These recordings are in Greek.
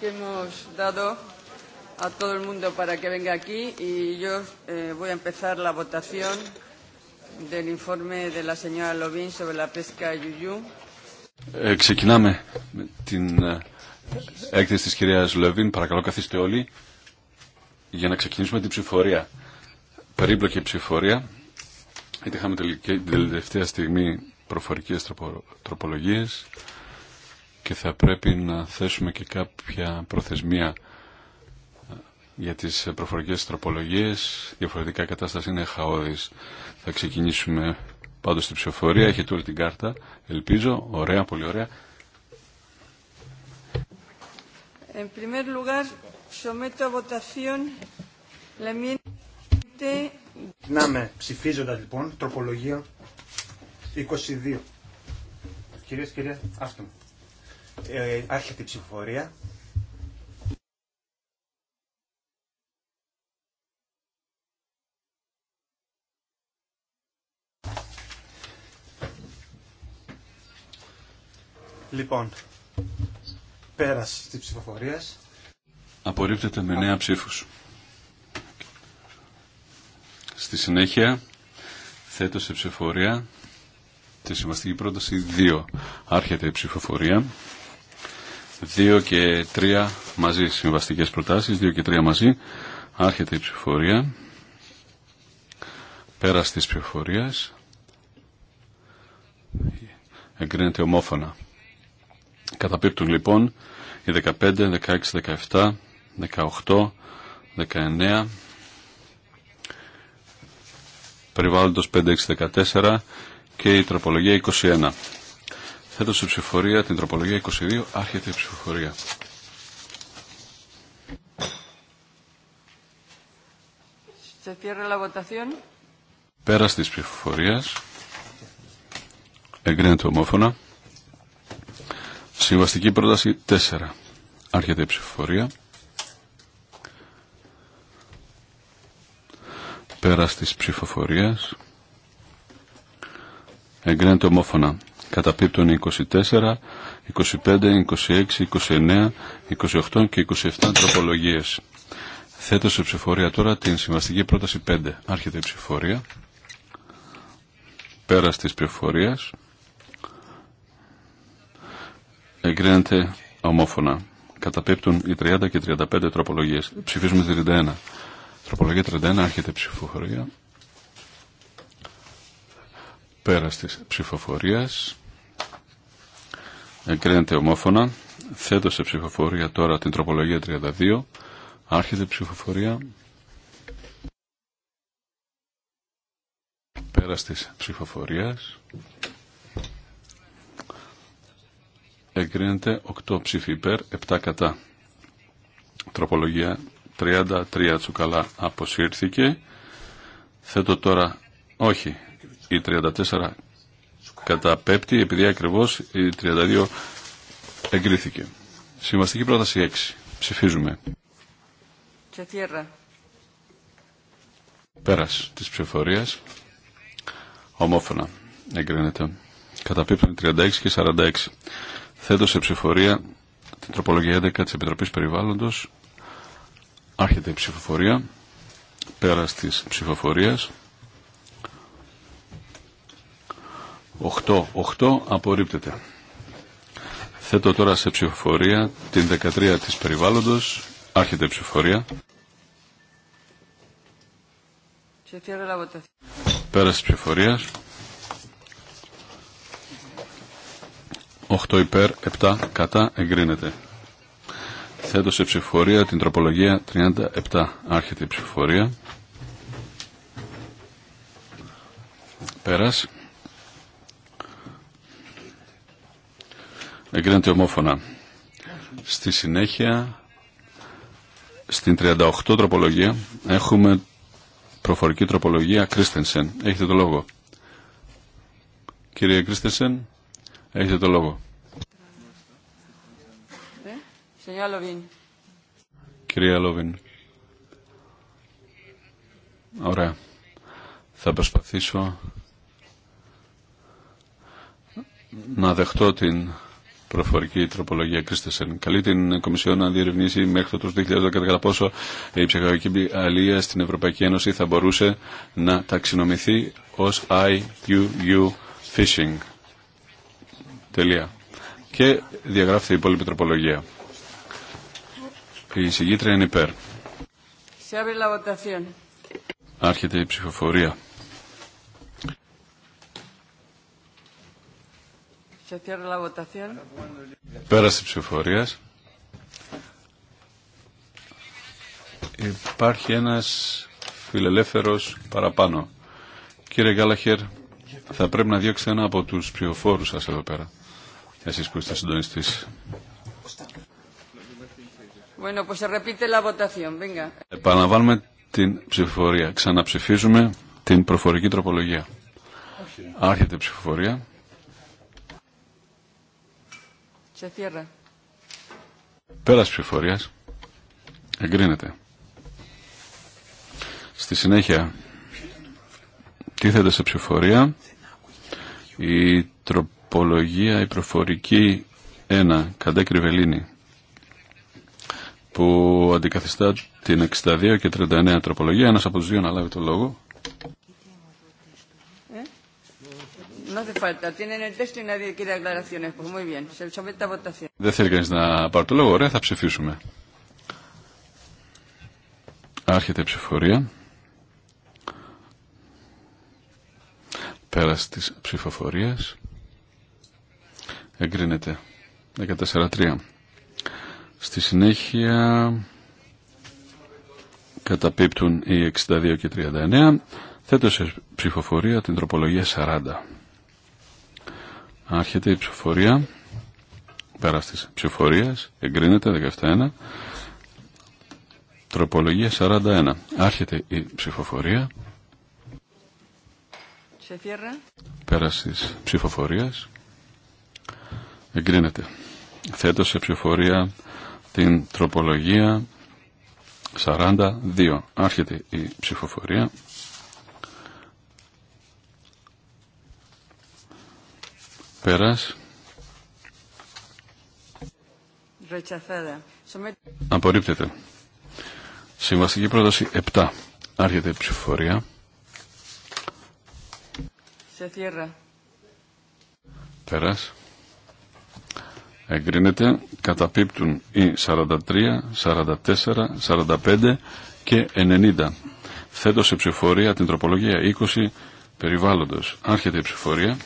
que hemos dado a todo el mundo para que venga aquí y yo eh, voy a empezar la votación del informe de la señora Lovín sobre la pesca yuyú. Ε, ξεκινάμε με την ε, έκθεση της κυρίας Λεβίν. Παρακαλώ καθίστε όλοι για να ξεκινήσουμε την ψηφορία. Περίπλοκη ψηφορία. είχαμε την τελευταία στιγμή προφορικές τροπολογίες και θα πρέπει να θέσουμε και κάποια προθεσμία ε, για τις προφορικές τροπολογίες. Διαφορετικά κατάσταση είναι χαόδης. Θα ξεκινήσουμε πάντως την ψηφοφορία. Έχετε όλη την κάρτα, ελπίζω. Ωραία, πολύ ωραία. En primer lugar, someto a votación Να με, ψηφίζοντας λοιπόν, τροπολογία 22. Κυρίες και κύριοι, ε, άρχεται η ψηφοφορία. Λοιπόν, πέρας τη ψηφοφορία. Απορρίπτεται με νέα ψήφους. Στη συνέχεια θέτω σε ψηφοφορία τη συμβαστική πρόταση 2. Άρχεται η ψηφοφορία. 2 και 3 μαζί, συμβαστικέ προτάσει, 2 και 3 μαζί. Άρχεται η ψηφορία. Πέρα τη ψηφορία. Εγκρίνεται ομόφωνα. Καταπίπτουν λοιπόν οι 15, 16, 17, 18, 19, περιβάλλοντος 5, 6, 14 και η τροπολογία 21. Θέτω σε ψηφοφορία την τροπολογία 22. Άρχεται η ψηφοφορία. Πέρα τη ψηφοφορία. Εγκρίνεται ομόφωνα. Συμβαστική πρόταση 4. Άρχεται η ψηφοφορία. Πέρα τη ψηφοφορία. Εγκρίνεται ομόφωνα. Καταπίπτουν 24, 25, 26, 29, 28 και 27 τροπολογίες. Θέτω σε ψηφορία τώρα την συμβαστική πρόταση 5. Άρχεται η ψηφορία. Πέρα της ψηφορίας. Εγκρίνεται ομόφωνα. Καταπίπτουν οι 30 και 35 τροπολογίες. Ψηφίζουμε 31. Τροπολογία 31. Άρχεται η ψηφοφορία. Πέρα της ψηφοφορίας εγκρίνεται ομόφωνα. Θέτω σε ψηφοφορία τώρα την τροπολογία 32. Άρχεται ψηφοφορία. Πέρα της ψηφοφορίας. Εγκρίνεται 8 ψηφί υπέρ, 7 κατά. Τροπολογία 33 τσουκαλά αποσύρθηκε. Θέτω τώρα, όχι, η 34 καταπέπτει επειδή ακριβώς η 32 εγκρίθηκε. Συμβαστική πρόταση 6. Ψηφίζουμε. Πέρα Πέρας της ψηφοφορίας. Ομόφωνα εγκρίνεται. Καταπίπτουν 36 και 46. Θέτω σε ψηφορία την τροπολογία 11 της Επιτροπής Περιβάλλοντος. Άρχεται η ψηφοφορία. Πέρας της ψηφοφορίας. 8-8 απορρίπτεται. Θέτω τώρα σε ψηφοφορία την 13 της περιβάλλοντος. Άρχεται η ψηφοφορία. Πέρασε ψηφοφορίας. 8 υπέρ, 7 κατά, εγκρίνεται. Θέτω σε ψηφοφορία την τροπολογία 37. Άρχεται η ψηφοφορία. Πέρασε. Εγκρίνεται ομόφωνα. Στη συνέχεια, στην 38 τροπολογία, έχουμε προφορική τροπολογία Κρίστενσεν. Έχετε το λόγο. Κύριε Κρίστενσεν, έχετε το λόγο. Κυρία Λόβιν. Ωραία. Θα προσπαθήσω να δεχτώ την προφορική τροπολογία Κρίστεσεν. Καλεί την Κομισιόν να διερευνήσει μέχρι το 2014 κατά πόσο η ψυχαγωγική αλία στην Ευρωπαϊκή Ένωση θα μπορούσε να ταξινομηθεί ως IUU Fishing. Τελεία. Και διαγράφεται η υπόλοιπη τροπολογία. Η συγκίτρια είναι υπέρ. Άρχεται η ψηφοφορία. Πέρασε ψηφοφορία. Υπάρχει ένας φιλελεύθερος παραπάνω. Κύριε Γκάλαχερ, θα πρέπει να διώξετε ένα από τους ψηφοφόρου σα εδώ πέρα. εσεί που είστε συντονιστή. Bueno, την ψηφοφορία. Ξαναψηφίζουμε την προφορική τροπολογία. Άρχεται η ψηφοφορία. Σε cierra. Πέρας Εγκρίνεται. Στη συνέχεια τίθεται σε ψηφορία η τροπολογία, η προφορική 1, καντά κρυβελίνη που αντικαθιστά την 62 και 39 τροπολογία. Ένας από τους δύο να λάβει το λόγο. Δεν θέλει κανείς να πάρει το λόγο. Ωραία, θα ψηφίσουμε. Άρχεται η ψηφορία. Πέρας της ψηφοφορίας. Εγκρίνεται. Στη συνέχεια καταπίπτουν οι 62 και 39. Θέτω σε ψηφοφορία την τροπολογία 40. Άρχεται η ψηφορία, Πέρα τη ψηφοφορία. Εγκρίνεται Τροπολογία 41. Άρχεται η ψηφοφορία. Πέρα τη ψηφοφορία. Εγκρίνεται. Θέτω σε ψηφοφορία την τροπολογία 42. Άρχεται η ψηφοφορία. Πέρας. Απορρίπτεται. Συμβαστική πρόταση 7. Άρχεται η ψηφοφορία. Σε θύρα. Πέρας. Εγκρίνεται. Καταπίπτουν οι 43, 44, 45 και 90. Θέτω σε ψηφορία την τροπολογία 20 περιβάλλοντος. Άρχεται η ψηφορία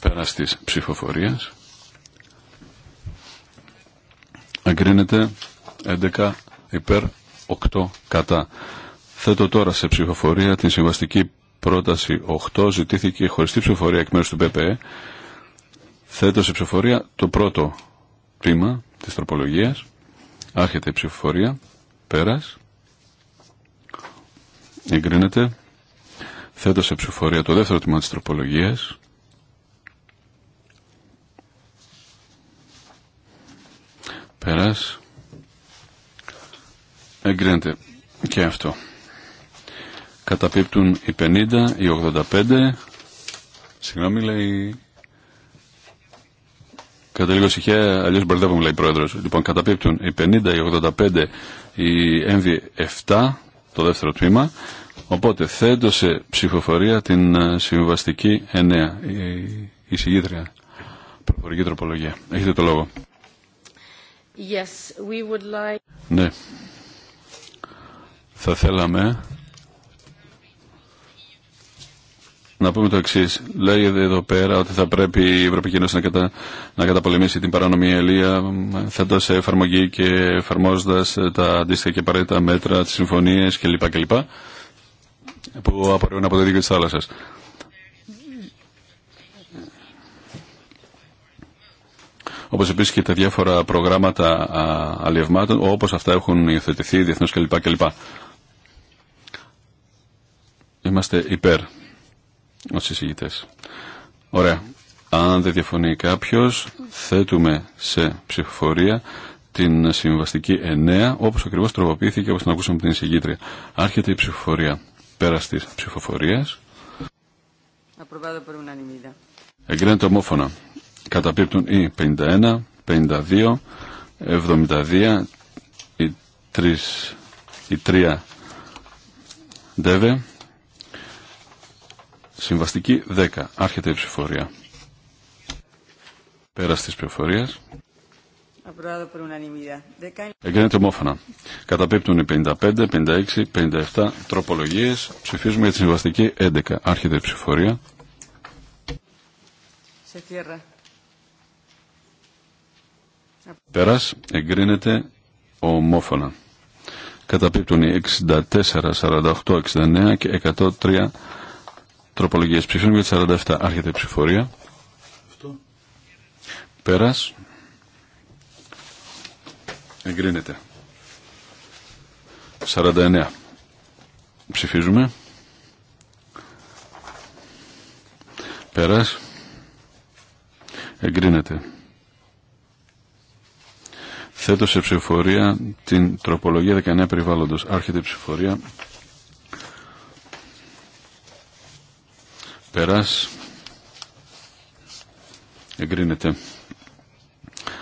πέρα τη ψηφοφορία. Εγκρίνεται 11 υπέρ 8 κατά. Θέτω τώρα σε ψηφοφορία την συμβαστική πρόταση 8. Ζητήθηκε χωριστή ψηφοφορία εκ μέρους του ΠΠΕ. Θέτω σε ψηφοφορία το πρώτο τμήμα της τροπολογίας. Άρχεται η ψηφοφορία. Πέρας. Εγκρίνεται. Θέτω σε ψηφοφορία το δεύτερο τμήμα της τροπολογίας. Πέρας. Εγκρίνεται και αυτό. Καταπίπτουν οι 50, οι 85. Συγγνώμη λέει... Κατά λίγο ησυχία, αλλιώ μπερδεύομαι, λέει η πρόεδρο. Λοιπόν, καταπίπτουν οι 50, οι 85, οι MV7, το δεύτερο τμήμα. Οπότε θέτω σε ψηφοφορία την ε, συμβαστική 9, η, η Προφορική τροπολογία. Έχετε το λόγο. Ναι. Θα θέλαμε να πούμε το εξή. Λέει εδώ πέρα ότι θα πρέπει η Ευρωπαϊκή Ένωση να, κατα... καταπολεμήσει την παράνομη ελεία, θέτοντα σε εφαρμογή και εφαρμόζοντα τα αντίστοιχα και απαραίτητα μέτρα, τι συμφωνίε κλπ. κλπ. που απορρέουν από το δίκαιο τη θάλασσα. Όπω επίσης και τα διάφορα προγράμματα αλλιευμάτων, όπω αυτά έχουν υιοθετηθεί διεθνώ κλπ. κλπ. Είμαστε υπέρ ως συζητητέ. Ωραία. Αν δεν διαφωνεί κάποιο, θέτουμε σε ψηφοφορία την συμβαστική 9, όπω ακριβώ τροποποιήθηκε, όπω την ακούσαμε την εισηγήτρια. Άρχεται η ψηφοφορία. Πέρα τη ψηφοφορία. Εγκρίνεται ομόφωνα καταπίπτουν οι 51, 52, 72, οι 3, οι 3 ντεβε, συμβαστική 10. Άρχεται η ψηφορία. Πέρα της ψηφορίας. Εγκρίνεται ομόφωνα. Καταπίπτουν οι 55, 56, 57 τροπολογίες. Ψηφίζουμε για τη συμβαστική 11. Άρχεται η ψηφορία. Σε Πέρας εγκρίνεται ομόφωνα. Καταπίπτουν οι 64, 48, 69 και 103 τροπολογίες ψηφίων για τις 47. Άρχεται η ψηφορία. Πέρα. Πέρας εγκρίνεται. 49. Ψηφίζουμε. Πέρας. Εγκρίνεται. Θέτω σε ψηφοφορία την τροπολογία 19 περιβάλλοντος. Άρχεται η ψηφοφορία. Περάς. Εγκρίνεται.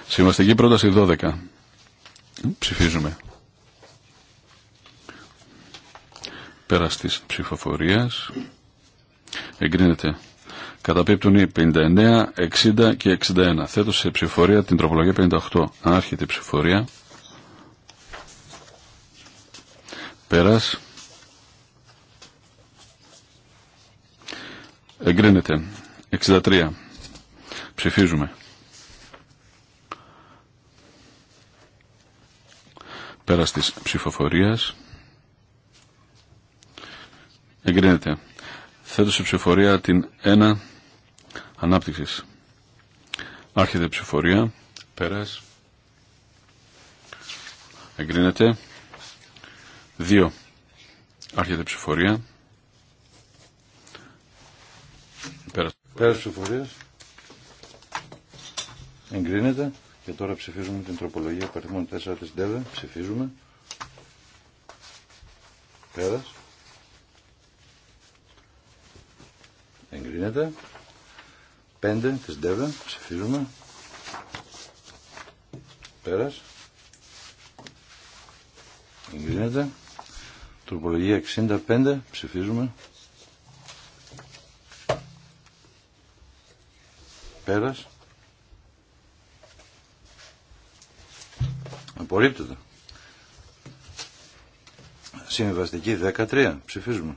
Συμβαστική πρόταση 12. Ψηφίζουμε. Πέρας της ψηφοφορίας. Εγκρίνεται. Καταπίπτουν οι 59, 60 και 61. Θέτω σε ψηφορία την τροπολογία 58. Άρχεται η ψηφορία. Πέρας. Εγκρίνεται. 63. Ψηφίζουμε. Πέρας της ψηφοφορίας. Εγκρίνεται. Θέτω σε ψηφορία την 1 Ανάπτυξης. Άρχεται ψηφορία. Πέρας. Εγκρίνεται. δύο, Άρχεται ψηφορία. Πέρας. Πέρας ψηφορίας. Εγκρίνεται. Και τώρα ψηφίζουμε την τροπολογία παριθμών 4 της ΔΕΒΕ. Ψηφίζουμε. Πέρας. Εγκρίνεται. 5 της ΔΕΒΕ, ψηφίζουμε. Πέρας. Εγκρίνεται. Τροπολογία 65, ψηφίζουμε. Πέρας. Απορρίπτεται. Συμβαστική 13, ψηφίζουμε.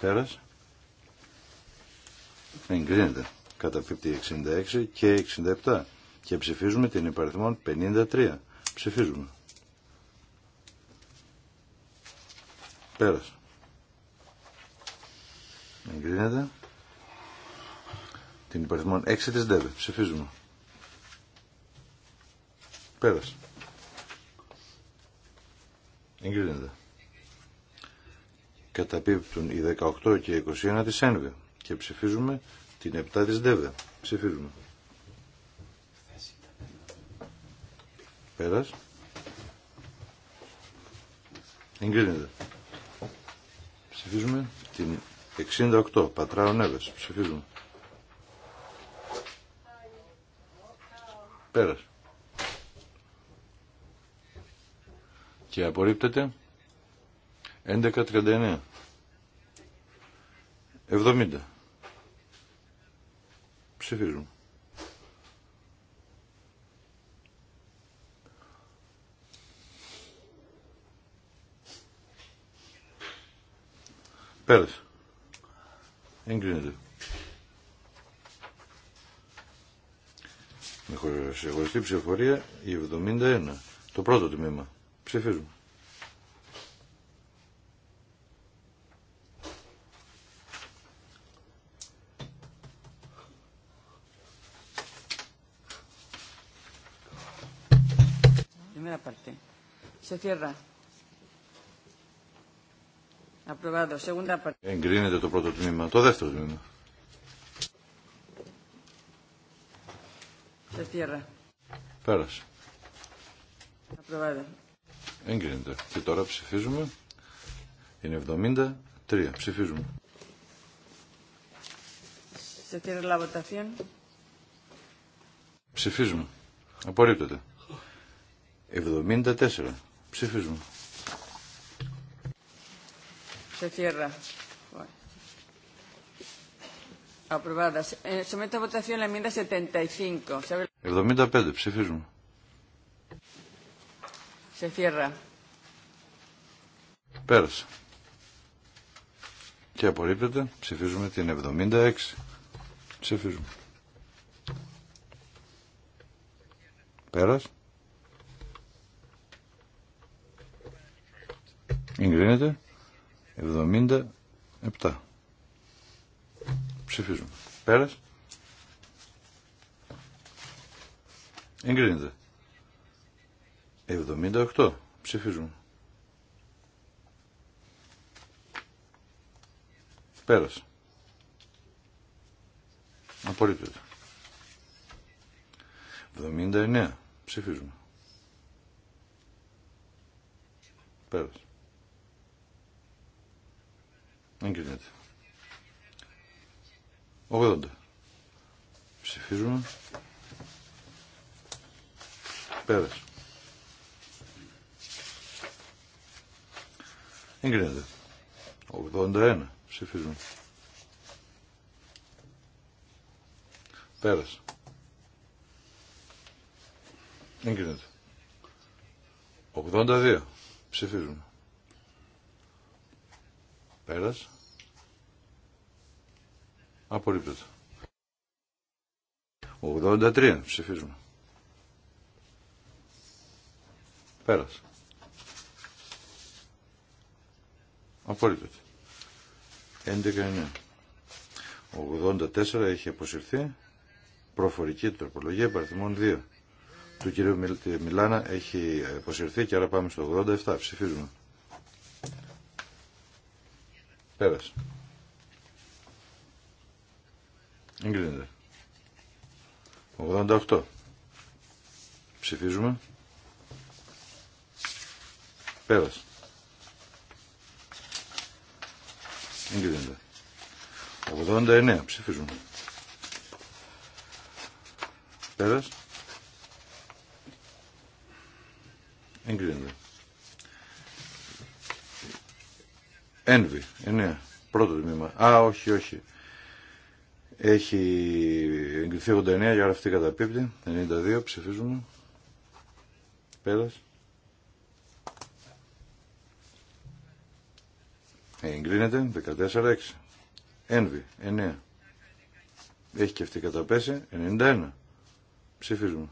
Πέρας εγκρίνεται κατά 66 και 67 και ψηφίζουμε την υπαριθμόν 53. Ψηφίζουμε. Πέρασε. Εγκρίνεται. Την υπαριθμόν 6 της ΔΕΒΕ. Ψηφίζουμε. Πέρασε. Εγκρίνεται. Καταπίπτουν οι 18 και 21 της ΕΝΒΕ. Και ψηφίζουμε την 7 της ΔΕΒΕ. Ψηφίζουμε. Πέρας. Εγκρίνεται. Ψηφίζουμε την 68. Πατράω Νέβες. Ψηφίζουμε. Πέρας. Και απορρίπτεται 11.39. 70. Ψηφίζουμε. Πέρασε. Εγκρίνεται. Με χωριστή ψηφοφορία η 71. Το πρώτο τμήμα. Ψηφίζουμε. Se cierra. Aprobado. Segunda Εγκρίνεται το πρώτο τμήμα. Το δεύτερο τμήμα. cierra. Πέρασε. Εγκρίνεται. Και τώρα ψηφίζουμε. Είναι 73. Ψηφίζουμε. Σε cierra la votación. Ψηφίζουμε. Απορρίπτεται. 74. Ψηφίζουμε. Σε cierra. Aprobada. Someto a votación la enmienda 75. 75. Ψηφίζουμε. Σε cierra. Πέρασε. Και απορρίπτεται. Ψηφίζουμε την 76. Ψηφίζουμε. Πέρασε. Εγκρίνεται. 77. Ψηφίζουμε. Πέρας. Εγκρίνεται. 78. Ψηφίζουμε. Πέρασε. Απορρίπτεται. 79. Ψηφίζουμε. Πέρασε. Εγκρίνεται. 80. Ψηφίζουμε. Πέρασε. Εγκρίνεται. 81. Ψηφίζουμε. Πέρασε. Εγκρίνεται. 82. Ψηφίζουμε. Πέρασε. Απολύτω. 83 ψηφίζουμε. Πέρασε. Απορρίπτεται. 84 έχει αποσυρθεί. Προφορική τροπολογία παριθμών 2. Του κυρίου Μιλάνα έχει αποσυρθεί και άρα πάμε στο 87. Ψηφίζουμε. Πέρασε. Εγκρίνεται. 88. Ψηφίζουμε. Πέρασε. Εγκρίνεται. 89. Ψηφίζουμε. Πέρασε. Εγκρίνεται. Ένβη. 9. Πρώτο τμήμα. Α, όχι, όχι. Έχει εγκριθεί 89 για ε, αυτή αυτή πίπτη. 92 ψηφίζουμε. Πέρας. Εγκρίνεται 14-6. Ένβη 9. Έχει και αυτή καταπέση. 91. Ψηφίζουμε.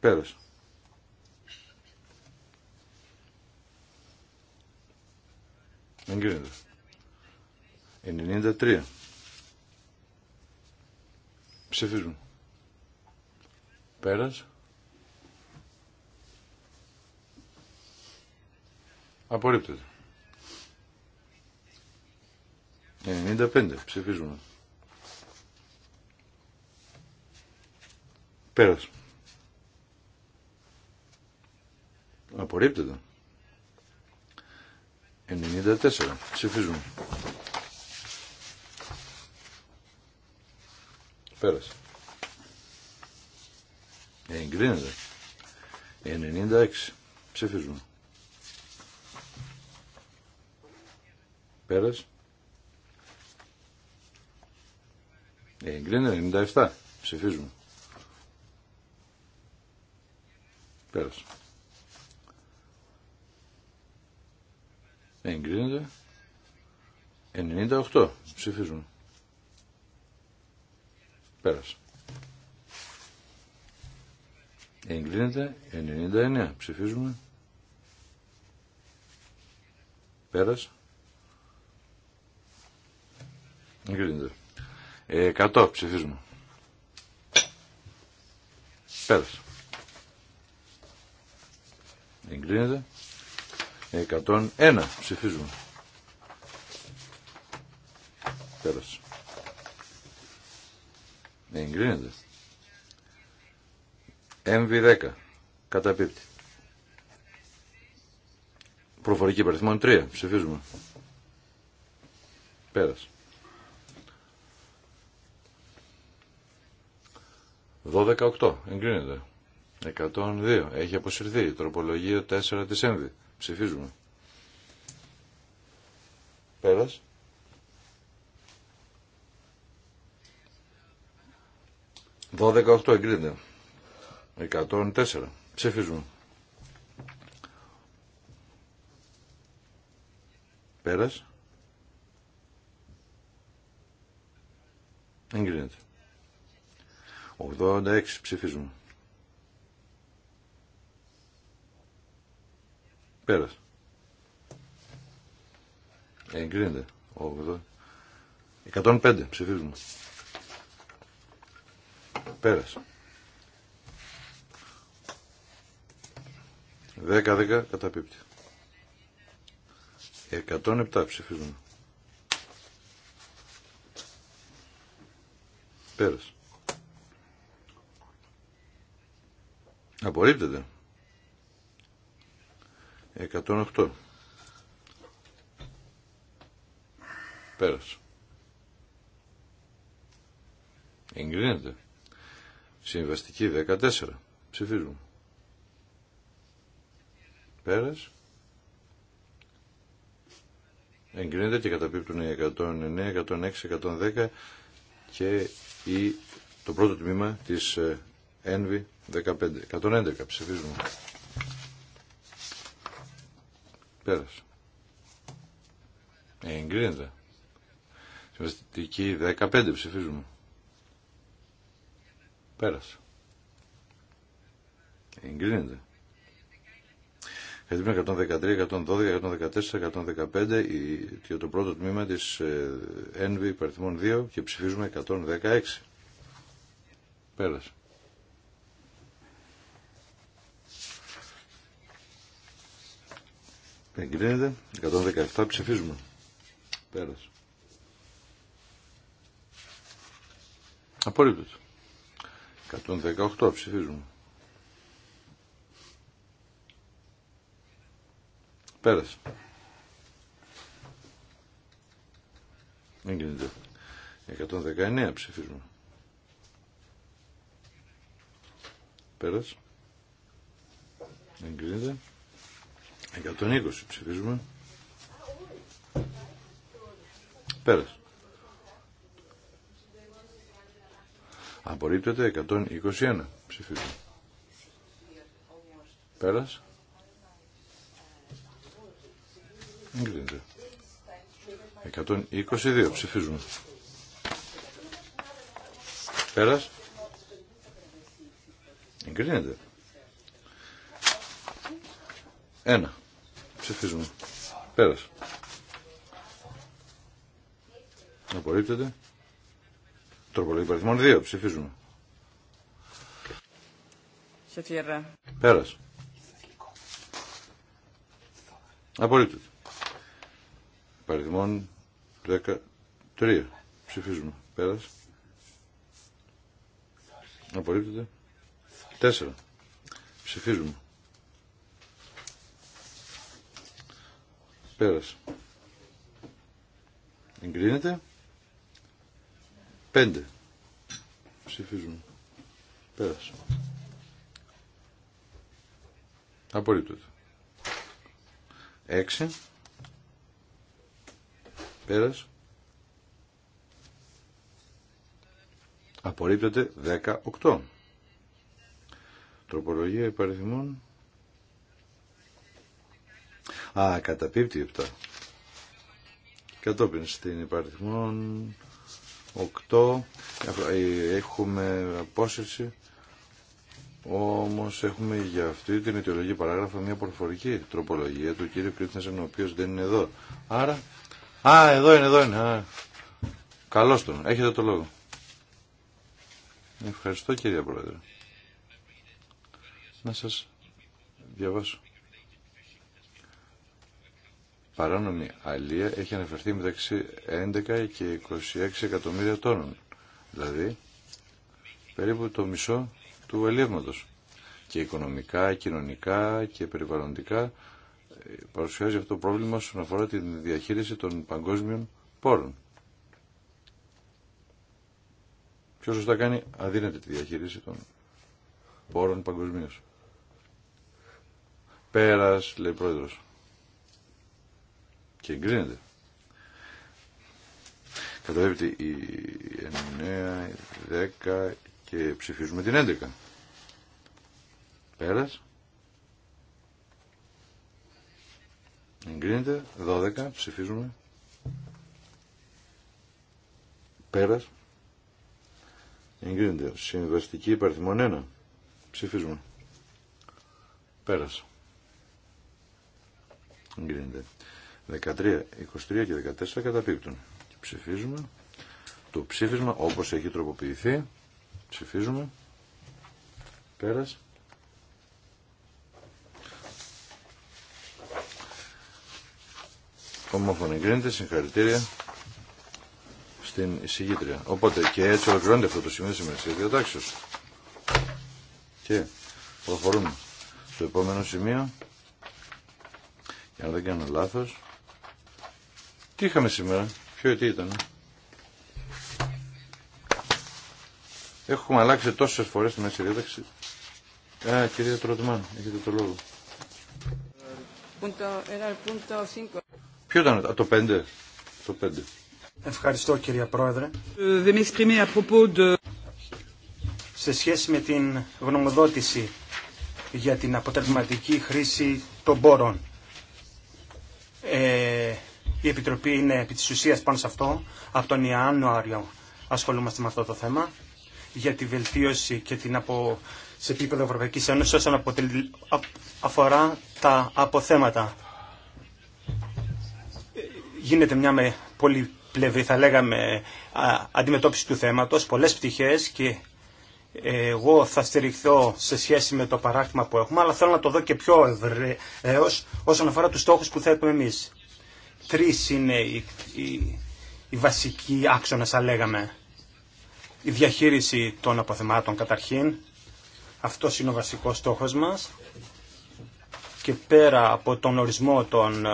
Πέρασε. Εγκρίνεται. 93. Ψηφίζουμε. Πέρας. Απορρίπτεται. 95. Ψηφίζουμε. Πέρας. Απορρίπτεται. 94. Ψηφίζουμε. Πέρασε. Ε, εγκρίνεται. 96. Ψηφίζουμε. Πέρασε. Ε, εγκρίνεται. 97. Ψηφίζουμε. Πέρασε. Ε, εγκρίνεται. 98. Ψηφίζουμε. Πέρασε. Εγκρίνεται 99. Ψηφίζουμε. Πέρασε. Εγκρίνεται. 100. Ψηφίζουμε. Πέρασε. Εγκρίνεται. 101. Ψηφίζουμε. Πέρασε. Εγκρίνεται. MV10. Καταπίπτει. Προφορική υπαριθμόν 3. Ψηφίζουμε. Πέρασε. Εγκρίνεται. 102. Έχει αποσυρθεί. Η τροπολογία 4 της ΕΜΒΗ. Ψηφίζουμε. Πέρας. 12-8 εγκρίνεται. 104. Ψηφίζουμε. Πέρας. Εγκρίνεται. 86 ψηφίζουμε. Πέρας. Εγκρίνεται. 105 ψηφίζουμε. Πέρασε. 10-10 καταπίπτει. 107 ψηφίζουμε. Πέρασε. Απορρίπτεται. 108. Πέρασε. Εγκρίνεται. Συμβαστική 14. Ψηφίζουμε. Πέρας. Εγκρίνεται και καταπίπτουν οι 109, 106, 110 και η, το πρώτο τμήμα της ΕΝΒΗ 15. 111 ψηφίζουμε. Πέρας. Εγκρίνεται. Συμβαστική 15 ψηφίζουμε. Πέρασε. Εγκρίνεται. Καθημερινά 113, 112, 114, 115, και το πρώτο τμήμα της ΕΝΒΗ υπαριθμών 2 και ψηφίζουμε 116. Πέρασε. Εγκρίνεται. 117 ψηφίζουμε. Πέρασε. Απόλυτος. 118 ψηφίζουμε. Πέρασε. Εγκρίνεται. 119 ψηφίζουμε. Πέρασε. Εγκρίνεται. 120 ψηφίζουμε. Πέρασε. Απορρίπτεται 121. Ψηφίζουμε. Πέρας. Εγκρίνεται. 122. Ψηφίζουμε. Πέρας. Εγκρίνεται. Ένα. Ψηφίζουμε. Πέρας. Απορρίπτεται. Τροπολογικό παριθμών 2. Ψηφίζουμε. Σε φιέρα. Πέρασε. Απολύτω. Παριθμών 13. Ψηφίζουμε. Πέρασε. Απολύτως. 4. Ψηφίζουμε. Πέρασε. Εγκρίνεται. 5. Ψηφίζουν. Πέρασε. Απολύτω. 6. Πέρασε. Απορρίπτεται 18. Τροπολογία υπαριθμών. Α, καταπίπτει 7. Κατόπιν στην υπαριθμών 8 έχουμε απόσυρση όμως έχουμε για αυτή την αιτιολογική παράγραφο μια προφορική τροπολογία του κύριου Κρίτσνεσεν ο οποίος δεν είναι εδώ άρα α εδώ είναι εδώ είναι α, καλώς τον έχετε το λόγο ευχαριστώ κύριε Πρόεδρε να σας διαβάσω παράνομη αλία έχει αναφερθεί μεταξύ 11 και 26 εκατομμύρια τόνων. Δηλαδή περίπου το μισό του αλίευματος. Και οικονομικά, κοινωνικά και περιβαλλοντικά ε, παρουσιάζει αυτό το πρόβλημα όσον αφορά τη διαχείριση των παγκόσμιων πόρων. Ποιος σωστά κάνει αδύνατη τη διαχείριση των πόρων παγκοσμίω. Πέρας, λέει πρόεδρος και εγκρίνεται. Καταλαβαίνετε, η 9, 10 και ψηφίζουμε την 11. Πέρας. Εγκρίνεται. 12. Ψηφίζουμε. Πέρας. Εγκρίνεται. Συμβαστική υπαριθμόν 1. Ψηφίζουμε. Πέρας. Εγκρίνεται. 13, 23 και 14 καταπίπτουν. Και ψηφίζουμε το ψήφισμα όπως έχει τροποποιηθεί. Ψηφίζουμε. Πέρας. Ομόφωνη εγκρίνεται, συγχαρητήρια στην εισηγήτρια. Οπότε και έτσι ολοκληρώνεται αυτό το σημείο της ημερησίας Τι; Και προχωρούμε στο επόμενο σημείο. Για να δεν κάνω λάθος. Τι είχαμε σήμερα, ποιο τι ήταν. Έχουμε αλλάξει τόσες φορές τη μέση διάταξη. Α, κυρία Τροτμάν, έχετε το λόγο. Ποιο ήταν, το 5. Το 5. Ευχαριστώ κυρία Πρόεδρε. Ε, Σε σχέση με την γνωμοδότηση για την αποτελεσματική χρήση των πόρων. Επιτροπή είναι επί της ουσίας πάνω σε αυτό. Από τον Ιανουάριο ασχολούμαστε με αυτό το θέμα για τη βελτίωση και την απο... σε επίπεδο Ευρωπαϊκής Ένωσης όσον αφορά τα αποθέματα. Γίνεται μια με πολύ πλευρή, θα λέγαμε, αντιμετώπιση του θέματος, πολλές πτυχές και εγώ θα στηριχθώ σε σχέση με το παράκτημα που έχουμε, αλλά θέλω να το δω και πιο ευρέως όσον αφορά τους στόχους που θέτουμε εμείς. Τρεις είναι οι, οι, οι βασικοί άξονε, θα λέγαμε. Η διαχείριση των αποθεμάτων καταρχήν. αυτό είναι ο βασικός στόχος μας. Και πέρα από τον ορισμό των ε,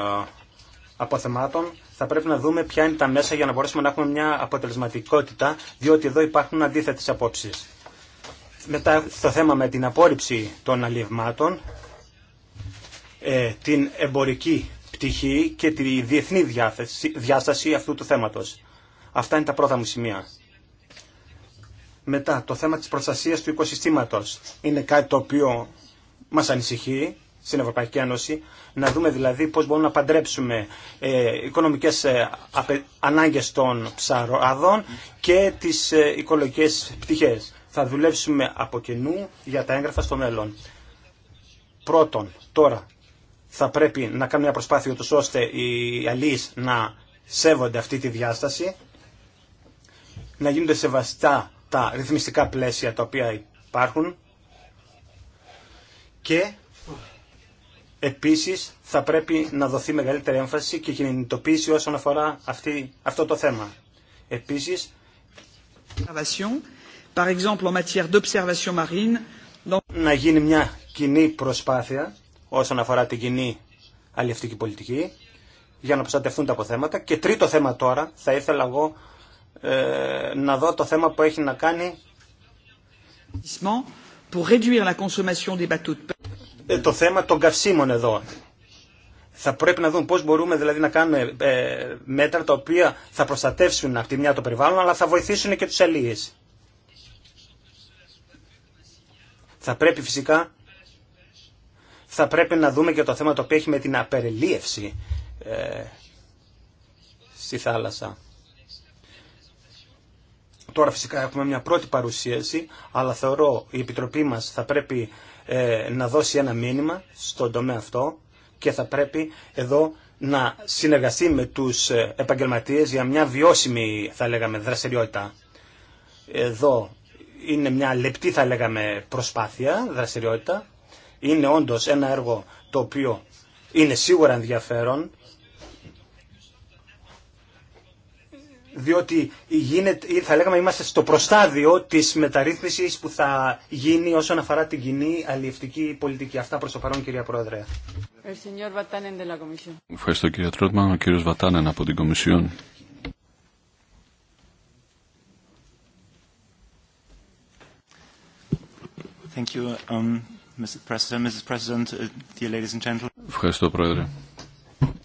αποθεμάτων, θα πρέπει να δούμε ποια είναι τα μέσα για να μπορέσουμε να έχουμε μια αποτελεσματικότητα, διότι εδώ υπάρχουν αντίθετε απόψει. Μετά το θέμα με την απόρριψη των αλλιευμάτων, ε, την εμπορική πτυχή και τη διεθνή διάθεση, διάσταση αυτού του θέματος. Αυτά είναι τα πρώτα μου σημεία. Μετά, το θέμα της προστασίας του οικοσυστήματος είναι κάτι το οποίο μας ανησυχεί στην Ευρωπαϊκή Ένωση, να δούμε δηλαδή πώς μπορούμε να παντρέψουμε ε, οικονομικές ε, ανάγκες των ψαροάδων και τις ε, οικολογικές πτυχές. Θα δουλέψουμε από κοινού για τα έγγραφα στο μέλλον. Πρώτον, τώρα, θα πρέπει να κάνουμε μια προσπάθεια ούτως ώστε οι αλείς να σέβονται αυτή τη διάσταση, να γίνονται σεβαστά τα ρυθμιστικά πλαίσια τα οποία υπάρχουν και επίσης θα πρέπει να δοθεί μεγαλύτερη έμφαση και κινητοποίηση όσον αφορά αυτή, αυτό το θέμα. Επίσης, να γίνει μια κοινή προσπάθεια όσον αφορά την κοινή αλληλευτική πολιτική για να προστατευτούν τα αποθέματα. Και τρίτο θέμα τώρα θα ήθελα εγώ ε, να δω το θέμα που έχει να κάνει ε, το θέμα των καυσίμων εδώ. Θα πρέπει να δούμε πώς μπορούμε δηλαδή να κάνουμε ε, μέτρα τα οποία θα προστατεύσουν από τη μια το περιβάλλον αλλά θα βοηθήσουν και τους αλληλείς. Θα πρέπει φυσικά θα πρέπει να δούμε και το θέμα το οποίο έχει με την απερελίευση ε, στη θάλασσα. Τώρα φυσικά έχουμε μια πρώτη παρουσίαση, αλλά θεωρώ η Επιτροπή μας θα πρέπει ε, να δώσει ένα μήνυμα στον τομέα αυτό και θα πρέπει εδώ να συνεργαστεί με τους ε, επαγγελματίες για μια βιώσιμη, θα λέγαμε, δραστηριότητα. Εδώ είναι μια λεπτή, θα λέγαμε, προσπάθεια, δραστηριότητα, είναι όντως ένα έργο το οποίο είναι σίγουρα ενδιαφέρον διότι γίνεται, θα λέγαμε είμαστε στο προστάδιο της μεταρρύθμισης που θα γίνει όσον αφορά την κοινή αλληλευτική πολιτική. Αυτά προς το παρόν κυρία Πρόεδρε. Ευχαριστώ κύριε Τρότμαν. Ο κύριος Βατάνεν από την Κομισιόν. Um, Uh, Ευχαριστώ, Πρόεδρε.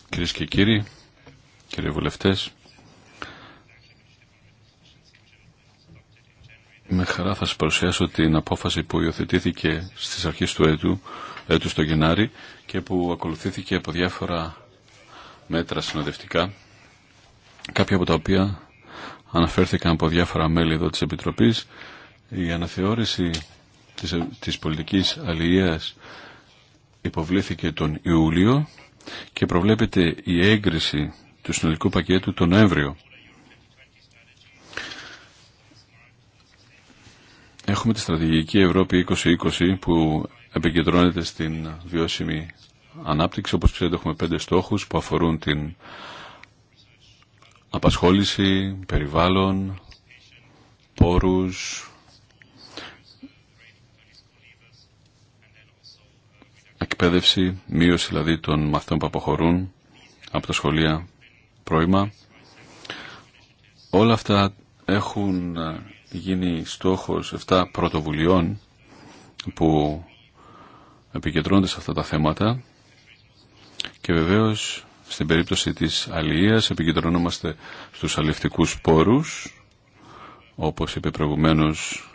Κυρίε και κύριοι, κύριοι βουλευτέ, με χαρά θα σα παρουσιάσω την απόφαση που υιοθετήθηκε στι αρχέ του έτου, έτου στο Γενάρη και που ακολουθήθηκε από διάφορα μέτρα συνοδευτικά, κάποια από τα οποία αναφέρθηκαν από διάφορα μέλη εδώ της Επιτροπής. Η αναθεώρηση της, της πολιτικής αλληλείας υποβλήθηκε τον Ιούλιο και προβλέπεται η έγκριση του συνολικού πακέτου τον Νοέμβριο. Έχουμε τη στρατηγική Ευρώπη 2020 που επικεντρώνεται στην βιώσιμη ανάπτυξη. Όπως ξέρετε έχουμε πέντε στόχους που αφορούν την απασχόληση, περιβάλλον, πόρους, εκπαίδευση, μείωση δηλαδή των μαθητών που αποχωρούν από τα σχολεία πρώιμα. Όλα αυτά έχουν ε, γίνει στόχος 7 πρωτοβουλειών που επικεντρώνονται σε αυτά τα θέματα και βεβαίως στην περίπτωση της αλληλείας επικεντρωνόμαστε στους αλληλευτικούς πόρους όπως είπε προηγουμένως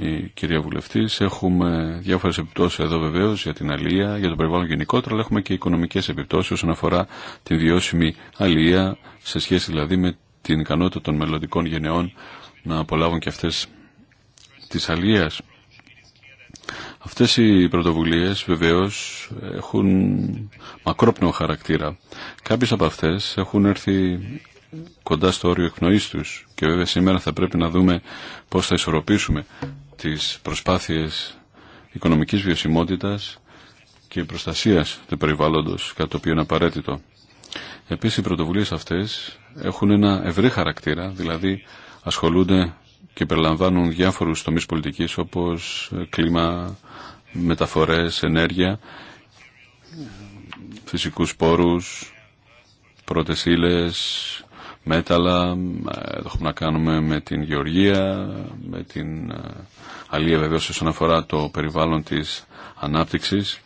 η κυρία Βουλευτή. Έχουμε διάφορε επιπτώσει εδώ βεβαίω για την αλία, για το περιβάλλον γενικότερα, αλλά έχουμε και οικονομικέ επιπτώσει όσον αφορά την βιώσιμη αλία, σε σχέση δηλαδή με την ικανότητα των μελλοντικών γενεών να απολάβουν και αυτέ τι αλληλεία. Αυτές οι πρωτοβουλίες βεβαίως έχουν μακρόπνοο χαρακτήρα. Κάποιες από αυτές έχουν έρθει κοντά στο όριο εκπνοής τους και βέβαια σήμερα θα πρέπει να δούμε πώς θα ισορροπήσουμε τις προσπάθειες οικονομικής βιωσιμότητας και προστασίας του περιβάλλοντος, κατά το οποίο είναι απαραίτητο. Επίσης, οι πρωτοβουλίες αυτές έχουν ένα ευρύ χαρακτήρα, δηλαδή ασχολούνται και περιλαμβάνουν διάφορους τομείς πολιτικής όπως κλίμα, μεταφορές, ενέργεια, φυσικούς πόρους, πρώτες ύλες, μέταλλα, εδώ έχουμε να κάνουμε με την γεωργία, με την ε, αλία βεβαίως όσον αφορά το περιβάλλον της ανάπτυξης.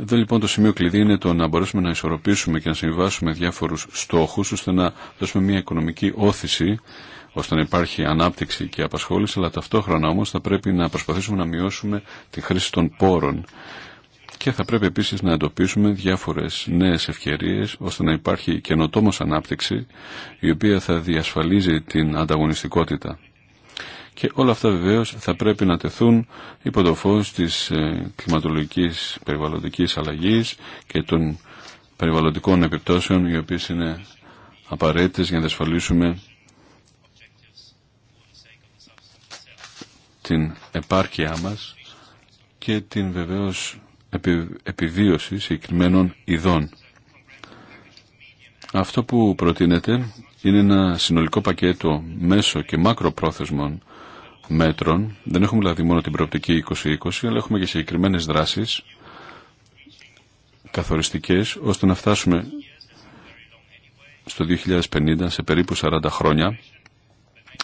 Εδώ λοιπόν το σημείο κλειδί είναι το να μπορέσουμε να ισορροπήσουμε και να συμβάσουμε διάφορους στόχους ώστε να δώσουμε μια οικονομική όθηση ώστε να υπάρχει ανάπτυξη και απασχόληση αλλά ταυτόχρονα όμως θα πρέπει να προσπαθήσουμε να μειώσουμε τη χρήση των πόρων και θα πρέπει επίσης να εντοπίσουμε διάφορες νέες ευκαιρίες ώστε να υπάρχει καινοτόμος ανάπτυξη η οποία θα διασφαλίζει την ανταγωνιστικότητα. Και όλα αυτά βεβαίως θα πρέπει να τεθούν υπό το φως της ε, κλιματολογικής περιβαλλοντικής αλλαγής και των περιβαλλοντικών επιπτώσεων οι οποίες είναι απαραίτητες για να διασφαλίσουμε την επάρκειά μας και την βεβαίως επιβίωση συγκεκριμένων ειδών. Αυτό που προτείνεται είναι ένα συνολικό πακέτο μέσο και μακροπρόθεσμων μέτρων. Δεν έχουμε δηλαδή μόνο την προοπτική 2020, αλλά έχουμε και συγκεκριμένες δράσεις καθοριστικές, ώστε να φτάσουμε στο 2050 σε περίπου 40 χρόνια,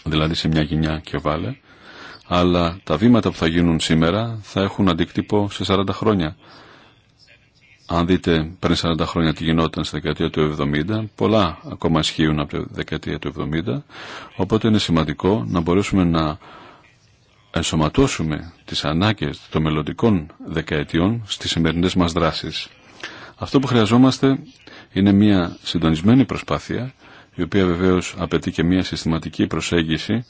δηλαδή σε μια γενιά και βάλε, αλλά τα βήματα που θα γίνουν σήμερα θα έχουν αντικτύπο σε 40 χρόνια. Αν δείτε πριν 40 χρόνια τι γινόταν στη δεκαετία του 70, πολλά ακόμα ισχύουν από τη δεκαετία του 70, οπότε είναι σημαντικό να μπορέσουμε να ενσωματώσουμε τις ανάγκες των μελλοντικών δεκαετιών στις σημερινές μας δράσεις. Αυτό που χρειαζόμαστε είναι μια συντονισμένη προσπάθεια, η οποία βεβαίως απαιτεί και μια συστηματική προσέγγιση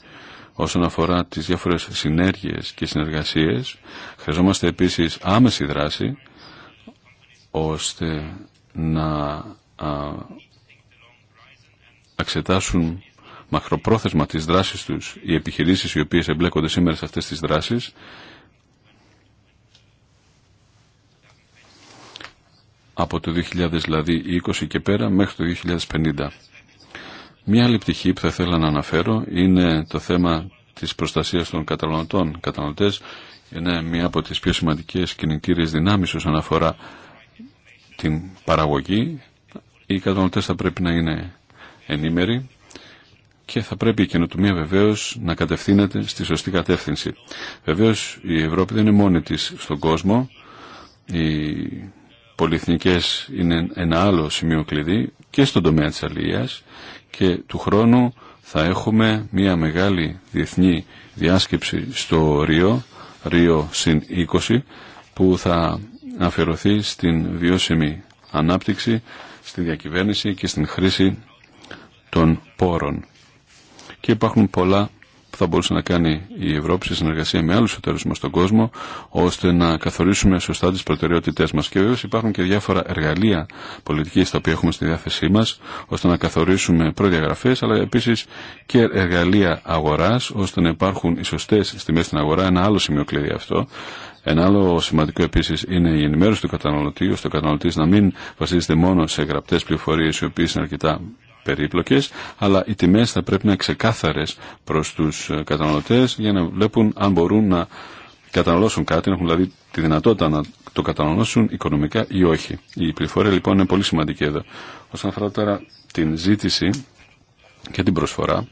όσον αφορά τις διάφορες συνέργειες και συνεργασίες. Χρειαζόμαστε επίσης άμεση δράση ώστε να εξετάσουν μακροπρόθεσμα τις δράσεις τους οι επιχειρήσεις οι οποίες εμπλέκονται σήμερα σε αυτές τις δράσεις από το 2020 δηλαδή, και πέρα μέχρι το 2050. Μία άλλη πτυχή που θα ήθελα να αναφέρω είναι το θέμα της προστασίας των καταναλωτών. Καταναλωτές είναι μία από τις πιο σημαντικές κινητήριες δυνάμεις όσον αφορά την παραγωγή. Οι καταναλωτές θα πρέπει να είναι ενήμεροι και θα πρέπει η καινοτομία βεβαίω να κατευθύνεται στη σωστή κατεύθυνση. Βεβαίω η Ευρώπη δεν είναι μόνη τη στον κόσμο. Η πολυεθνικές είναι ένα άλλο σημείο κλειδί και στον τομέα της αλληλείας και του χρόνου θα έχουμε μια μεγάλη διεθνή διάσκεψη στο Ρίο, Ρίο συν 20, που θα αφαιρωθεί στην βιώσιμη ανάπτυξη, στη διακυβέρνηση και στην χρήση των πόρων. Και υπάρχουν πολλά που θα μπορούσε να κάνει η Ευρώπη σε συνεργασία με άλλου εταίρου μα στον κόσμο ώστε να καθορίσουμε σωστά τι προτεραιότητε μα Και βέβαια υπάρχουν και διάφορα εργαλεία πολιτική τα οποία έχουμε στη διάθεσή μα, ώστε να καθορίσουμε προδιαγραφέ, αλλά επίση και εργαλεία αγορά, ώστε να υπάρχουν οι σωστέ τιμέ στην αγορά. Ένα άλλο σημείο κλειδί αυτό. Ένα άλλο σημαντικό επίση είναι η ενημέρωση του καταναλωτή, ώστε ο καταναλωτή να μην βασίζεται μόνο σε γραπτέ πληροφορίε, οι οποίε είναι αρκετά περίπλοκες, αλλά οι τιμές θα πρέπει να είναι ξεκάθαρες προς τους ε, καταναλωτές για να βλέπουν αν μπορούν να καταναλώσουν κάτι, να έχουν δηλαδή τη δυνατότητα να το καταναλώσουν οικονομικά ή όχι. Η πληροφορία λοιπόν είναι πολύ σημαντική εδώ. Όσον αφορά τώρα την ζήτηση και την προσφορά,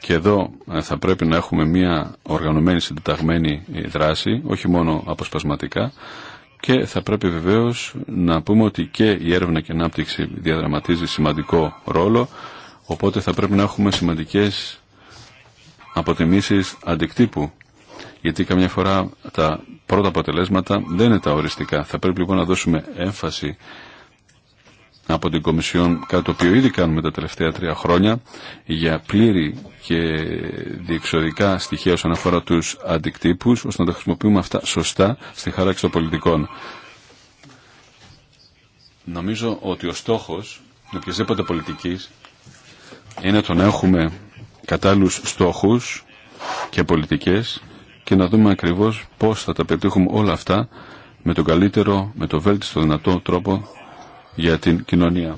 και εδώ ε, θα πρέπει να έχουμε μια οργανωμένη συντεταγμένη ε, δράση, όχι μόνο αποσπασματικά, και θα πρέπει βεβαίω να πούμε ότι και η έρευνα και η ανάπτυξη διαδραματίζει σημαντικό ρόλο, οπότε θα πρέπει να έχουμε σημαντικές αποτιμήσει αντικτύπου. Γιατί καμιά φορά τα πρώτα αποτελέσματα δεν είναι τα οριστικά. Θα πρέπει λοιπόν να δώσουμε έμφαση από την Κομισιόν, κάτι το οποίο ήδη κάνουμε τα τελευταία τρία χρόνια, για πλήρη και διεξοδικά στοιχεία όσον αφορά τους αντικτύπους, ώστε να τα χρησιμοποιούμε αυτά σωστά στη χάραξη των πολιτικών. Νομίζω ότι ο στόχος οποιασδήποτε πολιτικής είναι το να έχουμε κατάλληλους στόχους και πολιτικές και να δούμε ακριβώς πώς θα τα πετύχουμε όλα αυτά με τον καλύτερο, με το βέλτιστο δυνατό τρόπο για την κοινωνία.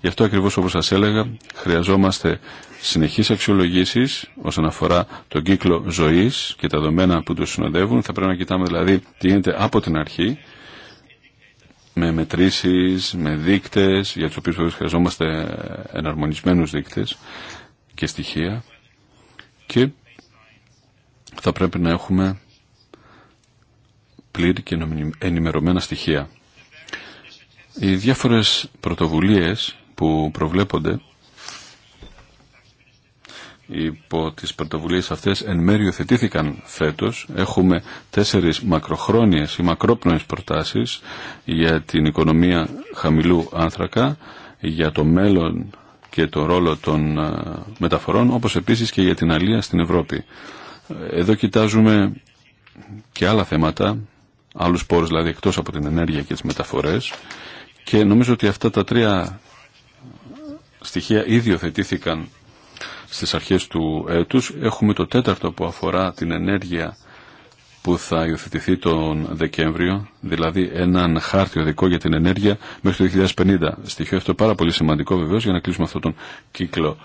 Γι' αυτό ακριβώς όπως σας έλεγα χρειαζόμαστε συνεχείς αξιολογήσεις όσον αφορά τον κύκλο ζωής και τα δομένα που τους συνοδεύουν. Θα πρέπει να κοιτάμε δηλαδή τι γίνεται από την αρχή με μετρήσεις, με δείκτες για τους οποίους χρειαζόμαστε εναρμονισμένους δείκτες και στοιχεία και θα πρέπει να έχουμε πλήρη και ενημερωμένα στοιχεία. Οι διάφορες πρωτοβουλίες που προβλέπονται υπό τις πρωτοβουλίες αυτές εν μέρει υιοθετήθηκαν φέτος. Έχουμε τέσσερις μακροχρόνιες ή μακρόπνοες προτάσεις για την οικονομία χαμηλού άνθρακα, για το μέλλον και το ρόλο των ε, μεταφορών, όπως επίσης και για την αλία στην Ευρώπη. Εδώ κοιτάζουμε και άλλα θέματα, άλλους πόρους δηλαδή εκτός από την ενέργεια και τις μεταφορές και νομίζω ότι αυτά τα τρία στοιχεία ήδη οθετήθηκαν στις αρχές του έτους. Έχουμε το τέταρτο που αφορά την ενέργεια που θα υιοθετηθεί τον Δεκέμβριο, δηλαδή έναν χάρτη οδικό για την ενέργεια μέχρι το 2050. Στοιχείο αυτό πάρα πολύ σημαντικό βεβαίω για να κλείσουμε αυτόν τον κύκλο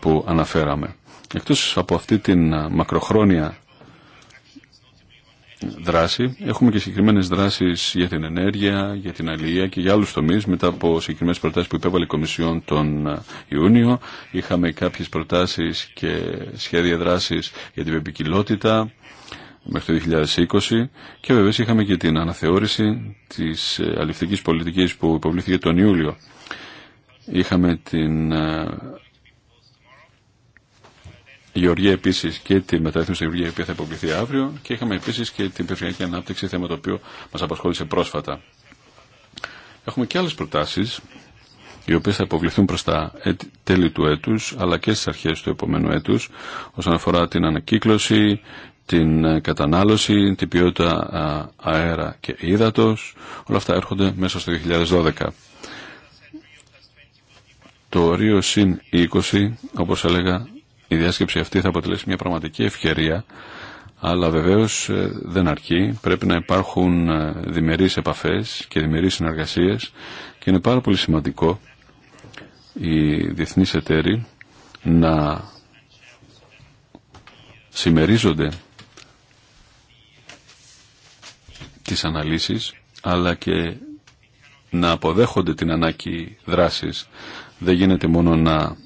που αναφέραμε. Εκτός από αυτή την μακροχρόνια δράση. Έχουμε και συγκεκριμένε δράσει για την ενέργεια, για την αλληλεία και για άλλου τομεί μετά από συγκεκριμένε προτάσει που υπέβαλε η Κομισιόν τον ε, Ιούνιο. Είχαμε κάποιε προτάσει και σχέδια δράση για την βεπικιλότητα μέχρι το 2020 και βεβαίως είχαμε και την αναθεώρηση της ε, αληφθικής πολιτικής που υποβλήθηκε τον Ιούλιο. Είχαμε την ε, Γεωργία επίση και τη μεταρρύθμιση τη Γεωργία η οποία θα υποβληθεί αύριο και είχαμε επίση και την περιφερειακή ανάπτυξη, θέμα το οποίο μα απασχόλησε πρόσφατα. Έχουμε και άλλε προτάσει οι οποίε θα υποβληθούν προ τα τέλη του έτου αλλά και στι αρχέ του επόμενου έτου όσον αφορά την ανακύκλωση, την ε, κατανάλωση, την ποιότητα αέρα και ύδατο. Όλα αυτά έρχονται μέσα στο 2012. Το ορίο συν 20, όπως έλεγα, η διάσκεψη αυτή θα αποτελέσει μια πραγματική ευκαιρία αλλά βεβαίως ε, δεν αρκεί. Πρέπει να υπάρχουν ε, διμερείς επαφές και διμερείς συνεργασίες και είναι πάρα πολύ σημαντικό οι διεθνείς εταίροι να συμμερίζονται τις αναλύσεις αλλά και να αποδέχονται την ανάγκη δράσης. Δεν γίνεται μόνο να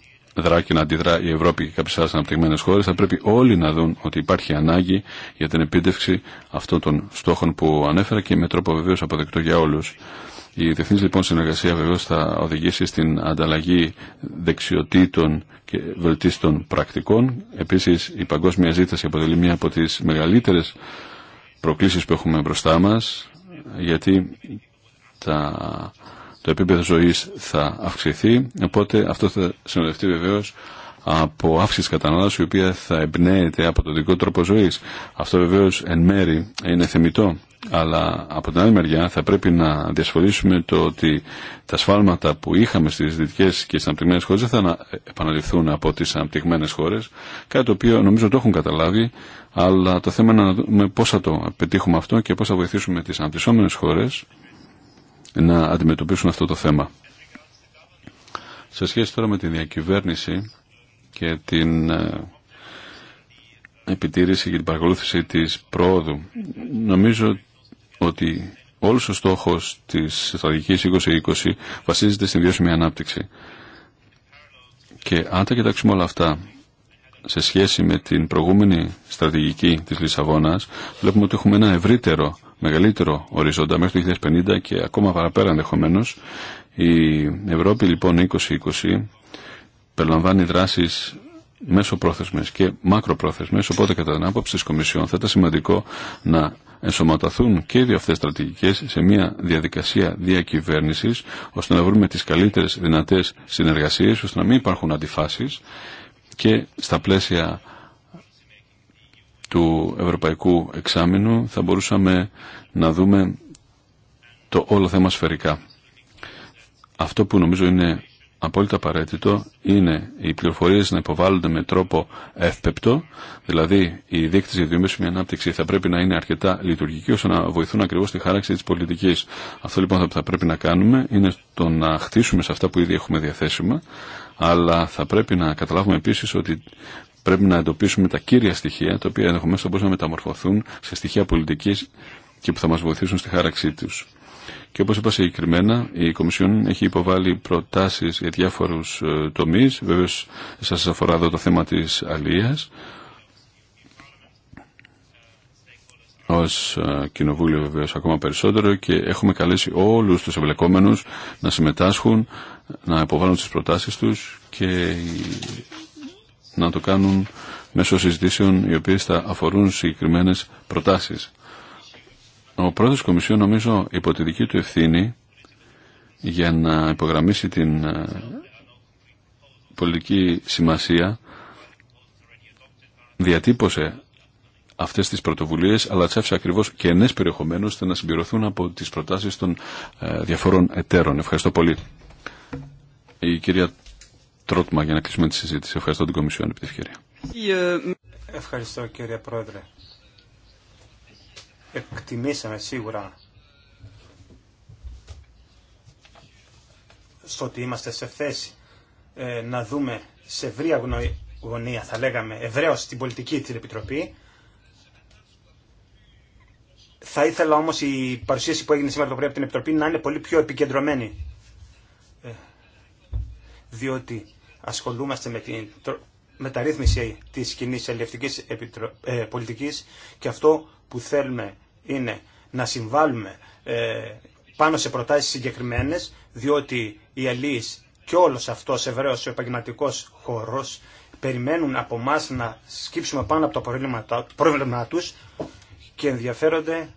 δρά και να αντιδρά η Ευρώπη και κάποιε άλλε αναπτυγμένε χώρε, θα πρέπει όλοι να δουν ότι υπάρχει ανάγκη για την επίτευξη αυτών των στόχων που ανέφερα και με τρόπο βεβαίω αποδεκτό για όλου. Η διεθνή λοιπόν συνεργασία βεβαίω θα οδηγήσει στην ανταλλαγή δεξιοτήτων και βελτίστων πρακτικών. Επίση, η παγκόσμια ζήτηση αποτελεί μια από τι μεγαλύτερε προκλήσει που έχουμε μπροστά μα, γιατί τα το επίπεδο ζωής θα αυξηθεί, οπότε αυτό θα συνοδευτεί βεβαίως από αύξηση κατανάλωση η οποία θα εμπνέεται από τον δικό τρόπο ζωής. Αυτό βεβαίως εν μέρη είναι θεμητό, αλλά από την άλλη μεριά θα πρέπει να διασφαλίσουμε το ότι τα σφάλματα που είχαμε στις δυτικές και στις αναπτυγμένες χώρες δεν θα επαναληφθούν από τις αναπτυγμένες χώρες, κάτι το οποίο νομίζω το έχουν καταλάβει, αλλά το θέμα είναι να δούμε πώς θα το πετύχουμε αυτό και πώ θα βοηθήσουμε τις αναπτυσσόμενες χώρες να αντιμετωπίσουν αυτό το θέμα. Σε σχέση τώρα με τη διακυβέρνηση και την ε, επιτήρηση και την παρακολούθηση της πρόοδου, νομίζω ότι όλος ο στόχος της στρατηγικής 2020 βασίζεται στην βιώσιμη ανάπτυξη. Και αν τα κοιτάξουμε όλα αυτά σε σχέση με την προηγούμενη στρατηγική της Λισαβόνας, βλέπουμε ότι έχουμε ένα ευρύτερο μεγαλύτερο οριζόντα μέχρι το 2050 και ακόμα παραπέρα ενδεχομένω. Η Ευρώπη λοιπόν 2020 περιλαμβάνει δράσει μέσω και μακροπρόθεσμες, οπότε κατά την άποψη της Κομισιόν θα ήταν σημαντικό να ενσωματωθούν και οι δύο αυτές στρατηγικές σε μια διαδικασία διακυβέρνησης, ώστε να βρούμε τις καλύτερε δυνατέ συνεργασίε, ώστε να μην υπάρχουν αντιφάσει και στα πλαίσια του Ευρωπαϊκού Εξάμεινου θα μπορούσαμε να δούμε το όλο θέμα σφαιρικά. Αυτό που νομίζω είναι απόλυτα απαραίτητο είναι οι πληροφορίε να υποβάλλονται με τρόπο εύπεπτο, δηλαδή οι δείκτε για τη βιώσιμη ανάπτυξη θα πρέπει να είναι αρκετά λειτουργική ώστε να βοηθούν ακριβώ τη χάραξη τη πολιτική. Αυτό λοιπόν που θα πρέπει να κάνουμε είναι το να χτίσουμε σε αυτά που ήδη έχουμε διαθέσιμα, αλλά θα πρέπει να καταλάβουμε επίση ότι Πρέπει να εντοπίσουμε τα κύρια στοιχεία, τα οποία ενδεχομένω θα μπορούσαν να μεταμορφωθούν σε στοιχεία πολιτική και που θα μα βοηθήσουν στη χάραξή του. Και όπω είπα συγκεκριμένα, η Κομισιόν έχει υποβάλει προτάσει για διάφορου ε, τομεί. Βεβαίω, σα αφορά εδώ το θέμα τη αλληλεία. ως ε, κοινοβούλιο βεβαίω ακόμα περισσότερο και έχουμε καλέσει όλου του εμπλεκόμενου να συμμετάσχουν, να υποβάλουν τι προτάσει του. και να το κάνουν μέσω συζητήσεων οι οποίες θα αφορούν συγκεκριμένε προτάσεις. Ο πρόεδρος Κομισιόν νομίζω υπό τη δική του ευθύνη για να υπογραμμίσει την ε, πολιτική σημασία διατύπωσε αυτέ τι πρωτοβουλίε, αλλά τσάφησε ακριβώ και ενέ περιεχομένου ώστε να συμπληρωθούν από τι προτάσει των ε, διαφορών εταίρων. Ευχαριστώ πολύ. Η κυρία τρότμα για να κλείσουμε τη συζήτηση. Ευχαριστώ την Κομισιόν επί ευκαιρία. Ευχαριστώ κύριε Πρόεδρε. Εκτιμήσαμε σίγουρα στο ότι είμαστε σε θέση ε, να δούμε σε ευρία γωνία, θα λέγαμε, ευρέως την πολιτική την Επιτροπή. Θα ήθελα όμως η παρουσίαση που έγινε σήμερα το πρωί από την Επιτροπή να είναι πολύ πιο επικεντρωμένη. Ε, διότι ασχολούμαστε με την μεταρρύθμιση της κοινή ελληνική ε, πολιτικής και αυτό που θέλουμε είναι να συμβάλλουμε ε, πάνω σε προτάσεις συγκεκριμένες, διότι οι αλληλείς και όλος αυτός ευρέως ο επαγγελματικός χώρος περιμένουν από εμά να σκύψουμε πάνω από τα πρόβλημα τους και ενδιαφέρονται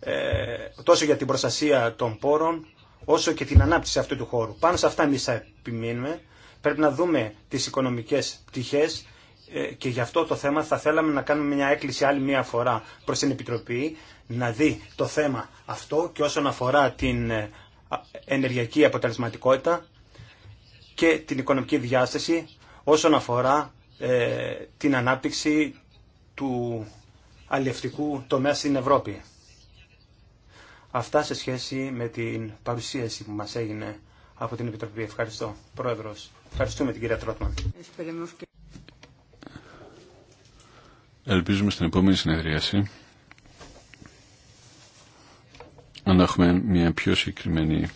ε, τόσο για την προστασία των πόρων όσο και την ανάπτυξη αυτού του χώρου. Πάνω σε αυτά εμείς θα επιμείνουμε Πρέπει να δούμε τις οικονομικές πτυχές ε, και γι' αυτό το θέμα θα θέλαμε να κάνουμε μια έκκληση άλλη μια φορά προς την Επιτροπή να δει το θέμα αυτό και όσον αφορά την ε, ενεργειακή αποτελεσματικότητα και την οικονομική διάσταση όσον αφορά ε, την ανάπτυξη του αλλιευτικού τομέα στην Ευρώπη. Αυτά σε σχέση με την παρουσίαση που μας έγινε από την Επιτροπή. Ευχαριστώ, Πρόεδρος. Ευχαριστούμε την κυρία Τρότμαν. Ελπίζουμε στην επόμενη συνεδρίαση να έχουμε μια πιο συγκεκριμένη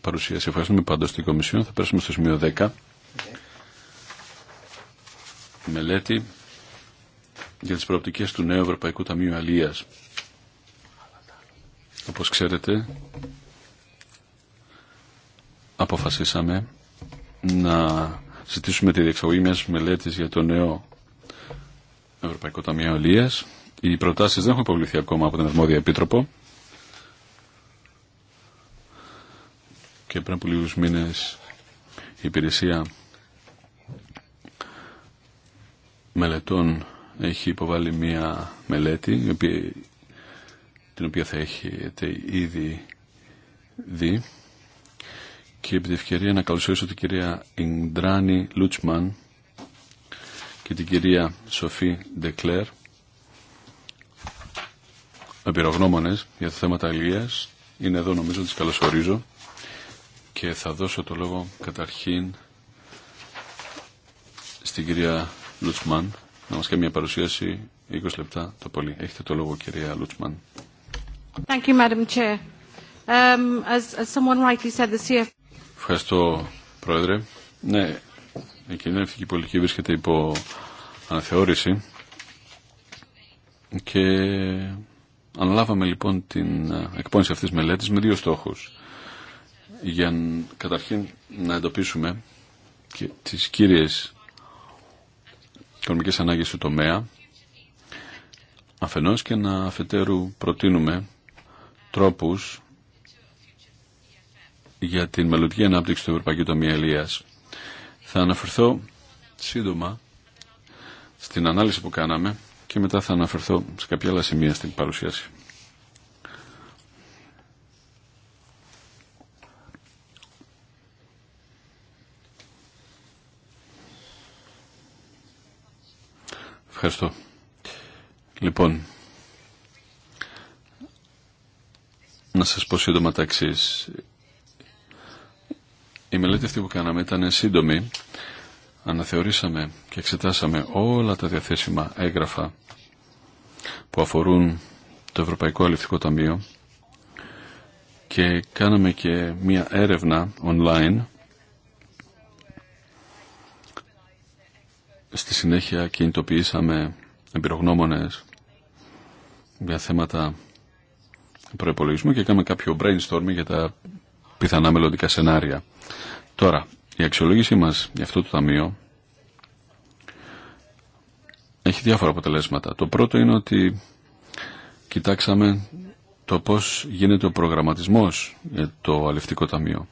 παρουσίαση. Ευχαριστούμε πάντως την Κομισιόν. Θα πέρασουμε στο σημείο 10. Μελέτη για τις προοπτικές του Νέου Ευρωπαϊκού Ταμείου Αλίας. Όπως ξέρετε, αποφασίσαμε να ζητήσουμε τη διεξαγωγή μια μελέτη για το νέο Ευρωπαϊκό Ταμείο Αλία. Οι προτάσει δεν έχουν υποβληθεί ακόμα από τον Αρμόδια Επίτροπο και πριν από λίγου μήνε η υπηρεσία μελετών έχει υποβάλει μία μελέτη την οποία θα έχετε ήδη δει και επί τη ευκαιρία να καλωσορίσω την κυρία Ιντράνη Λούτσμαν και την κυρία Σοφή Ντεκλέρ εμπειρογνώμονες για τα θέματα αλληλείας είναι εδώ νομίζω τις καλωσορίζω και θα δώσω το λόγο καταρχήν στην κυρία Λούτσμαν να μας κάνει μια παρουσίαση 20 λεπτά το πολύ. Έχετε το λόγο κυρία Λούτσμαν. Thank you, Madam Chair. Um, as, as someone Ευχαριστώ, Πρόεδρε. Ναι, η κοινωνική πολιτική βρίσκεται υπό αναθεώρηση και αναλάβαμε λοιπόν την εκπόνηση αυτής της μελέτης με δύο στόχους. Για καταρχήν να εντοπίσουμε και τις κύριες οικονομικές ανάγκες του τομέα αφενός και να αφετέρου προτείνουμε τρόπους για την μελλοντική ανάπτυξη του Ευρωπαϊκού Ελίας. Θα αναφερθώ σύντομα στην ανάλυση που κάναμε και μετά θα αναφερθώ σε κάποια άλλα σημεία στην παρουσίαση. Ευχαριστώ. Λοιπόν, να σας πω σύντομα τα εξής. Η μελέτη αυτή που κάναμε ήταν σύντομη. Αναθεωρήσαμε και εξετάσαμε όλα τα διαθέσιμα έγγραφα που αφορούν το Ευρωπαϊκό Αλληλευτικό Ταμείο και κάναμε και μία έρευνα online Στη συνέχεια κινητοποιήσαμε εμπειρογνώμονες για θέματα προπολογισμού και κάναμε κάποιο brainstorming για τα πιθανά μελλοντικά σενάρια. Τώρα, η αξιολόγησή μας για αυτό το ταμείο έχει διάφορα αποτελέσματα. Το πρώτο είναι ότι κοιτάξαμε το πώς γίνεται ο προγραμματισμός για το αλευτικό ταμείο.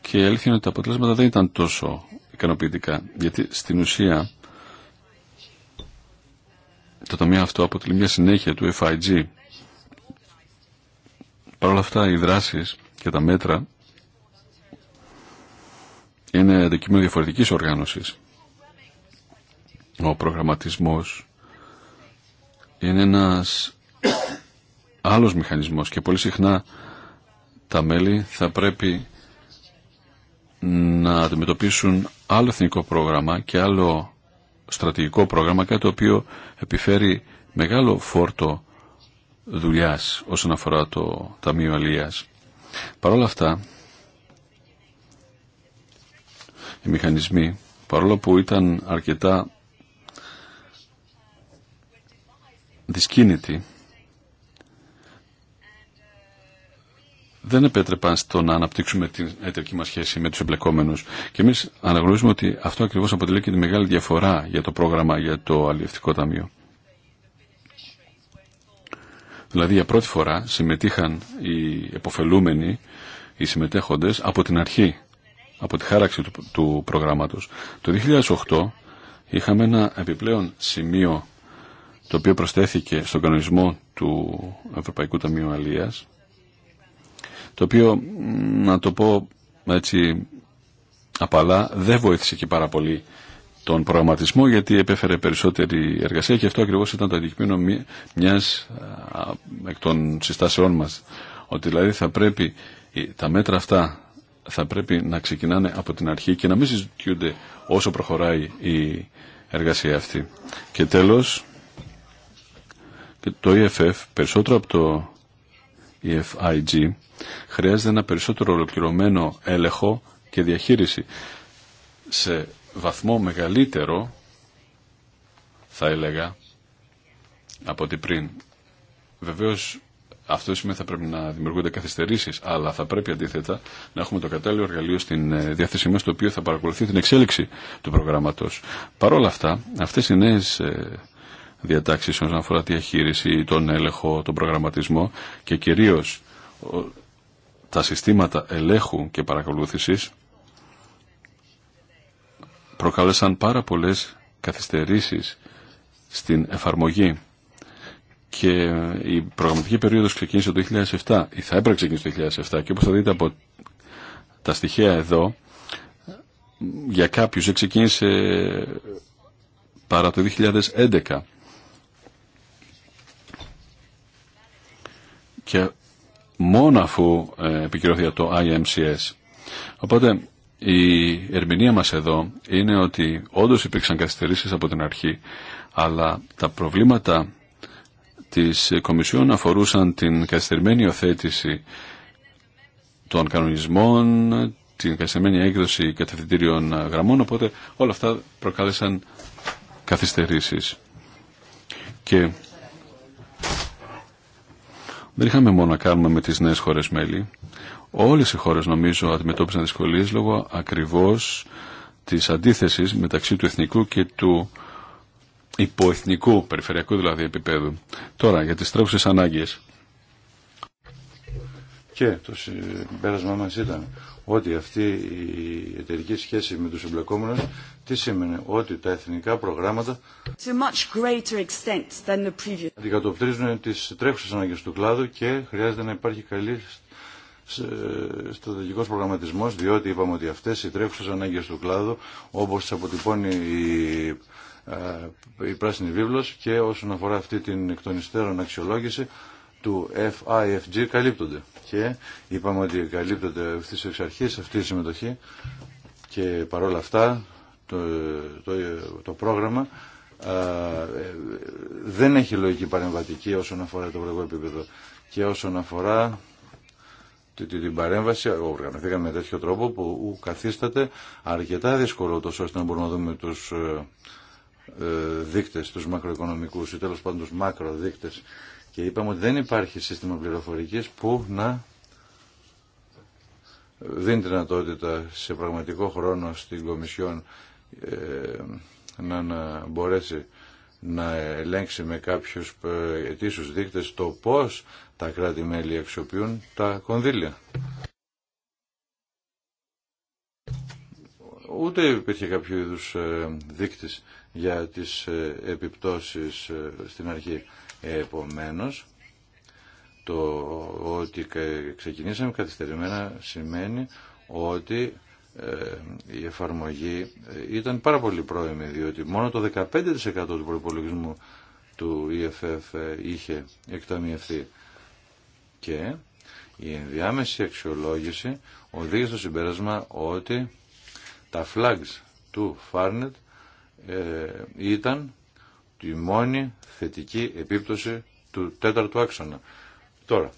Και η αλήθεια είναι ότι τα αποτελέσματα δεν ήταν τόσο ικανοποιητικά, γιατί στην ουσία το ταμείο αυτό αποτελεί μια συνέχεια του FIG Παρ' όλα αυτά οι δράσεις και τα μέτρα είναι αντικείμενο διαφορετικής οργάνωσης. Ο προγραμματισμός είναι ένας άλλος μηχανισμός και πολύ συχνά τα μέλη θα πρέπει να αντιμετωπίσουν άλλο εθνικό πρόγραμμα και άλλο στρατηγικό πρόγραμμα, κάτι το οποίο επιφέρει μεγάλο φόρτο Δουλειά όσον αφορά το Ταμείο Αλίας. Παρ' όλα αυτά, οι μηχανισμοί, παρόλο που ήταν αρκετά δυσκίνητοι, δεν επέτρεπαν στο να αναπτύξουμε την εταιρική μας σχέση με τους εμπλεκόμενους. Και εμείς αναγνωρίζουμε ότι αυτό ακριβώς αποτελεί και τη μεγάλη διαφορά για το πρόγραμμα για το αλληλευτικό ταμείο. Δηλαδή για πρώτη φορά συμμετείχαν οι εποφελούμενοι, οι συμμετέχοντες από την αρχή, από τη χάραξη του, του προγράμματος. Το 2008 είχαμε ένα επιπλέον σημείο το οποίο προσθέθηκε στον κανονισμό του Ευρωπαϊκού Ταμείου Αλίας, το οποίο, να το πω έτσι απαλά, δεν βοήθησε και πάρα πολύ τον προγραμματισμό γιατί επέφερε περισσότερη εργασία και αυτό ακριβώς ήταν το αντικείμενο μιας εκ των συστάσεών μας. Ότι δηλαδή θα πρέπει τα μέτρα αυτά θα πρέπει να ξεκινάνε από την αρχή και να μην συζητιούνται όσο προχωράει η εργασία αυτή. Και τέλος, το EFF περισσότερο από το EFIG χρειάζεται ένα περισσότερο ολοκληρωμένο έλεγχο και διαχείριση σε βαθμό μεγαλύτερο, θα έλεγα, από ότι πριν. Βεβαίως αυτό σημαίνει θα πρέπει να δημιουργούνται καθυστερήσεις, αλλά θα πρέπει αντίθετα να έχουμε το κατάλληλο εργαλείο στην ε, διάθεσή μας το οποίο θα παρακολουθεί την εξέλιξη του προγράμματος. Παρ' όλα αυτά, αυτές οι νέε ε, διατάξεις όσον αφορά τη διαχείριση, τον έλεγχο, τον προγραμματισμό και κυρίως τα συστήματα ελέγχου και παρακολούθησης προκάλεσαν πάρα πολλές καθυστερήσεις στην εφαρμογή και η προγραμματική περίοδος ξεκίνησε το 2007 ή θα έπρεπε να ξεκίνησε το 2007 και όπως θα δείτε από τα στοιχεία εδώ για κάποιους δεν ξεκίνησε παρά το 2011 και μόνο αφού ε, επικυρώθηκε το IMCS. Οπότε η ερμηνεία μας εδώ είναι ότι όντως υπήρξαν καθυστερήσεις από την αρχή, αλλά τα προβλήματα της Κομισιόν αφορούσαν την καθυστερημένη οθέτηση των κανονισμών, την καθυστερημένη έκδοση κατευθυντήριων γραμμών, οπότε όλα αυτά προκάλεσαν καθυστερήσεις. Και δεν είχαμε μόνο να κάνουμε με τις νέες χώρες μέλη, Όλες οι χώρες νομίζω αντιμετώπισαν δυσκολίες λόγω ακριβώς της αντίθεσης μεταξύ του εθνικού και του υποεθνικού, περιφερειακού δηλαδή επίπεδου. Τώρα για τις τρέχουσες ανάγκες. Και το συμπέρασμά μας ήταν ότι αυτή η εταιρική σχέση με τους εμπλεκόμενους τι σήμαινε, ότι τα εθνικά προγράμματα αντικατοπτρίζουν τις τρέχουσες ανάγκες του κλάδου και χρειάζεται να υπάρχει καλή στρατηγικός προγραμματισμό, διότι είπαμε ότι αυτές οι τρέχουσες ανάγκες του κλάδου, όπως τι αποτυπώνει η η πράσινη βίβλος και όσον αφορά αυτή την εκ αξιολόγηση του FIFG καλύπτονται. Και είπαμε ότι καλύπτονται αυτή εξ αρχής αυτή η συμμετοχή και παρόλα αυτά το, το, πρόγραμμα ε, δεν έχει λογική παρεμβατική όσον αφορά το ευρωπαϊκό επίπεδο και όσον αφορά την παρέμβαση οργανωθήκαμε με τέτοιο τρόπο που καθίσταται αρκετά δύσκολο τόσο ώστε να μπορούμε να δούμε τους ε, ε, δείκτες, τους μακροοικονομικούς ή τέλος πάντων τους μακροδείκτες και είπαμε ότι δεν υπάρχει σύστημα πληροφορικής που να δίνει δυνατότητα σε πραγματικό χρόνο στην Κομισιόν ε, να, να μπορέσει να ελέγξει με κάποιους ε, αιτήσους δείκτες το πώς τα κράτη-μέλη αξιοποιούν τα κονδύλια. Ούτε υπήρχε κάποιο είδους ε, δείκτης για τις ε, επιπτώσεις στην αρχή. Επομένως, το ότι ξεκινήσαμε καθυστερημένα σημαίνει ότι ε, η εφαρμογή ε, ήταν πάρα πολύ πρόημη διότι μόνο το 15% του προπολογισμού του EFF ε, είχε εκταμιευθεί και η ενδιάμεση αξιολόγηση οδήγησε στο συμπέρασμα ότι τα flags του Farnet ήταν τη μόνη θετική επίπτωση του τέταρτου άξονα. Τώρα,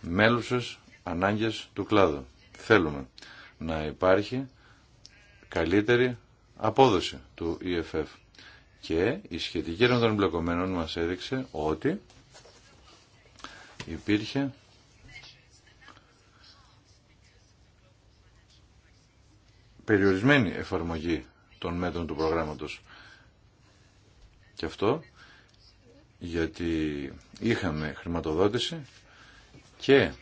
μέλουσες ανάγκες του κλάδου. Θέλουμε να υπάρχει καλύτερη απόδοση του EFF. Και η σχετική έρευνα των εμπλεκομένων μας έδειξε ότι υπήρχε περιορισμένη εφαρμογή των μέτρων του προγράμματος. Και αυτό γιατί είχαμε χρηματοδότηση και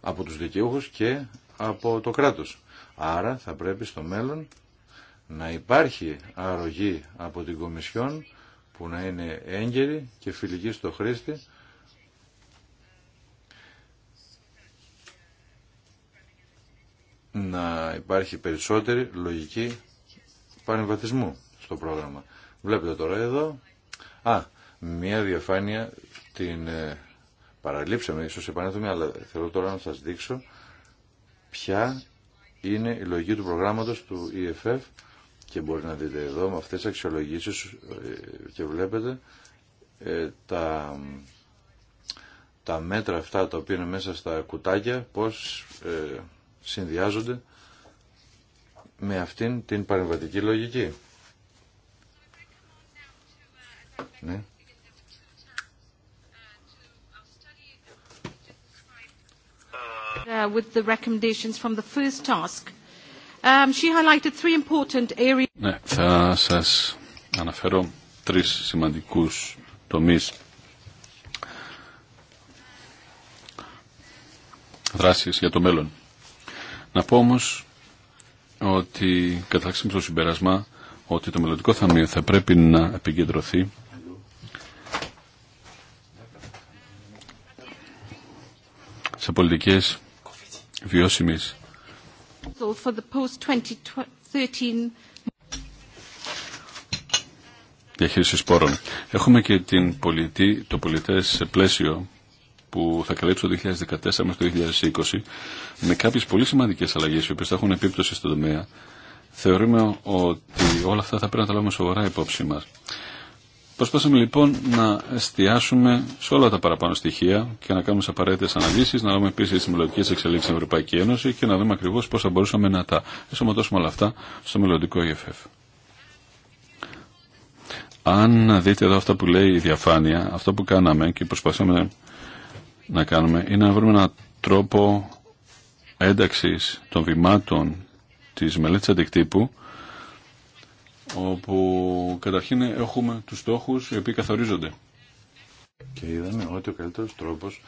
από τους δικαιούχους και από το κράτος. Άρα θα πρέπει στο μέλλον να υπάρχει αρρωγή από την Κομισιόν που να είναι έγκαιρη και φιλική στο χρήστη να υπάρχει περισσότερη λογική πανεμβατισμού στο πρόγραμμα. Βλέπετε τώρα εδώ, α, μία διαφάνεια την ε, παραλείψαμε, ίσως επανέθουμε, αλλά θέλω τώρα να σας δείξω ποια είναι η λογική του προγράμματος του EFF και μπορεί να δείτε εδώ με αυτές τις αξιολογήσεις ε, και βλέπετε ε, τα, τα μέτρα αυτά τα οποία είναι μέσα στα κουτάκια πώς ε, συνδυάζονται με αυτήν την παρεμβατική λογική. Ναι. Uh, with the recommendations from the first task. Um, she highlighted three important areas. Ναι, θα σας αναφέρω τρεις σημαντικούς τομείς δράσεις για το μέλλον. Να πω όμως ότι κατάξαμε στο συμπέρασμα ότι το μελλοντικό θαμείο θα πρέπει να επικεντρωθεί σε πολιτικές βιώσιμης. Διαχείριση σπόρων. Έχουμε και την πολιτή, το πολιτές πλαίσιο που θα καλύψει το 2014 μέχρι το 2020 με κάποιες πολύ σημαντικέ αλλαγές οι οποίε θα έχουν επίπτωση στον τομέα. Θεωρούμε ότι όλα αυτά θα πρέπει να τα λάβουμε σοβαρά υπόψη μα. Προσπάσαμε λοιπόν να εστιάσουμε σε όλα τα παραπάνω στοιχεία και να κάνουμε τι απαραίτητε αναλύσει, να δούμε επίση τι μελλοντικέ εξελίξει στην Ευρωπαϊκή Ένωση και να δούμε ακριβώ πώ θα μπορούσαμε να τα εσωματώσουμε όλα αυτά στο μελλοντικό EFF. Αν δείτε εδώ αυτά που λέει η διαφάνεια, αυτό που κάναμε και προσπαθούμε να κάνουμε είναι να βρούμε έναν τρόπο ένταξη των βημάτων τη μελέτη αντικτύπου όπου καταρχήν έχουμε τους στόχους οι οποίοι καθορίζονται. Και είδαμε ότι ο καλύτερος τρόπος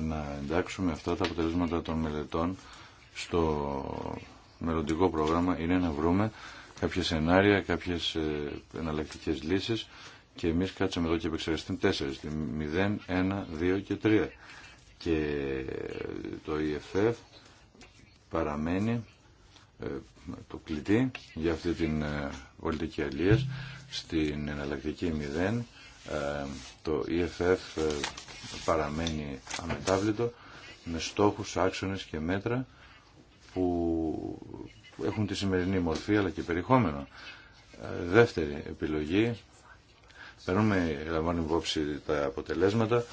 να εντάξουμε αυτά τα αποτελέσματα των μελετών στο μελλοντικό πρόγραμμα είναι να βρούμε κάποια σενάρια, κάποιες ε, εναλλακτικές λύσεις και εμείς κάτσαμε εδώ και επεξεργαστούμε τέσσερις, 0, 1, 2 και 3. Και το EFF παραμένει ε, το κλειδί για αυτή την ε, πολιτική στην εναλλακτική 0 ε, το EFF ε, παραμένει αμετάβλητο με στόχους, άξονες και μέτρα που έχουν τη σημερινή μορφή αλλά και περιεχόμενο. Ε, δεύτερη επιλογή, παίρνουμε λαμβάνουμε υπόψη τα αποτελέσματα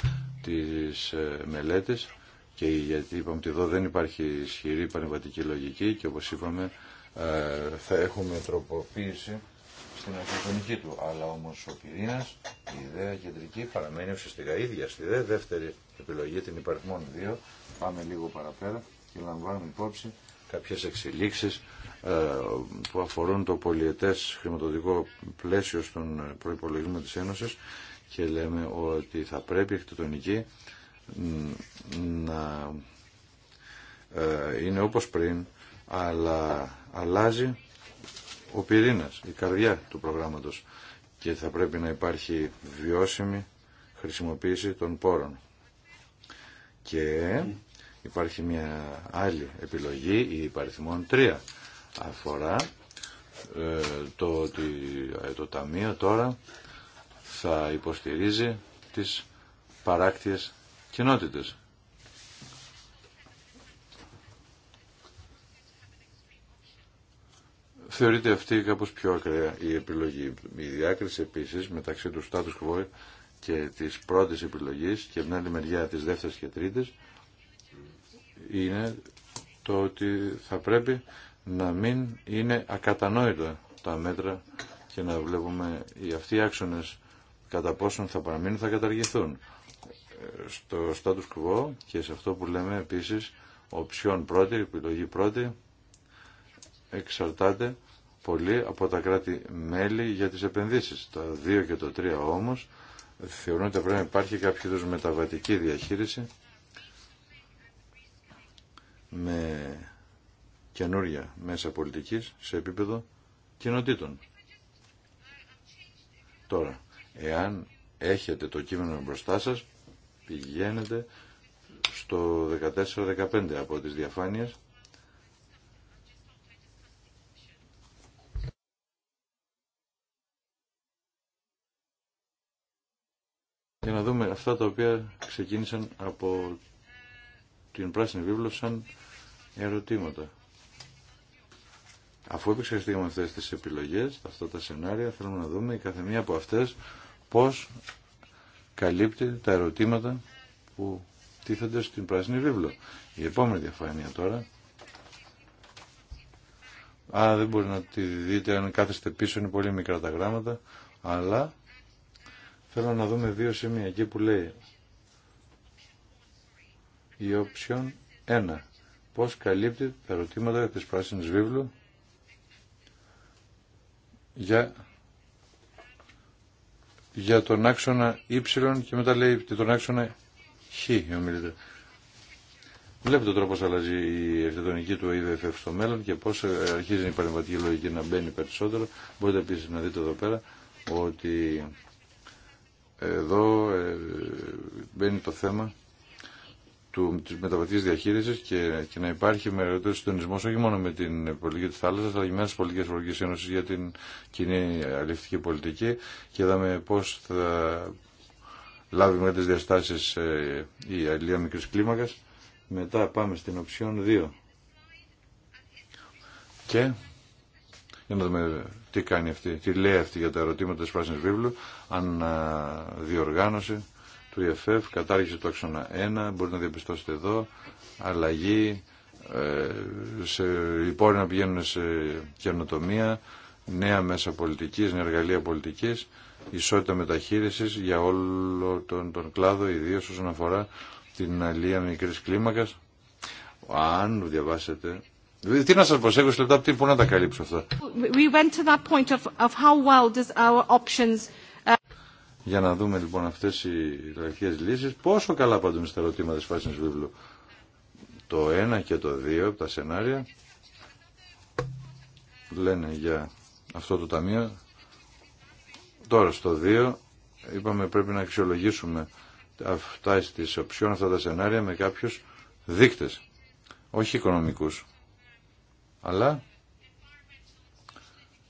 της μελέτης και γιατί είπαμε ότι εδώ δεν υπάρχει ισχυρή πανεμβατική λογική και όπως είπαμε ε, θα έχουμε τροποποίηση στην αρχιτεκτονική του. Αλλά όμω ο πυρήνα, η ιδέα κεντρική παραμένει ουσιαστικά ίδια. Στη δε, δεύτερη επιλογή, την υπαριθμών 2, πάμε λίγο παραπέρα και λαμβάνουμε υπόψη κάποιες εξελίξεις ε, που αφορούν το πολιετές χρηματοδοτικό πλαίσιο στον προπολογισμό της Ένωσης και λέμε ότι θα πρέπει η αρχιτεκτονική να ε, είναι όπως πριν αλλά αλλάζει ο πυρήνας, η καρδιά του προγράμματος και θα πρέπει να υπάρχει βιώσιμη χρησιμοποίηση των πόρων. Και υπάρχει μια άλλη επιλογή, η υπαριθμόν 3, αφορά ε, το ότι ε, το Ταμείο τώρα θα υποστηρίζει τις παράκτιες κοινότητες. θεωρείται αυτή κάπως πιο ακραία η επιλογή. Η διάκριση επίσης μεταξύ του status quo και της πρώτης επιλογής και μια άλλη μεριά της δεύτερης και τρίτης είναι το ότι θα πρέπει να μην είναι ακατανόητα τα μέτρα και να βλέπουμε οι αυτοί οι άξονες κατά πόσον θα παραμείνουν θα καταργηθούν. Στο status quo και σε αυτό που λέμε επίσης οψιόν πρώτη, επιλογή πρώτη, εξαρτάται πολύ από τα κράτη-μέλη για τις επενδύσεις. Τα 2 και το 3 όμως θεωρούν ότι πρέπει να υπάρχει κάποιο είδους μεταβατική διαχείριση με καινούρια μέσα πολιτικής σε επίπεδο κοινοτήτων. Τώρα, εάν έχετε το κείμενο μπροστά σας, πηγαίνετε στο 14-15 από τις διαφάνειες για να δούμε αυτά τα οποία ξεκίνησαν από την Πράσινη Βίβλο σαν ερωτήματα. Αφού επεξεργαστήκαμε αυτές τις επιλογές, αυτά τα σενάρια, θέλουμε να δούμε η καθεμία από αυτές πώς καλύπτει τα ερωτήματα που τίθενται στην Πράσινη Βίβλο. Η επόμενη διαφάνεια τώρα. Α, δεν μπορεί να τη δείτε αν κάθεστε πίσω, είναι πολύ μικρά τα γράμματα, αλλά Θέλω να δούμε δύο σημεία εκεί που λέει η option 1. Πώς καλύπτει τα ερωτήματα της πράσινης βίβλου για, για τον άξονα Y και μετά λέει τον άξονα Χ. Βλέπετε τρόπο πώς αλλάζει η αρχιτεκτονική του ΙΒΕΦ στο μέλλον και πώς ε, αρχίζει η παρεμβατική λογική να μπαίνει περισσότερο. Μπορείτε επίσης να δείτε εδώ πέρα ότι εδώ ε, μπαίνει το θέμα του, της μεταβατικής διαχείρισης και, και να υπάρχει μεριωτός συντονισμό, όχι μόνο με την πολιτική της θάλασσας αλλά και με τις πολιτικές Ευρωπαϊκής Ένωσης για την κοινή αλληλευτική πολιτική και είδαμε πώς θα λάβει μεγάλες τις διαστάσεις ε, η αλληλεία μικρής κλίμακας. Μετά πάμε στην οψιόν 2. Και για να δούμε τι κάνει αυτή, τι λέει αυτή για τα ερωτήματα της Πράσινης Βίβλου, αν διοργάνωσε του ΕΦΕΦ, e κατάργησε το άξονα 1, μπορείτε να διαπιστώσετε εδώ, αλλαγή, ε, σε, οι πόροι να πηγαίνουν σε καινοτομία, νέα μέσα πολιτικής, νέα εργαλεία πολιτικής, ισότητα μεταχείρισης για όλο τον, τον κλάδο, ιδίως όσον αφορά την αλία μικρής κλίμακας. Αν διαβάσετε τι να σας πω, 20 λεπτά τι, πού να τα καλύψω αυτά. We went to that point of, of how well does our options... Uh, για να δούμε λοιπόν αυτές οι λαϊκές λύσεις πόσο καλά απαντούν στα ερωτήματα της φάσης βίβλου. Το 1 και το 2 τα σενάρια λένε για αυτό το ταμείο. Τώρα στο 2 είπαμε πρέπει να αξιολογήσουμε αυτά τις οψιών, αυτά τα σενάρια με κάποιους δείκτες, όχι οικονομικούς αλλά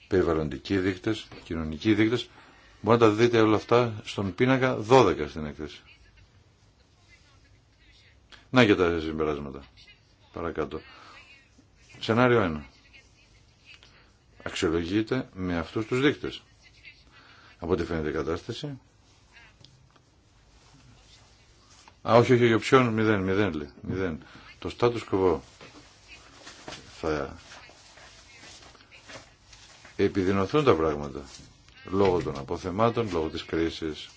περιβαλλοντικοί δείκτες, κοινωνικοί δείκτες. Μπορείτε να τα δείτε όλα αυτά στον πίνακα 12 στην έκθεση. Να και τα συμπεράσματα. Παρακάτω. Σενάριο 1. Αξιολογείται με αυτούς τους δείκτες. Από ό,τι φαίνεται η κατάσταση. Α, όχι, όχι, για ποιον, μηδέν, μηδέν λέει, μηδέν. Το status quo θα επιδεινωθούν τα πράγματα λόγω των αποθεμάτων, λόγω της κρίσης.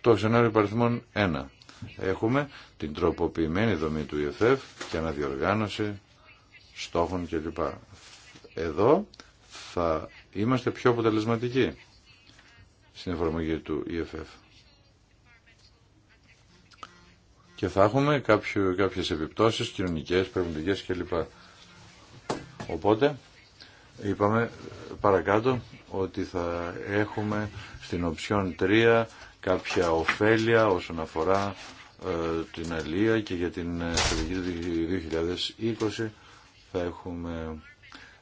Το σενάριο παριθμών 1. Έχουμε την τροποποιημένη δομή του ΙΕΦΕΦ και αναδιοργάνωση στόχων κλπ. Εδώ θα είμαστε πιο αποτελεσματικοί στην εφαρμογή του ΙΕΦΕΦ. και θα έχουμε κάποιο, κάποιες επιπτώσεις κοινωνικές, περιβαλλοντικές κλπ. Οπότε είπαμε παρακάτω ότι θα έχουμε στην οψιόν 3 κάποια ωφέλεια όσον αφορά ε, την αλία και για την ε, στρατηγική του 2020 θα έχουμε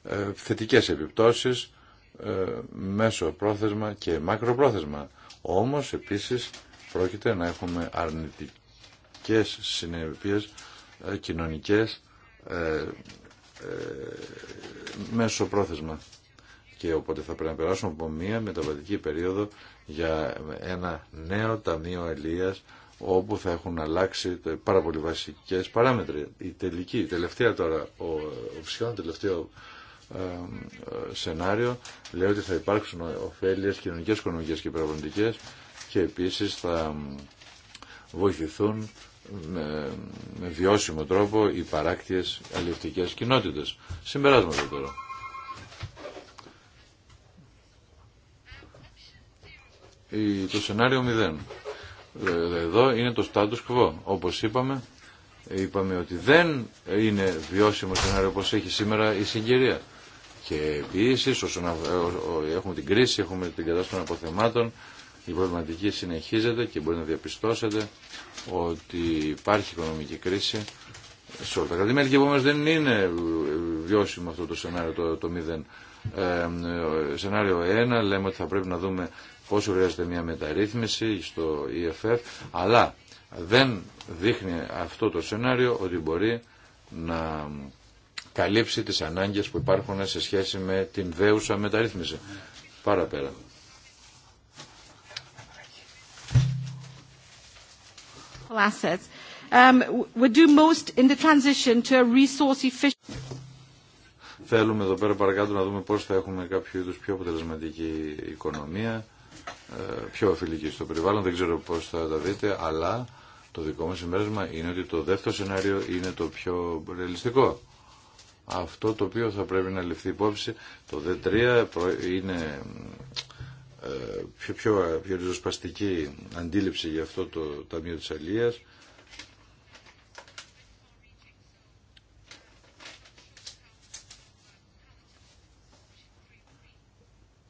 ε, θετικές επιπτώσεις ε, μέσω πρόθεσμα και μακροπρόθεσμα. Όμως επίσης πρόκειται να έχουμε αρνητική και ε, κοινωνικές ε, ε, μέσω πρόθεσμα. Και οπότε θα πρέπει να περάσουμε από μία μεταβατική περίοδο για ένα νέο ταμείο ελίας όπου θα έχουν αλλάξει πάρα πολύ βασικές παράμετροι. Η τελική, η τελευταία τώρα, ο, ο τελευταίο ε, σενάριο λέει ότι θα υπάρξουν ωφέλειες κοινωνικές, οικονομικές και περιβαλλοντικές και επίσης θα βοηθηθούν με, βιώσιμο τρόπο οι παράκτιες αλληλευτικές κοινότητες. Συμπεράσματα τώρα. το σενάριο 0. Ε, εδώ είναι το status quo. Όπως είπαμε, είπαμε ότι δεν είναι βιώσιμο σενάριο όπως έχει σήμερα η συγκυρία. Και επίση, όσον έχουμε την κρίση, έχουμε την κατάσταση των αποθεμάτων, η προβληματική συνεχίζεται και μπορεί να διαπιστώσετε ότι υπάρχει οικονομική κρίση σε όλα τα κρατημέρια και επομένως δεν είναι βιώσιμο αυτό το σενάριο το, το 0. Ε, ε, σενάριο 1 λέμε ότι θα πρέπει να δούμε πόσο χρειάζεται μια μεταρρύθμιση στο EFF αλλά δεν δείχνει αυτό το σενάριο ότι μπορεί να καλύψει τις ανάγκες που υπάρχουν σε σχέση με την δέουσα μεταρρύθμιση. Πάρα assets um, do most in the transition to a resource efficient. Θέλουμε εδώ πέρα παρακάτω να δούμε πώς θα έχουμε κάποιο είδους πιο αποτελεσματική οικονομία, ε, πιο αφιλική στο περιβάλλον, δεν ξέρω πώς θα τα δείτε, αλλά το δικό μας συμπέρασμα είναι ότι το δεύτερο σενάριο είναι το πιο ρεαλιστικό. Αυτό το οποίο θα πρέπει να ληφθεί υπόψη, το D3 είναι πιο, πιο, πιο ριζοσπαστική αντίληψη για αυτό το Ταμείο της Αλίας.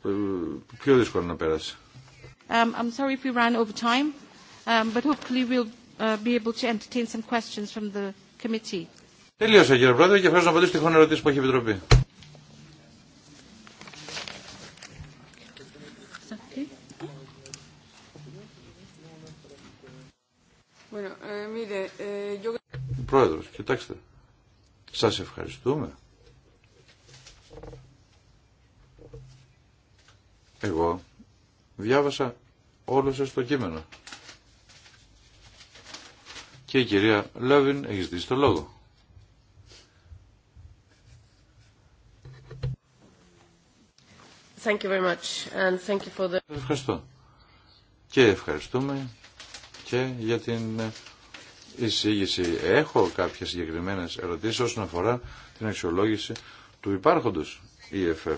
Ε, πιο δύσκολο να περάσει. Um, I'm sorry if we ran over time, um, but hopefully we'll uh, be able to entertain some questions from the committee. Τελείωσα κύριε Πρόεδρε και ευχαριστώ να απαντήσω τυχόν ερωτήσεις που έχει η Επιτροπή. Eh, eh, Πρόεδρος, κοιτάξτε. Σας ευχαριστούμε. Εγώ διάβασα όλο σας το κείμενο. Και η κυρία Λέβιν έχει ζητήσει το λόγο. Thank you very much and thank you for the... Ευχαριστώ. Και ευχαριστούμε και για την εισήγηση. Έχω κάποιες συγκεκριμένες ερωτήσεις όσον αφορά την αξιολόγηση του υπάρχοντος EFF.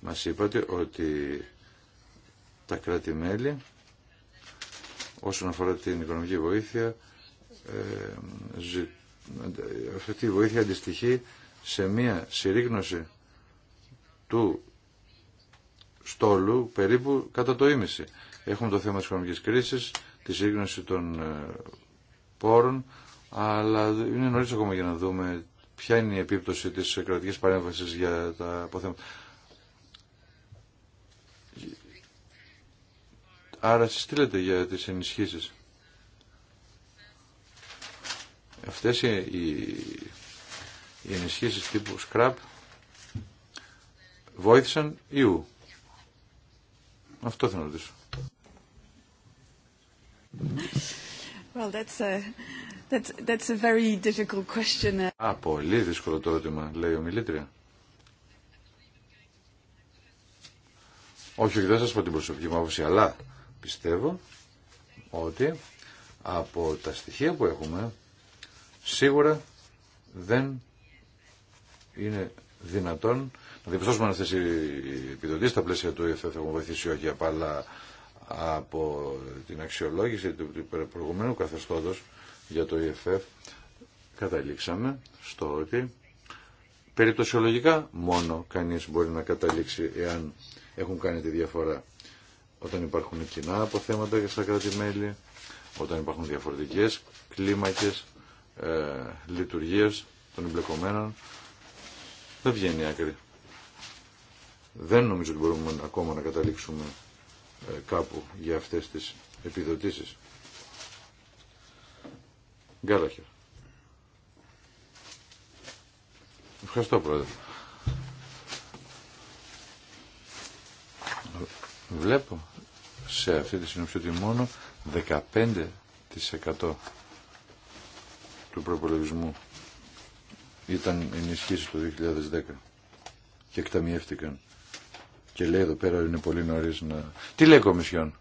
Μας είπατε ότι τα κράτη-μέλη όσον αφορά την οικονομική βοήθεια ε, αυτή η βοήθεια αντιστοιχεί σε μία συρρήγνωση του στόλου περίπου κατά το ίμιση. Έχουμε το θέμα της οικονομικής κρίσης, τη σύγκνωση των ε, πόρων, αλλά είναι νωρίς ακόμα για να δούμε ποια είναι η επίπτωση της κρατικής παρέμβασης για τα αποθέματα. Άρα συστήλετε για τις ενισχύσεις. Αυτές οι, οι ενισχύσεις τύπου scrap βοήθησαν ου. Αυτό θέλω να ρωτήσω. Well, Α, πολύ δύσκολο το ερώτημα, λέει ο Μιλήτρια. Όχι, όχι, δεν σας πω την προσωπική μου άποψη, αλλά πιστεύω ότι από τα στοιχεία που έχουμε, σίγουρα δεν είναι δυνατόν να διαπιστώσουμε αν αυτές οι επιδοτήσεις στα πλαίσια του ΕΦΕ θα έχουν βοηθήσει όχι, αλλά από την αξιολόγηση του προηγουμένου καθεστώτος για το EFF καταλήξαμε στο ότι περιπτωσιολογικά μόνο κανείς μπορεί να καταλήξει εάν έχουν κάνει τη διαφορά όταν υπάρχουν κοινά αποθέματα για στα κράτη-μέλη, όταν υπάρχουν διαφορετικές κλίμακες ε, λειτουργίες των εμπλεκομένων, δεν βγαίνει άκρη. Δεν νομίζω ότι μπορούμε ακόμα να καταλήξουμε ε, κάπου για αυτές τις επιδοτήσεις. Γκάλαχερ. Ευχαριστώ πρόεδρε. Βλέπω σε αυτή τη συνοψή ότι μόνο 15% του προπολογισμού ήταν ενισχύσει το 2010 και εκταμιεύτηκαν. Και λέει εδώ πέρα είναι πολύ νωρί να... Τι λέει η Κομισιόν.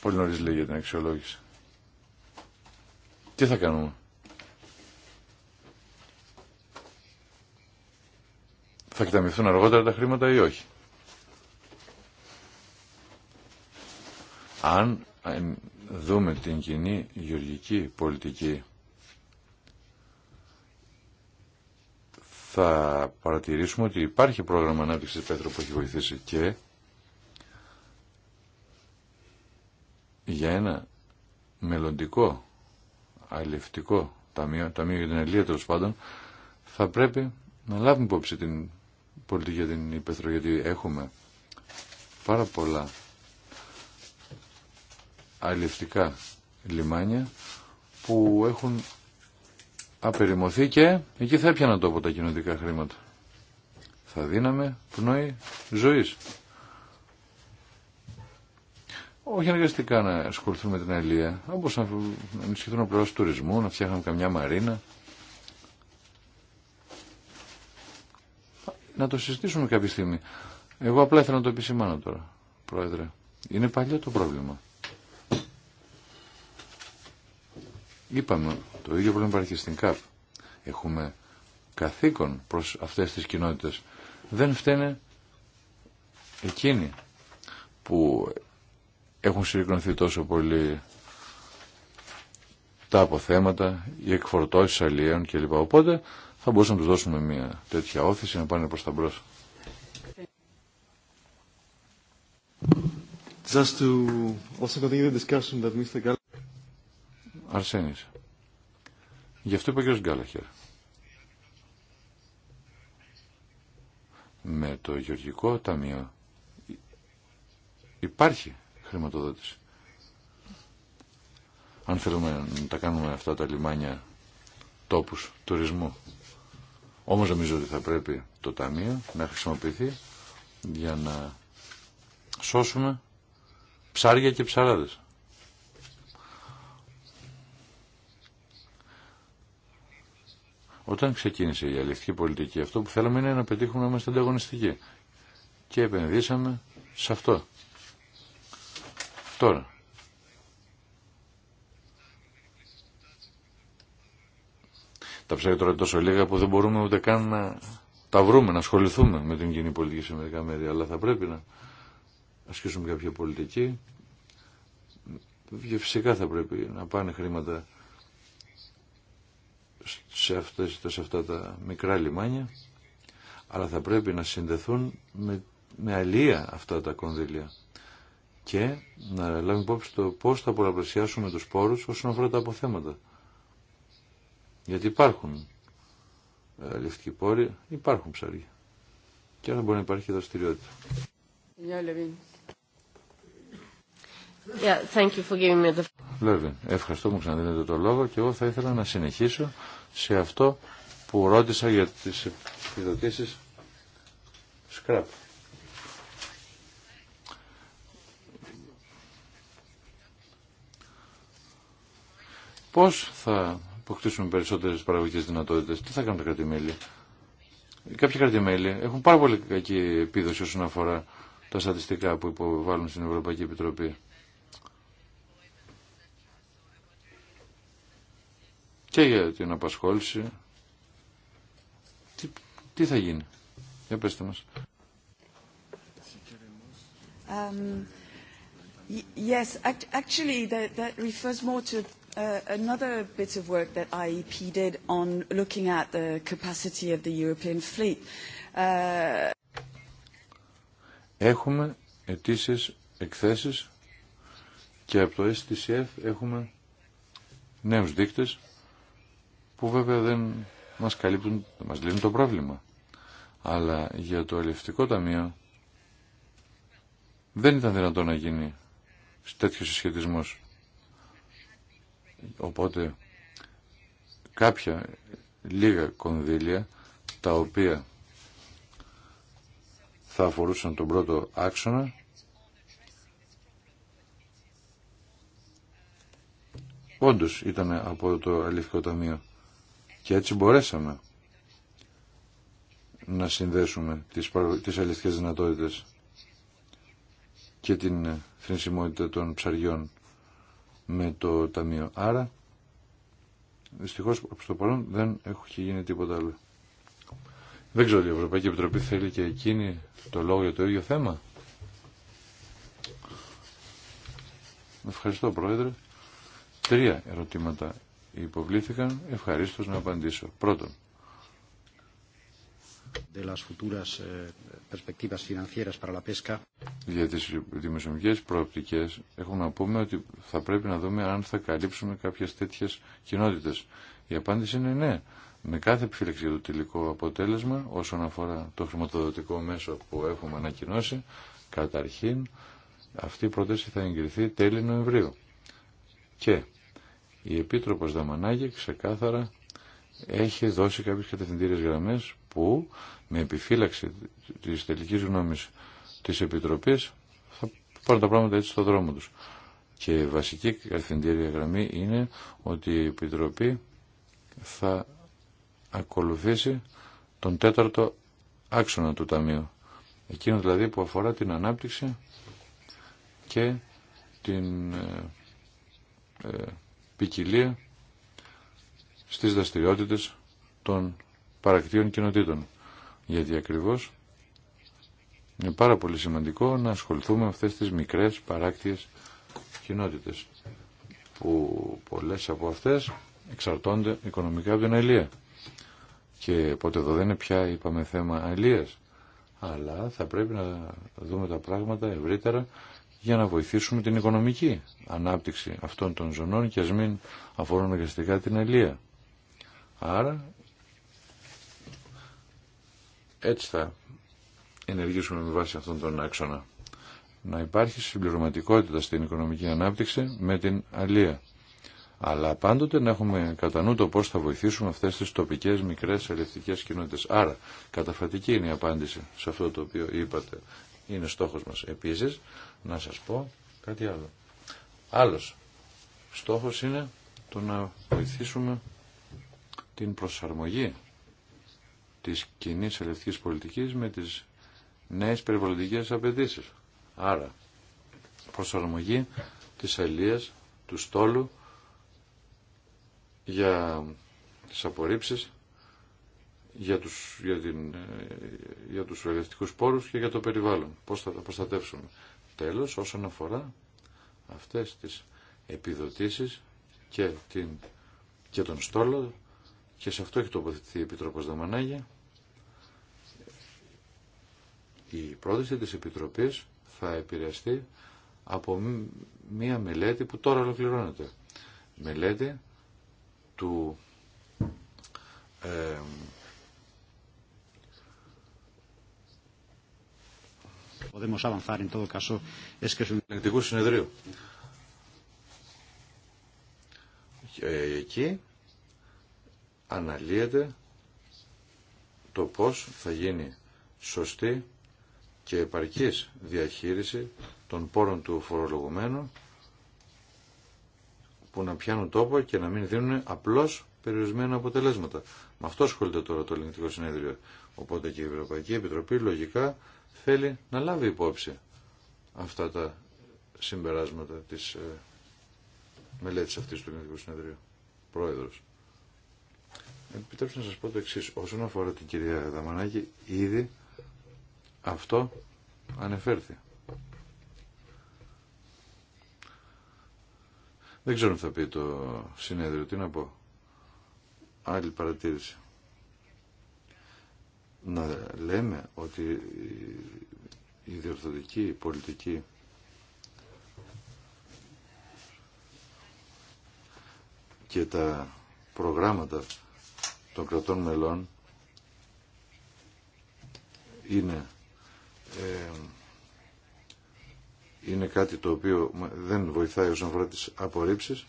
Πολύ νωρί λέει για την αξιολόγηση. Τι θα κάνουμε. Θα εκταμιευθούν αργότερα τα χρήματα ή όχι. Αν ε, δούμε την κοινή γεωργική πολιτική θα παρατηρήσουμε ότι υπάρχει πρόγραμμα ανάπτυξη Πέτρο που έχει βοηθήσει και για ένα μελλοντικό αλληλευτικό ταμείο, ταμείο για την αλληλεία τέλο πάντων, θα πρέπει να λάβουμε υπόψη την πολιτική για την υπεθρο, γιατί έχουμε πάρα πολλά αλληλευτικά λιμάνια που έχουν απεριμωθεί και εκεί θα έπιαναν τόπο τα κοινωνικά χρήματα. Θα δίναμε πνοή ζωής. Όχι αναγκαστικά να ασχοληθούμε με την αλληλεία, όπως να ενισχυθούν ο του τουρισμού, να φτιάχνουμε καμιά μαρίνα. Να το συζητήσουμε κάποια στιγμή. Εγώ απλά ήθελα να το επισημάνω τώρα, Πρόεδρε. Είναι παλιό το πρόβλημα. Είπαμε, το ίδιο πρόβλημα υπάρχει στην ΚΑΠ. Έχουμε καθήκον προς αυτές τις κοινότητες. Δεν φταίνε εκείνοι που έχουν συρρυκνωθεί τόσο πολύ τα αποθέματα, οι εκφορτώσεις αλλιέων κλπ. Οπότε θα μπορούσαμε να τους δώσουμε μια τέτοια όθηση να πάνε προς τα μπρος. Just to also continue the discussion that Mr. Αρσένης. Γι' αυτό είπα και κ. Γκάλαχερ. Με το Γεωργικό Ταμείο υπάρχει χρηματοδότηση. Αν θέλουμε να τα κάνουμε αυτά τα λιμάνια τόπους τουρισμού. Όμως νομίζω ότι θα πρέπει το Ταμείο να χρησιμοποιηθεί για να σώσουμε ψάρια και ψαράδες. Όταν ξεκίνησε η αληθική πολιτική, αυτό που θέλαμε είναι να πετύχουμε να είμαστε ανταγωνιστικοί. Και επενδύσαμε σε αυτό. Τώρα. Τα ψάρια τώρα τόσο λίγα που δεν μπορούμε ούτε καν να τα βρούμε, να ασχοληθούμε με την κοινή πολιτική σε μερικά μέρη. Αλλά θα πρέπει να ασκήσουμε κάποια πολιτική. Και φυσικά θα πρέπει να πάνε χρήματα σε, αυτές, σε αυτά τα μικρά λιμάνια αλλά θα πρέπει να συνδεθούν με, με αλία αυτά τα κονδύλια και να λάβουμε υπόψη το πώς θα πολλαπλασιάσουμε τους πόρους όσον αφορά τα αποθέματα. Γιατί υπάρχουν ε, ληφτικοί πόροι, υπάρχουν ψάρια. Και άρα μπορεί να υπάρχει δραστηριότητα. Yeah, Λέβιν. Ευχαριστώ που μου ξαναδίνετε το λόγο και εγώ θα ήθελα να συνεχίσω σε αυτό που ρώτησα για τις επιδοτήσεις σκραπ. Πώς θα αποκτήσουμε περισσότερες παραγωγικές δυνατότητες, τι θα κάνουν τα κρατημέλη. Κάποια κρατημέλη έχουν πάρα πολύ κακή επίδοση όσον αφορά τα στατιστικά που υποβάλλουν στην Ευρωπαϊκή Επιτροπή. και για την απασχόληση. Τι, τι θα γίνει. Για πέστε μας. Um, yes, actually that, that refers more to another bit of work that IEP did on looking at the capacity of the European fleet. Έχουμε ετήσιες εκθέσεις και από το STCF έχουμε νέους δείκτες που βέβαια δεν μας καλύπτουν, μας λύνουν το πρόβλημα. Αλλά για το ελευτικό ταμείο δεν ήταν δυνατό να γίνει τέτοιο συσχετισμό. Οπότε κάποια λίγα κονδύλια τα οποία θα αφορούσαν τον πρώτο άξονα όντως ήταν από το αληθικό ταμείο. Και έτσι μπορέσαμε να συνδέσουμε τις, τις αληθικές δυνατότητες και την θρησιμότητα των ψαριών με το ταμείο. Άρα, δυστυχώς, προς το παρόν δεν έχει γίνει τίποτα άλλο. Δεν ξέρω, η Ευρωπαϊκή Επιτροπή θέλει και εκείνη το λόγο για το ίδιο θέμα. Ευχαριστώ, Πρόεδρε. Τρία ερωτήματα υποβλήθηκαν, ευχαρίστως να απαντήσω. Πρώτον. Eh, για τις δημοσιομικές προοπτικές έχουμε να πούμε ότι θα πρέπει να δούμε αν θα καλύψουμε κάποιες τέτοιες κοινότητες. Η απάντηση είναι ναι. Με κάθε επιφύλαξη για το τελικό αποτέλεσμα όσον αφορά το χρηματοδοτικό μέσο που έχουμε ανακοινώσει, καταρχήν αυτή η πρόταση θα εγκριθεί τέλη Νοεμβρίου. Και η Επίτροπος Δαμανάκη ξεκάθαρα έχει δώσει κάποιες κατευθυντήριες γραμμές που με επιφύλαξη της τελικής γνώμης της Επιτροπής θα πάρουν τα πράγματα έτσι στον δρόμο τους. Και βασική κατευθυντήρια γραμμή είναι ότι η Επιτροπή θα ακολουθήσει τον τέταρτο άξονα του Ταμείου. Εκείνο δηλαδή που αφορά την ανάπτυξη και την ε, ε, ποικιλία στις δραστηριότητες των παρακτήων κοινοτήτων. Γιατί ακριβώς είναι πάρα πολύ σημαντικό να ασχοληθούμε με αυτές τις μικρές παράκτιες κοινότητες που πολλές από αυτές εξαρτώνται οικονομικά από την αλληλεία. Και ποτέ εδώ δεν είναι πια είπαμε θέμα αηλίας αλλά θα πρέπει να δούμε τα πράγματα ευρύτερα για να βοηθήσουμε την οικονομική ανάπτυξη αυτών των ζωνών και ας μην αφορούν αγκαστικά την Αλεια. Άρα έτσι θα ενεργήσουμε με βάση αυτόν τον άξονα. Να υπάρχει συμπληρωματικότητα στην οικονομική ανάπτυξη με την αλία. Αλλά πάντοτε να έχουμε κατά νου το πώς θα βοηθήσουμε αυτές τις τοπικές μικρές αλληλευτικές κοινότητες. Άρα, καταφατική είναι η απάντηση σε αυτό το οποίο είπατε είναι στόχος μας. Επίσης, να σας πω κάτι άλλο. Άλλος στόχος είναι το να βοηθήσουμε την προσαρμογή της κοινή ελευθερικής πολιτικής με τις νέες περιβαλλοντικές απαιτήσεις. Άρα, προσαρμογή της αλίας, του στόλου για τις απορρίψεις για τους, για, την, ε, για τους πόρους και για το περιβάλλον. Πώς θα τα προστατεύσουμε. Τέλος, όσον αφορά αυτές τις επιδοτήσεις και, την, και τον στόλο και σε αυτό έχει τοποθετηθεί η Επιτρόπος Δαμανάγια. Η πρόταση της Επιτροπής θα επηρεαστεί από μία μελέτη που τώρα ολοκληρώνεται. Μελέτη του ε, Ελεκτικού συνεδρίου. Ε, εκεί αναλύεται το πώς θα γίνει σωστή και επαρκής διαχείριση των πόρων του φορολογουμένου που να πιάνουν τόπο και να μην δίνουν απλώς περιορισμένα αποτελέσματα. Με αυτό ασχολείται τώρα το ελληνικό συνέδριο. Οπότε και η Ευρωπαϊκή Επιτροπή λογικά θέλει να λάβει υπόψη αυτά τα συμπεράσματα της ε, μελέτης αυτής του Κοινωνικού Συνεδρίου. Πρόεδρος. Επιτρέψτε να σας πω το εξή Όσον αφορά την κυρία Δαμανάκη, ήδη αυτό ανεφέρθη. Δεν ξέρω τι θα πει το συνέδριο. Τι να πω. Άλλη παρατήρηση να λέμε ότι η διορθωτική πολιτική και τα προγράμματα των κρατών μελών είναι, ε, είναι κάτι το οποίο δεν βοηθάει όσον αφορά τις απορρίψεις.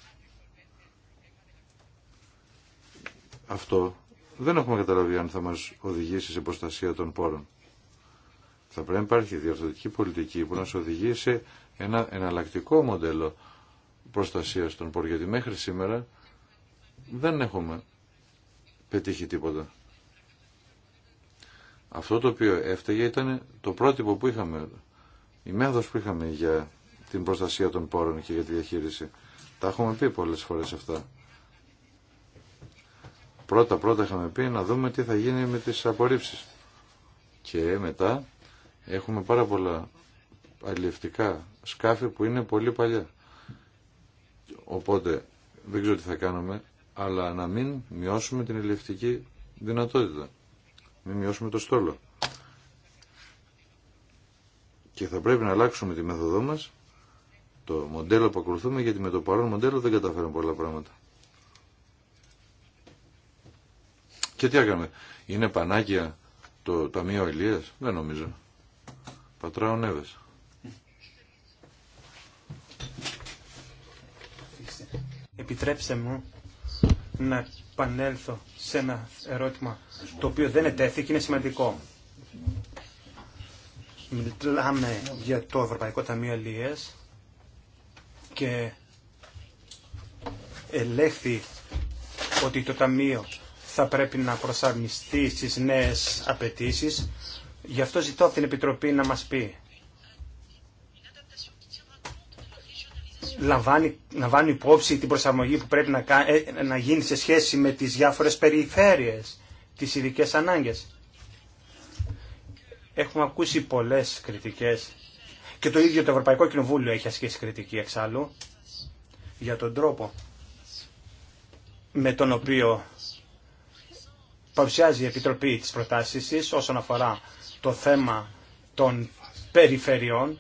Αυτό δεν έχουμε καταλάβει αν θα μας οδηγήσει σε προστασία των πόρων. Θα πρέπει να υπάρχει διορθωτική πολιτική που να σε οδηγήσει σε ένα εναλλακτικό μοντέλο προστασίας των πόρων, γιατί μέχρι σήμερα δεν έχουμε πετύχει τίποτα. Αυτό το οποίο έφταιγε ήταν το πρότυπο που είχαμε, η μέθοδος που είχαμε για την προστασία των πόρων και για τη διαχείριση. Τα έχουμε πει πολλές φορές αυτά. Πρώτα πρώτα είχαμε πει να δούμε τι θα γίνει με τις απορρίψεις. Και μετά έχουμε πάρα πολλά αλληλευτικά σκάφη που είναι πολύ παλιά. Οπότε δεν ξέρω τι θα κάνουμε, αλλά να μην μειώσουμε την αλληλευτική δυνατότητα. Μην μειώσουμε το στόλο. Και θα πρέπει να αλλάξουμε τη μέθοδό μας, το μοντέλο που ακολουθούμε, γιατί με το παρόν μοντέλο δεν καταφέρουμε πολλά πράγματα. Και τι έκαμε. Είναι πανάκια το Ταμείο Ηλίας. Δεν νομίζω. Πατράω Νέβες. Επιτρέψτε μου να πανέλθω σε ένα ερώτημα το οποίο δεν και είναι σημαντικό. Μιλάμε για το Ευρωπαϊκό Ταμείο Ελλήνε και ελέγχθη ότι το Ταμείο θα πρέπει να προσαρμιστεί στις νέες απαιτήσεις. Γι' αυτό ζητώ από την Επιτροπή να μας πει. Λαμβάνει, βάλει υπόψη την προσαρμογή που πρέπει να, ε, να γίνει σε σχέση με τις διάφορες περιφέρειες, τις ειδικές ανάγκες. Έχουμε ακούσει πολλές κριτικές και το ίδιο το Ευρωπαϊκό Κοινοβούλιο έχει ασκήσει κριτική εξάλλου για τον τρόπο με τον οποίο παρουσιάζει η Επιτροπή της προτάσεις όσον αφορά το θέμα των περιφερειών,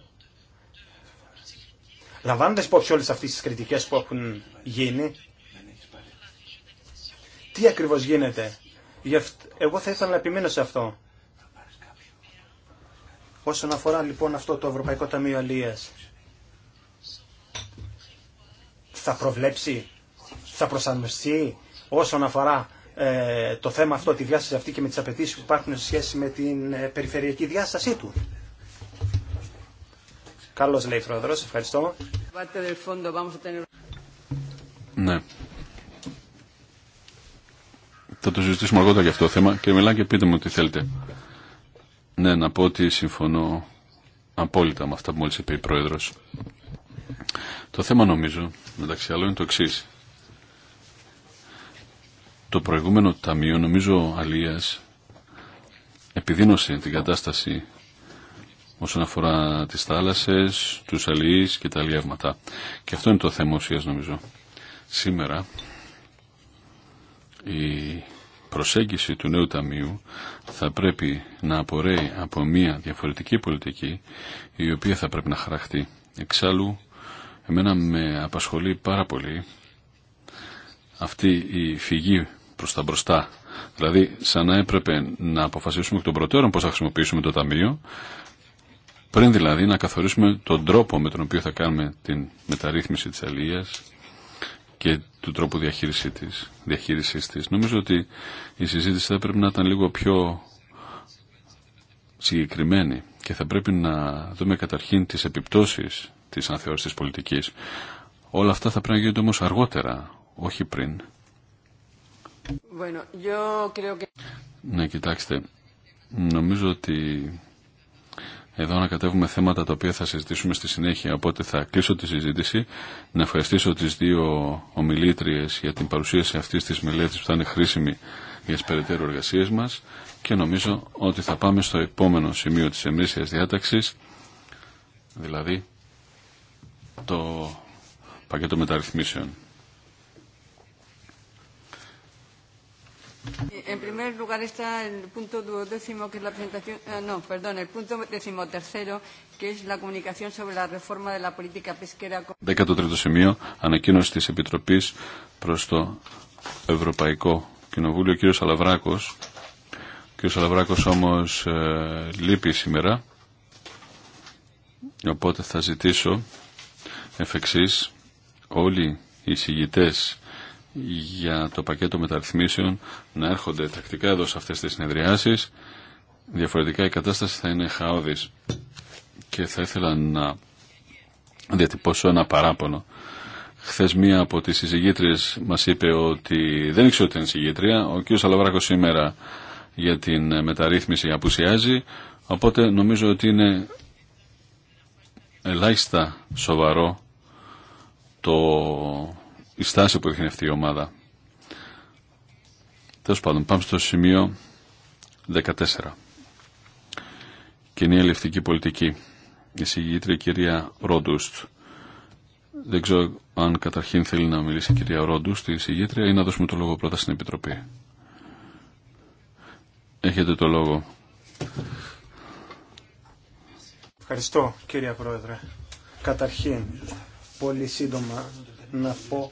λαμβάνοντας υπόψη όλες αυτές τις κριτικές που έχουν γίνει, τι ακριβώς γίνεται. Εγώ θα ήθελα να επιμείνω σε αυτό. Όσον αφορά λοιπόν αυτό το Ευρωπαϊκό Ταμείο Αλίας, θα προβλέψει, θα προσαρμοστεί όσον αφορά ε, το θέμα αυτό, τη διάσταση αυτή και με τις απαιτήσει που υπάρχουν σε σχέση με την ε, περιφερειακή διάστασή του. Καλώς λέει η Πρόεδρος, ευχαριστώ. Ναι. Θα το συζητήσουμε αργότερα για αυτό το θέμα. και μιλάμε και πείτε μου τι θέλετε. Ναι, να πω ότι συμφωνώ απόλυτα με αυτά που μόλις είπε η Πρόεδρος. Το θέμα νομίζω, μεταξύ άλλων, είναι το εξή το προηγούμενο ταμείο, νομίζω Αλίας, επιδίνωσε την κατάσταση όσον αφορά τις θάλασσες, τους αλληλείς και τα αλλιεύματα. Και αυτό είναι το θέμα ουσίας νομίζω. Σήμερα η προσέγγιση του νέου ταμείου θα πρέπει να απορρέει από μια διαφορετική πολιτική η οποία θα πρέπει να χαραχτεί. Εξάλλου, εμένα με απασχολεί πάρα πολύ αυτή η φυγή προς τα μπροστά. Δηλαδή, σαν να έπρεπε να αποφασίσουμε εκ των προτέρων πώς θα χρησιμοποιήσουμε το Ταμείο, πριν δηλαδή να καθορίσουμε τον τρόπο με τον οποίο θα κάνουμε την μεταρρύθμιση της αλληλείας και του τρόπου διαχείρισή της, διαχείρισης της. Νομίζω ότι η συζήτηση θα πρέπει να ήταν λίγο πιο συγκεκριμένη και θα πρέπει να δούμε καταρχήν τις επιπτώσεις της ανθεώρησης της πολιτικής. Όλα αυτά θα πρέπει να γίνονται όμως αργότερα, όχι πριν. Ναι, κοιτάξτε, νομίζω ότι εδώ ανακατεύουμε θέματα τα οποία θα συζητήσουμε στη συνέχεια, οπότε θα κλείσω τη συζήτηση, να ευχαριστήσω τις δύο ομιλήτριες για την παρουσίαση αυτής της μελέτης που θα είναι χρήσιμη για τις περαιτέρω εργασίες μας και νομίζω ότι θα πάμε στο επόμενο σημείο της εμίσιας διάταξης, δηλαδή το πακέτο μεταρρυθμίσεων. En primer lugar está el punto duodécimo, que es la presentación, eh, no, perdón, el punto decimotercero, que es la comunicación sobre la reforma de la política pesquera. 13ο σημείο, ανακοίνωση της Επιτροπής προς το Ευρωπαϊκό Κοινοβούλιο, κύριος Αλαβράκος. Κύριος Αλαβράκος όμως ε, λείπει σήμερα, οπότε θα ζητήσω εφ' εξής, όλοι οι συγητές για το πακέτο μεταρρυθμίσεων να έρχονται τακτικά εδώ σε αυτές τις συνεδριάσεις. Διαφορετικά η κατάσταση θα είναι χαόδης και θα ήθελα να διατυπώσω ένα παράπονο. Χθε μία από τις συζυγήτριες μας είπε ότι δεν ήξερε ότι είναι συζυγήτρια. Ο κ. Σαλαβράκος σήμερα για την μεταρρύθμιση απουσιάζει. Οπότε νομίζω ότι είναι ελάχιστα σοβαρό το η στάση που έχει αυτή η ομάδα. Τέλο πάντων, πάμε στο σημείο 14. Κοινή ελευθερική πολιτική. Η συγγήτρια κυρία Ρόντουστ. Δεν ξέρω αν καταρχήν θέλει να μιλήσει η κυρία Ρόντουστ, η συγγήτρια, ή να δώσουμε το λόγο πρώτα στην Επιτροπή. Έχετε το λόγο. Ευχαριστώ κύριε Πρόεδρε. Καταρχήν, πολύ σύντομα να πω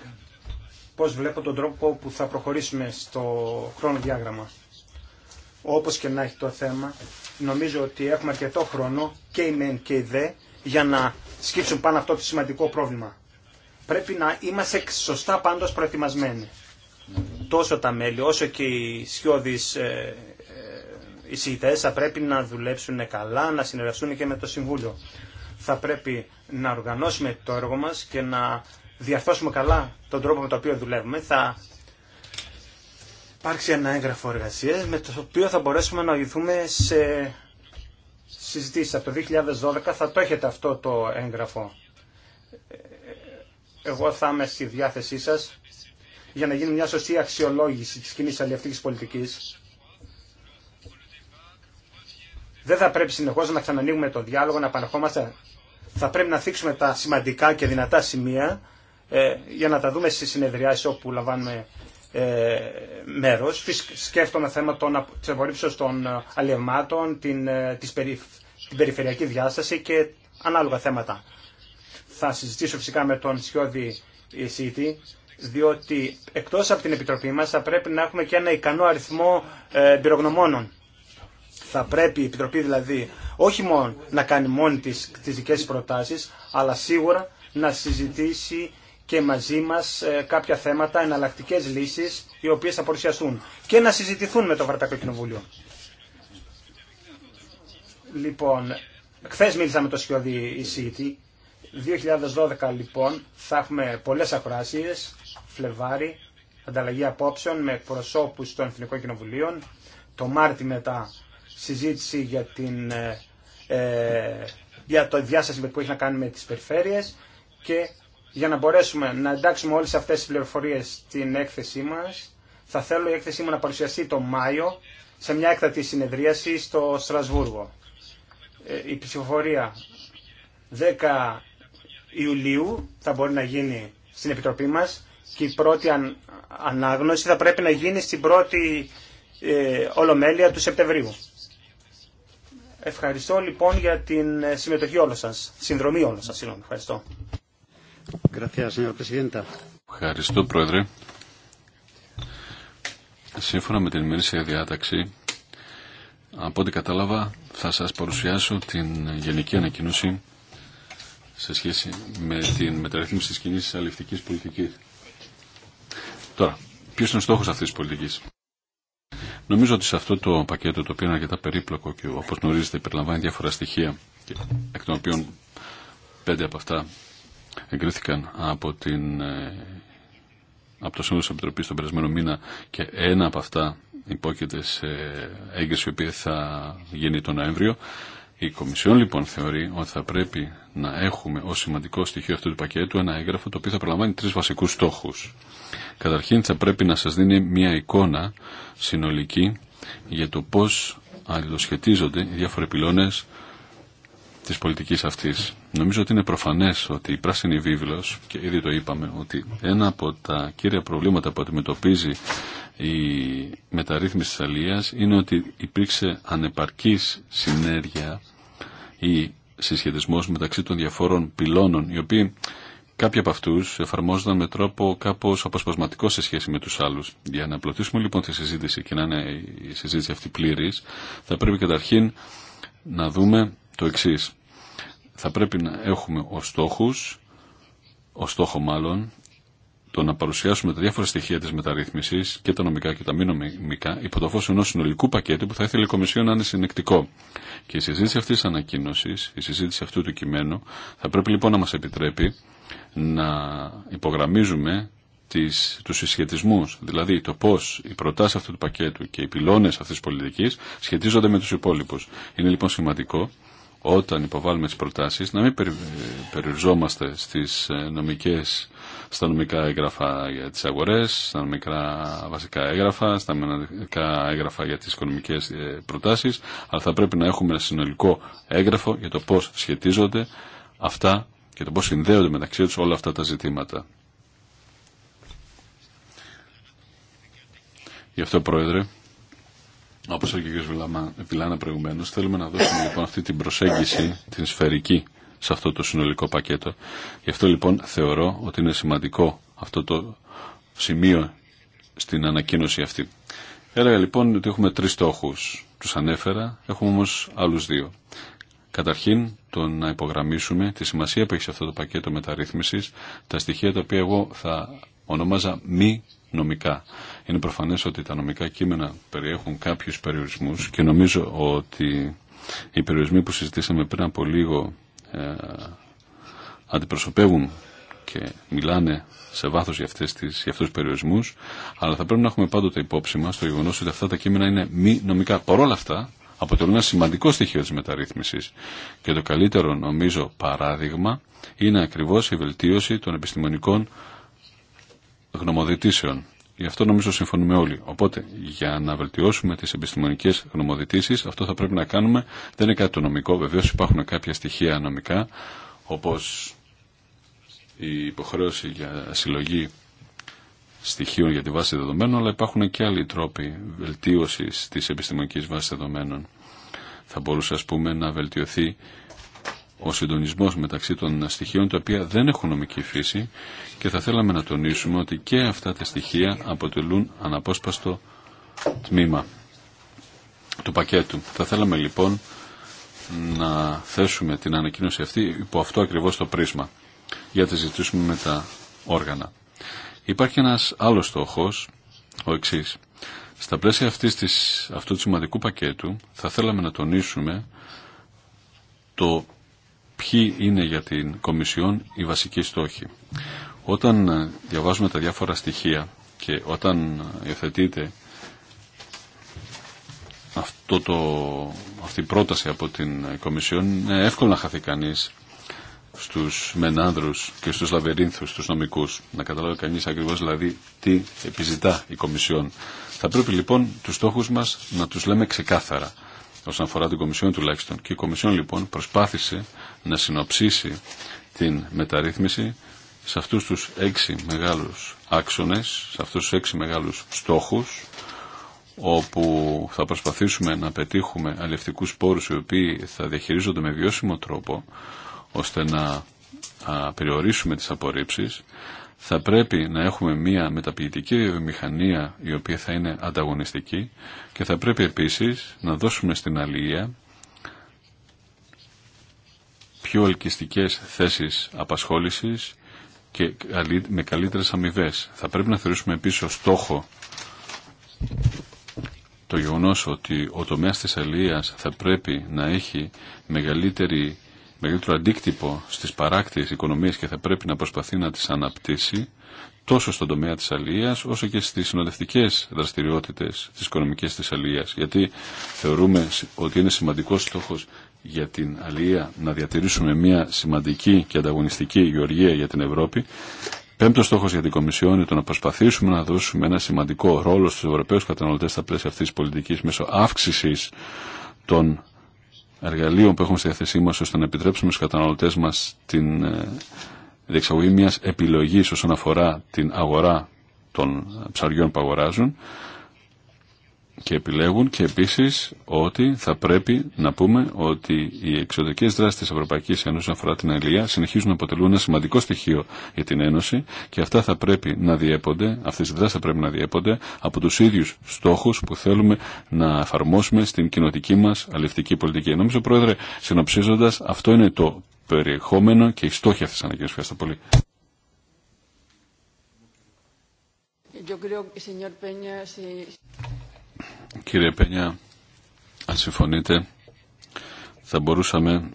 πώς βλέπω τον τρόπο που θα προχωρήσουμε στο χρόνο-διάγραμμα. Όπως και να έχει το θέμα, νομίζω ότι έχουμε αρκετό χρόνο και οι μεν και οι δε για να σκύψουν πάνω αυτό το σημαντικό πρόβλημα. Πρέπει να είμαστε σωστά πάντως προετοιμασμένοι. Τόσο τα μέλη όσο και οι σιώδεις ε, ε θα πρέπει να δουλέψουν καλά, να συνεργαστούν και με το Συμβούλιο. Θα πρέπει να οργανώσουμε το έργο μας και να διαρθώσουμε καλά τον τρόπο με τον οποίο δουλεύουμε, θα υπάρξει ένα έγγραφο εργασία με το οποίο θα μπορέσουμε να οδηγηθούμε σε συζητήσεις. Από το 2012 θα το έχετε αυτό το έγγραφο. Εγώ θα είμαι στη διάθεσή σας για να γίνει μια σωστή αξιολόγηση τη κοινή αλληλευτική πολιτικής. Δεν θα πρέπει συνεχώ να ξανανοίγουμε το διάλογο, να επαναρχόμαστε. Θα πρέπει να θίξουμε τα σημαντικά και δυνατά σημεία ε, για να τα δούμε στις συνεδριάσεις όπου λαμβάνουμε ε, μέρος. Σκέφτομαι θέμα των, της απορρίψεως των ε, αλλιευμάτων, την, ε, περι, την περιφερειακή διάσταση και ανάλογα θέματα. Θα συζητήσω φυσικά με τον Σιώδη Σίτη, διότι εκτός από την Επιτροπή μας θα πρέπει να έχουμε και ένα ικανό αριθμό ε, Θα πρέπει η Επιτροπή δηλαδή όχι μόνο να κάνει μόνη της τις δικές προτάσεις, αλλά σίγουρα να συζητήσει και μαζί μας ε, κάποια θέματα, εναλλακτικέ λύσεις, οι οποίες θα παρουσιαστούν και να συζητηθούν με το Βαρτακό Κοινοβούλιο. Λοιπόν, χθε μίλησα με το Σιώδη Ισίτη. 2012 λοιπόν θα έχουμε πολλές ακροασίες, Φλεβάρι, ανταλλαγή απόψεων με προσώπου των Εθνικών Κοινοβουλίων. Το Μάρτι μετά συζήτηση για, την, ε, ε, για το διάσταση που έχει να κάνει με τις περιφέρειες και για να μπορέσουμε να εντάξουμε όλες αυτές τις πληροφορίες στην έκθεσή μας, θα θέλω η έκθεσή μου να παρουσιαστεί το Μάιο σε μια έκτατη συνεδρίαση στο Στρασβούργο. Ε, η ψηφοφορία 10 Ιουλίου θα μπορεί να γίνει στην Επιτροπή μας και η πρώτη ανάγνωση θα πρέπει να γίνει στην πρώτη ε, Ολομέλεια του Σεπτεμβρίου. Ευχαριστώ λοιπόν για την ε, συμμετοχή όλων σας, συνδρομή όλων σας, ευχαριστώ. Ευχαριστώ, Πρόεδρε. Σύμφωνα με την ημερήσια διάταξη, από ό,τι κατάλαβα, θα σας παρουσιάσω την γενική ανακοίνωση σε σχέση με την μεταρρύθμιση της κοινή αλληλευτικής πολιτικής. Τώρα, ποιος είναι ο στόχος αυτής της πολιτικής. Νομίζω ότι σε αυτό το πακέτο, το οποίο είναι αρκετά περίπλοκο και όπως γνωρίζετε περιλαμβάνει διάφορα στοιχεία, εκ των οποίων πέντε από αυτά εγκρίθηκαν από, την, ε, από το Σύνολο της Επιτροπής τον περασμένο μήνα και ένα από αυτά υπόκειται σε έγκριση η οποία θα γίνει τον Νοέμβριο. Η Κομισιόν λοιπόν θεωρεί ότι θα πρέπει να έχουμε ως σημαντικό στοιχείο αυτού του πακέτου ένα έγγραφο το οποίο θα προλαμβάνει τρεις βασικούς στόχους. Καταρχήν θα πρέπει να σας δίνει μια εικόνα συνολική για το πώς αλληλοσχετίζονται οι διάφοροι πυλώνες της πολιτικής αυτής. Νομίζω ότι είναι προφανές ότι η πράσινη βίβλος, και ήδη το είπαμε, ότι ένα από τα κύρια προβλήματα που αντιμετωπίζει η μεταρρύθμιση της Αλίας είναι ότι υπήρξε ανεπαρκής συνέργεια ή συσχετισμός μεταξύ των διαφόρων πυλώνων, οι οποίοι κάποιοι από αυτούς εφαρμόζονταν με τρόπο κάπως αποσπασματικό σε σχέση με τους άλλους. Για να απλωτήσουμε λοιπόν τη συζήτηση και να είναι η συζήτηση αυτή πλήρης, θα πρέπει καταρχήν να δούμε το εξή. Θα πρέπει να έχουμε ως στόχους, στόχο μάλλον, το να παρουσιάσουμε τα διάφορα στοιχεία τη μεταρρύθμιση και τα νομικά και τα μη νομικά υπό το φως ενό συνολικού πακέτου που θα ήθελε η Κομισιόν να είναι συνεκτικό. Και η συζήτηση αυτή τη ανακοίνωση, η συζήτηση αυτού του κειμένου, θα πρέπει λοιπόν να μα επιτρέπει να υπογραμμίζουμε τις, τους συσχετισμούς, δηλαδή το πώς οι προτάσει αυτού του πακέτου και οι πυλώνες αυτής της πολιτικής σχετίζονται με τους υπόλοιπου. Είναι λοιπόν σημαντικό όταν υποβάλουμε τις προτάσεις να μην περιοριζόμαστε στις ε, νομικές, στα νομικά έγγραφα για τις αγορές, στα νομικά βασικά έγγραφα, στα νομικά έγγραφα για τις οικονομικές ε, προτάσεις, αλλά θα πρέπει να έχουμε ένα συνολικό έγγραφο για το πώς σχετίζονται αυτά και το πώς συνδέονται μεταξύ τους όλα αυτά τα ζητήματα. Γι' αυτό, Πρόεδρε, Όπω ο κ. Βιλάνα προηγουμένω, θέλουμε να δώσουμε λοιπόν αυτή την προσέγγιση, την σφαιρική, σε αυτό το συνολικό πακέτο. Γι' αυτό λοιπόν θεωρώ ότι είναι σημαντικό αυτό το σημείο στην ανακοίνωση αυτή. Έλεγα λοιπόν ότι έχουμε τρει στόχου. Του ανέφερα, έχουμε όμω άλλου δύο. Καταρχήν, το να υπογραμμίσουμε τη σημασία που έχει σε αυτό το πακέτο μεταρρύθμιση τα στοιχεία τα οποία εγώ θα ονόμαζα μη νομικά. Είναι προφανέ ότι τα νομικά κείμενα περιέχουν κάποιου περιορισμού. και νομίζω ότι οι περιορισμοί που συζητήσαμε πριν από λίγο ε, αντιπροσωπεύουν και μιλάνε σε βάθο για, για αυτούς τους περιορισμούς, αλλά θα πρέπει να έχουμε πάντοτε υπόψη μα το γεγονό ότι αυτά τα κείμενα είναι μη νομικά. Παρ' όλα αυτά, αποτελούν ένα σημαντικό στοιχείο τη μεταρρύθμιση. και το καλύτερο νομίζω παράδειγμα είναι ακριβώ η βελτίωση των επιστημονικών γνωμοδοτήσεων. Γι' αυτό νομίζω συμφωνούμε όλοι. Οπότε, για να βελτιώσουμε τι επιστημονικέ γνωμοδοτήσει, αυτό θα πρέπει να κάνουμε. Δεν είναι κάτι το νομικό. Βεβαίω υπάρχουν κάποια στοιχεία νομικά, όπω η υποχρέωση για συλλογή στοιχείων για τη βάση δεδομένων, αλλά υπάρχουν και άλλοι τρόποι βελτίωση τη επιστημονική βάση δεδομένων. Θα μπορούσε, α πούμε, να βελτιωθεί ο συντονισμός μεταξύ των στοιχείων τα οποία δεν έχουν νομική φύση και θα θέλαμε να τονίσουμε ότι και αυτά τα στοιχεία αποτελούν αναπόσπαστο τμήμα του πακέτου. Θα θέλαμε λοιπόν να θέσουμε την ανακοίνωση αυτή υπό αυτό ακριβώς το πρίσμα για να ζητήσουμε με τα όργανα. Υπάρχει ένας άλλος στόχος, ο εξής. Στα πλαίσια αυτής της, αυτού του σημαντικού πακέτου θα θέλαμε να τονίσουμε το ποιοι είναι για την Κομισιόν οι βασικοί στόχοι. Όταν ε, διαβάζουμε τα διάφορα στοιχεία και όταν ε, υιοθετείται αυτό το, αυτή η πρόταση από την ε, Κομισιόν είναι εύκολο να χαθεί κανεί στους μενάνδρους και στους λαβερίνθους, στους νομικούς. Να καταλάβει κανείς ακριβώς δηλαδή τι επιζητά η Κομισιόν. Θα πρέπει λοιπόν τους στόχους μας να τους λέμε ξεκάθαρα όσον αφορά την Κομισιόν τουλάχιστον. Και η Κομισιόν λοιπόν προσπάθησε να συνοψίσει την μεταρρύθμιση σε αυτούς τους έξι μεγάλους άξονες, σε αυτούς τους έξι μεγάλους στόχους όπου θα προσπαθήσουμε να πετύχουμε αλευτικούς πόρους οι οποίοι θα διαχειρίζονται με βιώσιμο τρόπο ώστε να περιορίσουμε τις απορρίψεις θα πρέπει να έχουμε μια μεταποιητική βιομηχανία η οποία θα είναι ανταγωνιστική και θα πρέπει επίσης να δώσουμε στην αλληλεία πιο ελκυστικές θέσεις απασχόλησης και με καλύτερες αμοιβέ. Θα πρέπει να θεωρήσουμε επίσης ως στόχο το γεγονός ότι ο τομέας της αλληλείας θα πρέπει να έχει μεγαλύτερη, μεγαλύτερο αντίκτυπο στις παράκτιες οικονομίες και θα πρέπει να προσπαθεί να τις αναπτύσσει τόσο στον τομέα της αλληλείας όσο και στις συνοδευτικές δραστηριότητες της οικονομικής της αλληλείας γιατί θεωρούμε ότι είναι σημαντικός στόχος για την αλληλεία να διατηρήσουμε μια σημαντική και ανταγωνιστική γεωργία για την Ευρώπη. Πέμπτο στόχο για την Κομισιόν είναι το να προσπαθήσουμε να δώσουμε ένα σημαντικό ρόλο στου Ευρωπαίου καταναλωτέ στα πλαίσια αυτή τη πολιτική μέσω αύξηση των εργαλείων που έχουμε στη διάθεσή μα ώστε να επιτρέψουμε στου καταναλωτέ μα την ε, διεξαγωγή μια επιλογή όσον αφορά την αγορά των ψαριών που αγοράζουν και επιλέγουν και επίσης ότι θα πρέπει να πούμε ότι οι εξωτερικές δράσεις της Ευρωπαϊκής Ένωσης αφορά την αλληλεία συνεχίζουν να αποτελούν ένα σημαντικό στοιχείο για την Ένωση και αυτά θα πρέπει να διέπονται, αυτές οι δράσεις θα πρέπει να διέπονται από τους ίδιους στόχους που θέλουμε να εφαρμόσουμε στην κοινοτική μας αλληλευτική πολιτική. Ε, νομίζω, Πρόεδρε, συνοψίζοντας, αυτό είναι το περιεχόμενο και η στόχη αυτής της αναγκαίας. Ευχαριστώ πολύ. Κύριε Πένια, αν συμφωνείτε, θα μπορούσαμε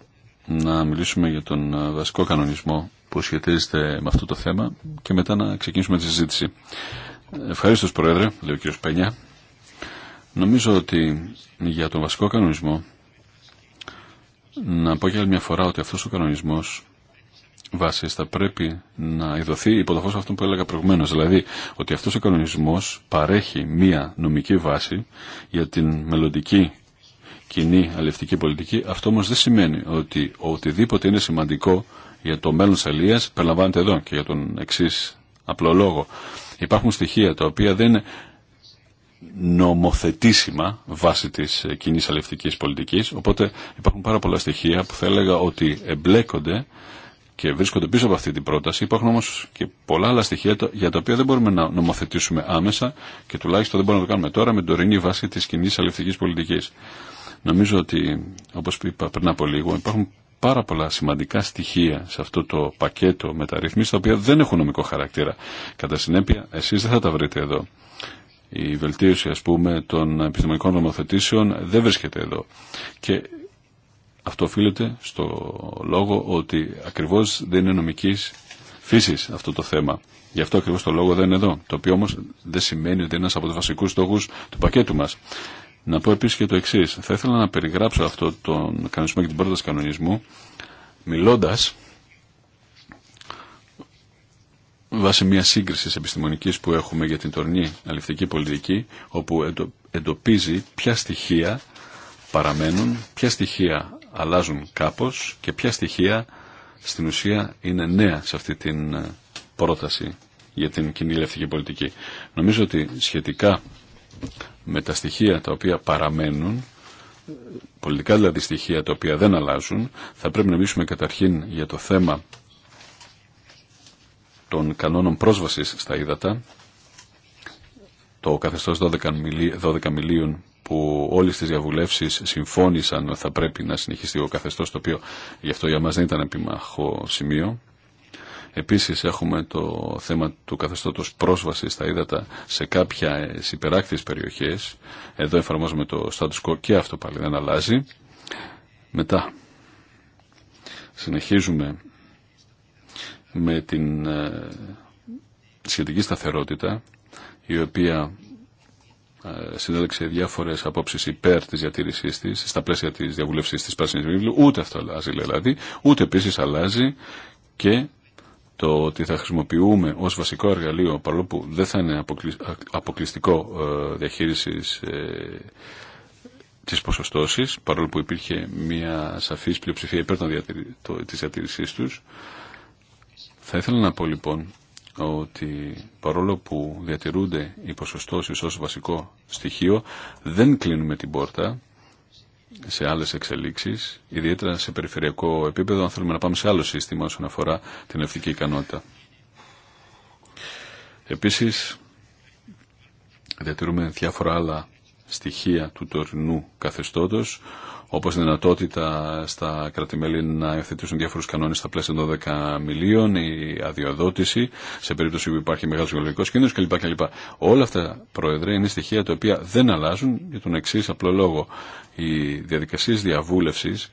να μιλήσουμε για τον ε, βασικό κανονισμό που σχετίζεται με αυτό το θέμα και μετά να ξεκινήσουμε τη συζήτηση. Ευχαριστώ, Πρόεδρε, λέει ο κύριος Πένια. Νομίζω ότι για τον βασικό κανονισμό να πω για άλλη μια φορά ότι αυτός ο κανονισμός βάσεις θα πρέπει να ειδωθεί υπό το φως αυτό που έλεγα προηγουμένως. Δηλαδή ότι αυτός ο κανονισμός παρέχει μία νομική βάση για την μελλοντική κοινή αλληλευτική πολιτική. Αυτό όμως δεν σημαίνει ότι οτιδήποτε είναι σημαντικό για το μέλλον της αλληλείας περιλαμβάνεται εδώ και για τον εξή απλό λόγο. Υπάρχουν στοιχεία τα οποία δεν είναι νομοθετήσιμα βάσει της κοινή αλληλευτικής πολιτικής, οπότε υπάρχουν πάρα πολλά στοιχεία που θα έλεγα ότι εμπλέκονται και βρίσκονται πίσω από αυτή την πρόταση. Υπάρχουν όμω και πολλά άλλα στοιχεία για τα οποία δεν μπορούμε να νομοθετήσουμε άμεσα και τουλάχιστον δεν μπορούμε να το κάνουμε τώρα με την τωρινή βάση τη κοινή αληθική πολιτική. Νομίζω ότι, όπω είπα πριν από λίγο, υπάρχουν πάρα πολλά σημαντικά στοιχεία σε αυτό το πακέτο μεταρρυθμίσει τα οποία δεν έχουν νομικό χαρακτήρα. Κατά συνέπεια, εσεί δεν θα τα βρείτε εδώ. Η βελτίωση, α πούμε, των επιστημονικών νομοθετήσεων δεν βρίσκεται εδώ. Και αυτό οφείλεται στο λόγο ότι ακριβώς δεν είναι νομικής φύσης αυτό το θέμα. Γι' αυτό ακριβώς το λόγο δεν είναι εδώ. Το οποίο όμως δεν σημαίνει ότι είναι ένας από τους βασικούς στόχους του πακέτου μας. Να πω επίσης και το εξή. Θα ήθελα να περιγράψω αυτό τον κανονισμό και την πρόταση κανονισμού μιλώντας βάσει μια σύγκριση επιστημονική που έχουμε για την τωρινή αληθική πολιτική, όπου εντοπίζει ποια στοιχεία παραμένουν, ποια στοιχεία αλλάζουν κάπως και ποια στοιχεία στην ουσία είναι νέα σε αυτή την ε, πρόταση για την κοινή ελευθερική πολιτική. Νομίζω ότι σχετικά με τα στοιχεία τα οποία παραμένουν, πολιτικά δηλαδή στοιχεία τα οποία δεν αλλάζουν, θα πρέπει να μιλήσουμε καταρχήν για το θέμα των κανόνων πρόσβασης στα ύδατα το καθεστώς 12, μιλίων που όλες τι διαβουλεύσεις συμφώνησαν ότι θα πρέπει να συνεχιστεί ο καθεστώς το οποίο γι' αυτό για μα δεν ήταν επιμαχό σημείο. Επίσης έχουμε το θέμα του καθεστώτος πρόσβαση στα ύδατα σε κάποια υπεράκτιες περιοχές. Εδώ εφαρμόζουμε το status quo και αυτό πάλι δεν αλλάζει. Μετά συνεχίζουμε με την ε, σχετική σταθερότητα η οποία ε, συνέλεξε διάφορε απόψει υπέρ τη διατήρησή τη στα πλαίσια τη διαβούλευση τη Πράσινη Βίβλου. Ούτε αυτό αλλάζει δηλαδή, ούτε επίση αλλάζει και το ότι θα χρησιμοποιούμε ως βασικό εργαλείο, παρόλο που δεν θα είναι αποκλειστικό ε, διαχείρισης ε, της ποσοστώσης, παρόλο που υπήρχε μια σαφής πλειοψηφία υπέρ της διατήρησής τους, θα ήθελα να πω λοιπόν ότι παρόλο που διατηρούνται οι ποσοστώσεις ως βασικό στοιχείο, δεν κλείνουμε την πόρτα σε άλλες εξελίξεις, ιδιαίτερα σε περιφερειακό επίπεδο, αν θέλουμε να πάμε σε άλλο σύστημα όσον αφορά την ευτική ικανότητα. Επίσης, διατηρούμε διάφορα άλλα στοιχεία του τωρινού καθεστώτος, όπως η δυνατότητα στα κρατημέλη να ευθετήσουν διάφορους κανόνες στα πλαίσια 12 μιλίων, η αδειοδότηση σε περίπτωση που υπάρχει μεγάλος γεωλογικός κίνδυνος κλπ. κλπ. Όλα αυτά, Πρόεδρε, είναι στοιχεία τα οποία δεν αλλάζουν για τον εξή απλό λόγο. Οι διαδικασίες διαβούλευσης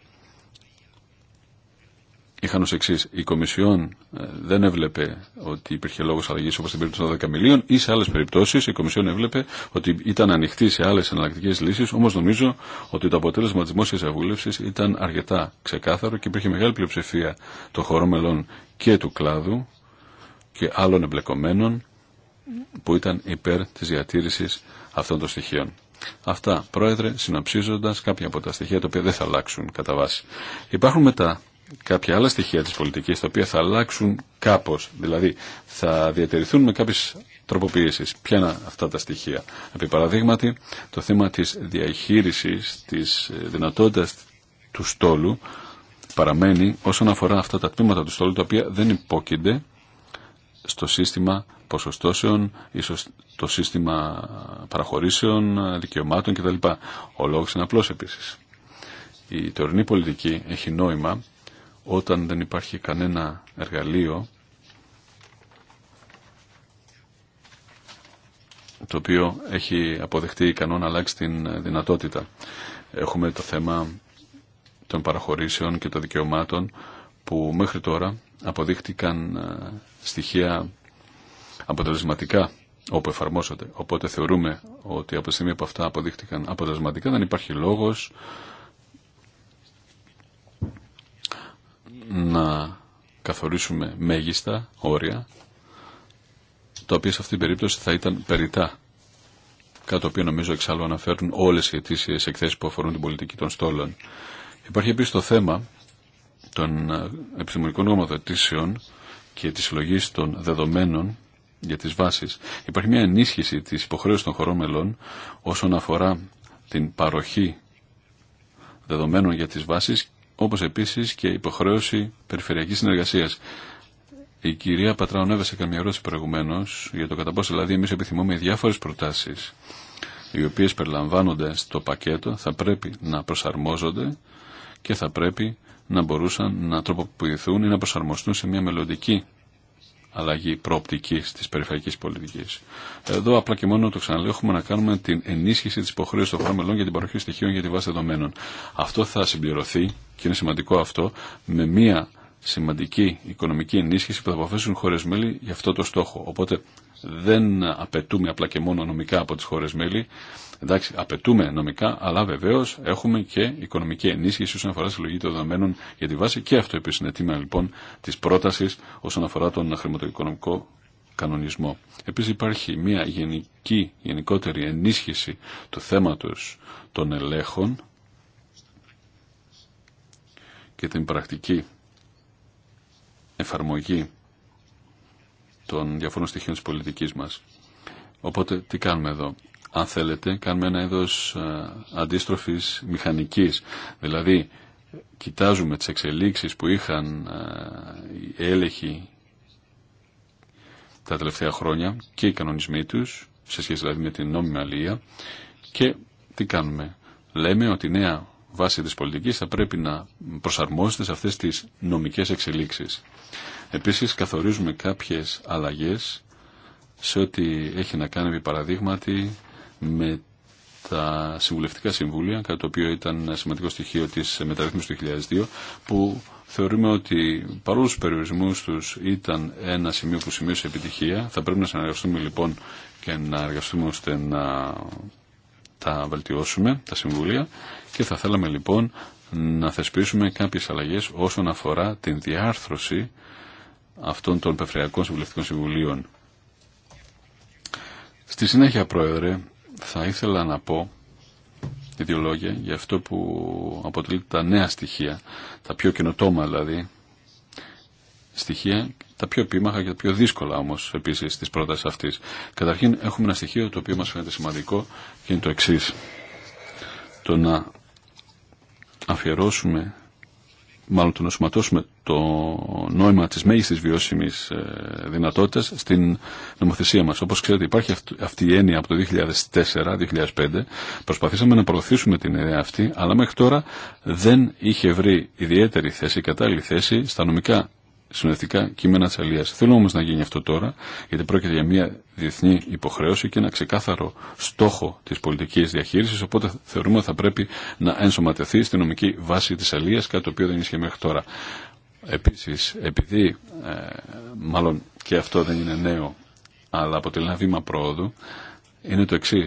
είχαν ω εξή. Η Κομισιόν ε, δεν έβλεπε ότι υπήρχε λόγο αλλαγή όπω στην περίπτωση των 12 μιλίων ή σε άλλε περιπτώσει η Κομισιόν έβλεπε ότι ήταν ανοιχτή σε άλλε εναλλακτικέ λύσει. Όμω νομίζω ότι το αποτέλεσμα τη δημόσια διαβούλευση ήταν αρκετά ξεκάθαρο και υπήρχε μεγάλη πλειοψηφία των χωρών μελών και του κλάδου και άλλων εμπλεκομένων που ήταν υπέρ της διατήρησης αυτών των στοιχείων. Αυτά, Πρόεδρε, συναψίζοντας κάποια από τα στοιχεία τα οποία δεν θα αλλάξουν κατά βάση. Υπάρχουν μετά κάποια άλλα στοιχεία της πολιτικής τα οποία θα αλλάξουν κάπως. Δηλαδή θα διατηρηθούν με κάποιες τροποποιήσεις. Ποια είναι αυτά τα στοιχεία. Επί παραδείγματι το θέμα της διαχείρισης της ε, δυνατότητας του στόλου παραμένει όσον αφορά αυτά τα τμήματα του στόλου τα οποία δεν υπόκεινται στο σύστημα ποσοστώσεων, ίσως το σύστημα παραχωρήσεων, δικαιωμάτων κτλ. Ο λόγος είναι απλός επίσης. Η τωρινή πολιτική έχει νόημα όταν δεν υπάρχει κανένα εργαλείο το οποίο έχει αποδεχτεί ικανό να αλλάξει την δυνατότητα. Έχουμε το θέμα των παραχωρήσεων και των δικαιωμάτων που μέχρι τώρα αποδείχτηκαν ε, στοιχεία αποτελεσματικά όπου εφαρμόζονται. Οπότε θεωρούμε ότι από τη στιγμή που αυτά αποδείχτηκαν αποτελεσματικά δεν υπάρχει λόγος να καθορίσουμε μέγιστα όρια, τα οποία σε αυτή την περίπτωση θα ήταν περιτά. Κάτι το οποίο νομίζω εξάλλου αναφέρουν όλες οι αιτήσει εκθέσεις που αφορούν την πολιτική των στόλων. Υπάρχει επίσης το θέμα των ε, επιστημονικών νομοθετήσεων και τη συλλογή των δεδομένων για τις βάσεις. Υπάρχει μια ενίσχυση της υποχρέωσης των χωρών μελών όσον αφορά την παροχή δεδομένων για τις βάσεις όπως επίσης και υποχρέωση περιφερειακής συνεργασίας. Η κυρία Πατράων έβασε καμία ερώτηση προηγουμένω για το κατά πόσο δηλαδή εμεί επιθυμούμε διάφορε προτάσει οι οποίε περιλαμβάνονται στο πακέτο θα πρέπει να προσαρμόζονται και θα πρέπει να μπορούσαν να τροποποιηθούν ή να προσαρμοστούν σε μια μελλοντική αλλαγή προοπτική τη περιφερειακή πολιτική. Εδώ απλά και μόνο το ξαναλέω έχουμε να κάνουμε την ενίσχυση τη υποχρέωση των χωρών μελών για την παροχή στοιχείων για τη βάση δεδομένων. Αυτό θα συμπληρωθεί και είναι σημαντικό αυτό με μία σημαντική οικονομική ενίσχυση που θα αποφασίσουν χώρε μέλη για αυτό το στόχο. Οπότε δεν απαιτούμε απλά και μόνο νομικά από τι χώρε μέλη Εντάξει, απαιτούμε νομικά, αλλά βεβαίω έχουμε και οικονομική ενίσχυση όσον αφορά τη συλλογή των δεδομένων για τη βάση και αυτό επίση είναι τίμα λοιπόν τη πρόταση όσον αφορά τον χρηματοοικονομικό κανονισμό. Επίση υπάρχει μια γενική, γενικότερη ενίσχυση του θέματο των ελέγχων και την πρακτική εφαρμογή των διαφόρων στοιχείων της πολιτικής μας. Οπότε τι κάνουμε εδώ αν θέλετε, κάνουμε ένα είδος ε, αντίστροφης μηχανικής. Δηλαδή, κοιτάζουμε τις εξελίξεις που είχαν ε, οι έλεγχοι τα τελευταία χρόνια και οι κανονισμοί τους, σε σχέση δηλαδή με την νόμιμη αλληλεία, και τι κάνουμε. Λέμε ότι η νέα βάση της πολιτικής θα πρέπει να προσαρμόζεται σε αυτές τις νομικές εξελίξεις. Επίσης καθορίζουμε κάποιες αλλαγές σε ό,τι έχει να κάνει με παραδείγματι με τα συμβουλευτικά συμβούλια, κατά το οποίο ήταν σημαντικό στοιχείο της μεταρρύθμισης του 2002, που θεωρούμε ότι παρόλο τους περιορισμούς τους ήταν ένα σημείο που σημείωσε επιτυχία. Θα πρέπει να συνεργαστούμε λοιπόν και να εργαστούμε ώστε να τα βελτιώσουμε, τα συμβούλια, και θα θέλαμε λοιπόν να θεσπίσουμε κάποιες αλλαγές όσον αφορά την διάρθρωση αυτών των πεφριακών συμβουλευτικών συμβουλίων. Στη συνέχεια, Πρόεδρε, θα ήθελα να πω δύο λόγια για αυτό που αποτελεί τα νέα στοιχεία, τα πιο καινοτόμα δηλαδή στοιχεία, τα πιο επίμαχα και τα πιο δύσκολα όμως επίσης της πρότασης αυτής. Καταρχήν έχουμε ένα στοιχείο το οποίο μας φαίνεται σημαντικό και είναι το εξής. Το να αφιερώσουμε μάλλον το να σωματώσουμε το νόημα της μέγιστης βιώσιμης ε, δυνατότητας στην νομοθεσία μας. Όπως ξέρετε υπάρχει αυτή η έννοια από το 2004-2005. Προσπαθήσαμε να προωθήσουμε την ιδέα αυτή, αλλά μέχρι τώρα δεν είχε βρει ιδιαίτερη θέση, κατάλληλη θέση στα νομικά συνοδευτικά κείμενα τη Αλία. Θέλω όμω να γίνει αυτό τώρα, γιατί πρόκειται για μια διεθνή υποχρέωση και ένα ξεκάθαρο στόχο της πολιτικής διαχείρισης, οπότε θεωρούμε ότι θα πρέπει να ενσωματεθεί στη νομική βάση της αλίας, κάτι το οποίο δεν ίσχυε μέχρι τώρα. Επίσης, επειδή, ε, μάλλον και αυτό δεν είναι νέο, αλλά αποτελεί ένα βήμα πρόοδου, είναι το εξή.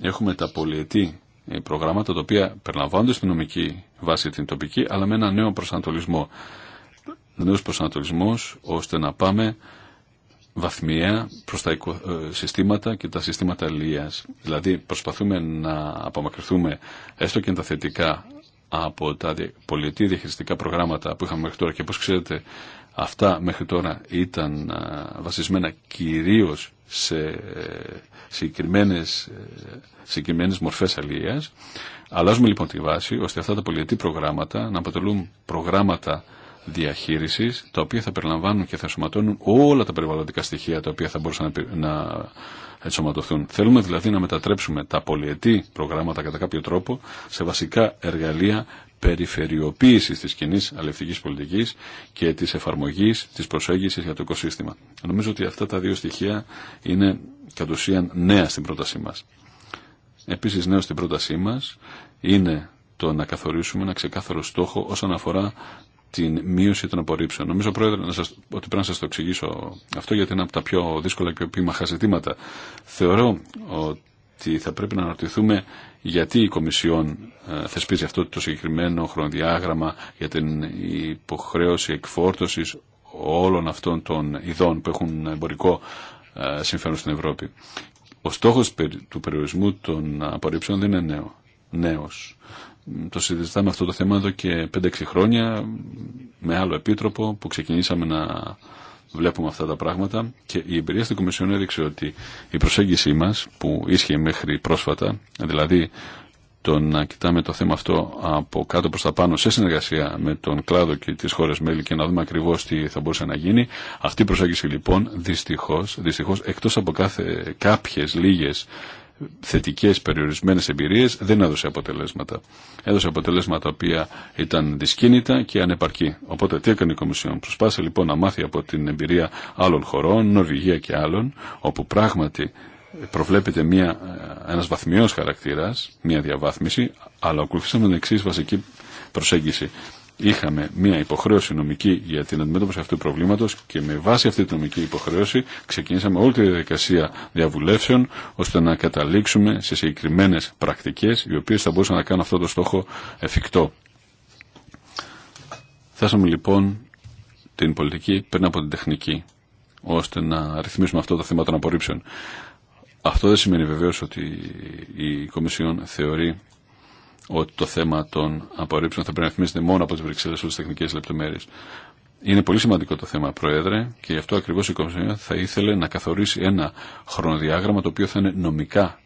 Έχουμε τα πολιετή προγράμματα, τα οποία περιλαμβάνονται στη νομική βάση την τοπική, αλλά με ένα νέο προσανατολισμό. Νέος προσανατολισμός, ώστε να πάμε βαθμια προς τα ε, συστήματα και τα συστήματα αλληλείας. Δηλαδή προσπαθούμε να απομακρυνθούμε έστω και τα θετικά από τα πολιτή διαχειριστικά προγράμματα που είχαμε μέχρι τώρα και όπως ξέρετε αυτά μέχρι τώρα ήταν ε, βασισμένα κυρίως σε ε, συγκεκριμένες, συγκεκριμένες μορφές αλληλείας. Αλλάζουμε λοιπόν τη βάση ώστε αυτά τα πολιτή προγράμματα να αποτελούν προγράμματα διαχείρισης τα οποία θα περιλαμβάνουν και θα σωματώνουν όλα τα περιβαλλοντικά στοιχεία τα οποία θα μπορούσαν να ενσωματωθούν. Θέλουμε δηλαδή να μετατρέψουμε τα πολυετή προγράμματα κατά κάποιο τρόπο σε βασικά εργαλεία περιφερειοποίηση τη κοινή αλληλευτική πολιτική και τη εφαρμογή, τη προσέγγιση για το οικοσύστημα. Νομίζω ότι αυτά τα δύο στοιχεία είναι κατ' ουσίαν νέα στην πρότασή μα. Επίση, νέο στην πρότασή μα είναι το να καθορίσουμε ένα ξεκάθαρο στόχο όσον αφορά την μείωση των απορρίψεων. Νομίζω, Πρόεδρε, να σας, ότι πρέπει να σα το εξηγήσω αυτό γιατί είναι από τα πιο δύσκολα και επίμαχα ζητήματα. Θεωρώ ότι θα πρέπει να αναρωτηθούμε γιατί η Κομισιόν ε, θεσπίζει αυτό το συγκεκριμένο χρονοδιάγραμμα για την υποχρέωση εκφόρτωση όλων αυτών των ειδών που έχουν εμπορικό ε, συμφέρον στην Ευρώπη. Ο στόχος του περιορισμού των απορρίψεων δεν είναι νέο. νέος. Το συζητάμε αυτό το θέμα εδώ και 5-6 χρόνια με άλλο επίτροπο που ξεκινήσαμε να βλέπουμε αυτά τα πράγματα και η εμπειρία στην Κομισιόν έδειξε ότι η προσέγγιση μας που ίσχυε μέχρι πρόσφατα, δηλαδή το να κοιτάμε το θέμα αυτό από κάτω προς τα πάνω σε συνεργασία με τον κλάδο και τις χώρες μέλη και να δούμε ακριβώς τι θα μπορούσε να γίνει. Αυτή η προσέγγιση λοιπόν δυστυχώς, δυστυχώς εκτός από κάθε, κάποιες λίγες Θετικέ περιορισμένες εμπειρίες δεν έδωσε αποτελέσματα. Έδωσε αποτελέσματα τα οποία ήταν δυσκίνητα και ανεπαρκή. Οπότε τι έκανε η Κομισιόν. Προσπάθησε λοιπόν να μάθει από την εμπειρία άλλων χωρών, Νορβηγία και άλλων, όπου πράγματι προβλέπεται μια, ένας βαθμιός χαρακτήρας, μια διαβάθμιση, αλλά ακολουθήσαμε την εξή βασική προσέγγιση είχαμε μια υποχρέωση νομική για την αντιμετώπιση αυτού του προβλήματος και με βάση αυτή τη νομική υποχρέωση ξεκινήσαμε όλη τη διαδικασία διαβουλεύσεων ώστε να καταλήξουμε σε συγκεκριμένε πρακτικές οι οποίες θα μπορούσαν να κάνουν αυτό το στόχο εφικτό. Θέσαμε λοιπόν την πολιτική πριν από την τεχνική ώστε να ρυθμίσουμε αυτό το θέμα των απορρίψεων. Αυτό δεν σημαίνει βεβαίω ότι η Κομισιόν θεωρεί ότι το θέμα των απορρίψεων θα πρέπει να θυμίζεται μόνο από τι Βρυξέλλε όλε τεχνικέ λεπτομέρειε. Είναι πολύ σημαντικό το θέμα, Πρόεδρε, και γι' αυτό ακριβώ η Κομισιόν θα ήθελε να καθορίσει ένα χρονοδιάγραμμα το οποίο θα είναι νομικά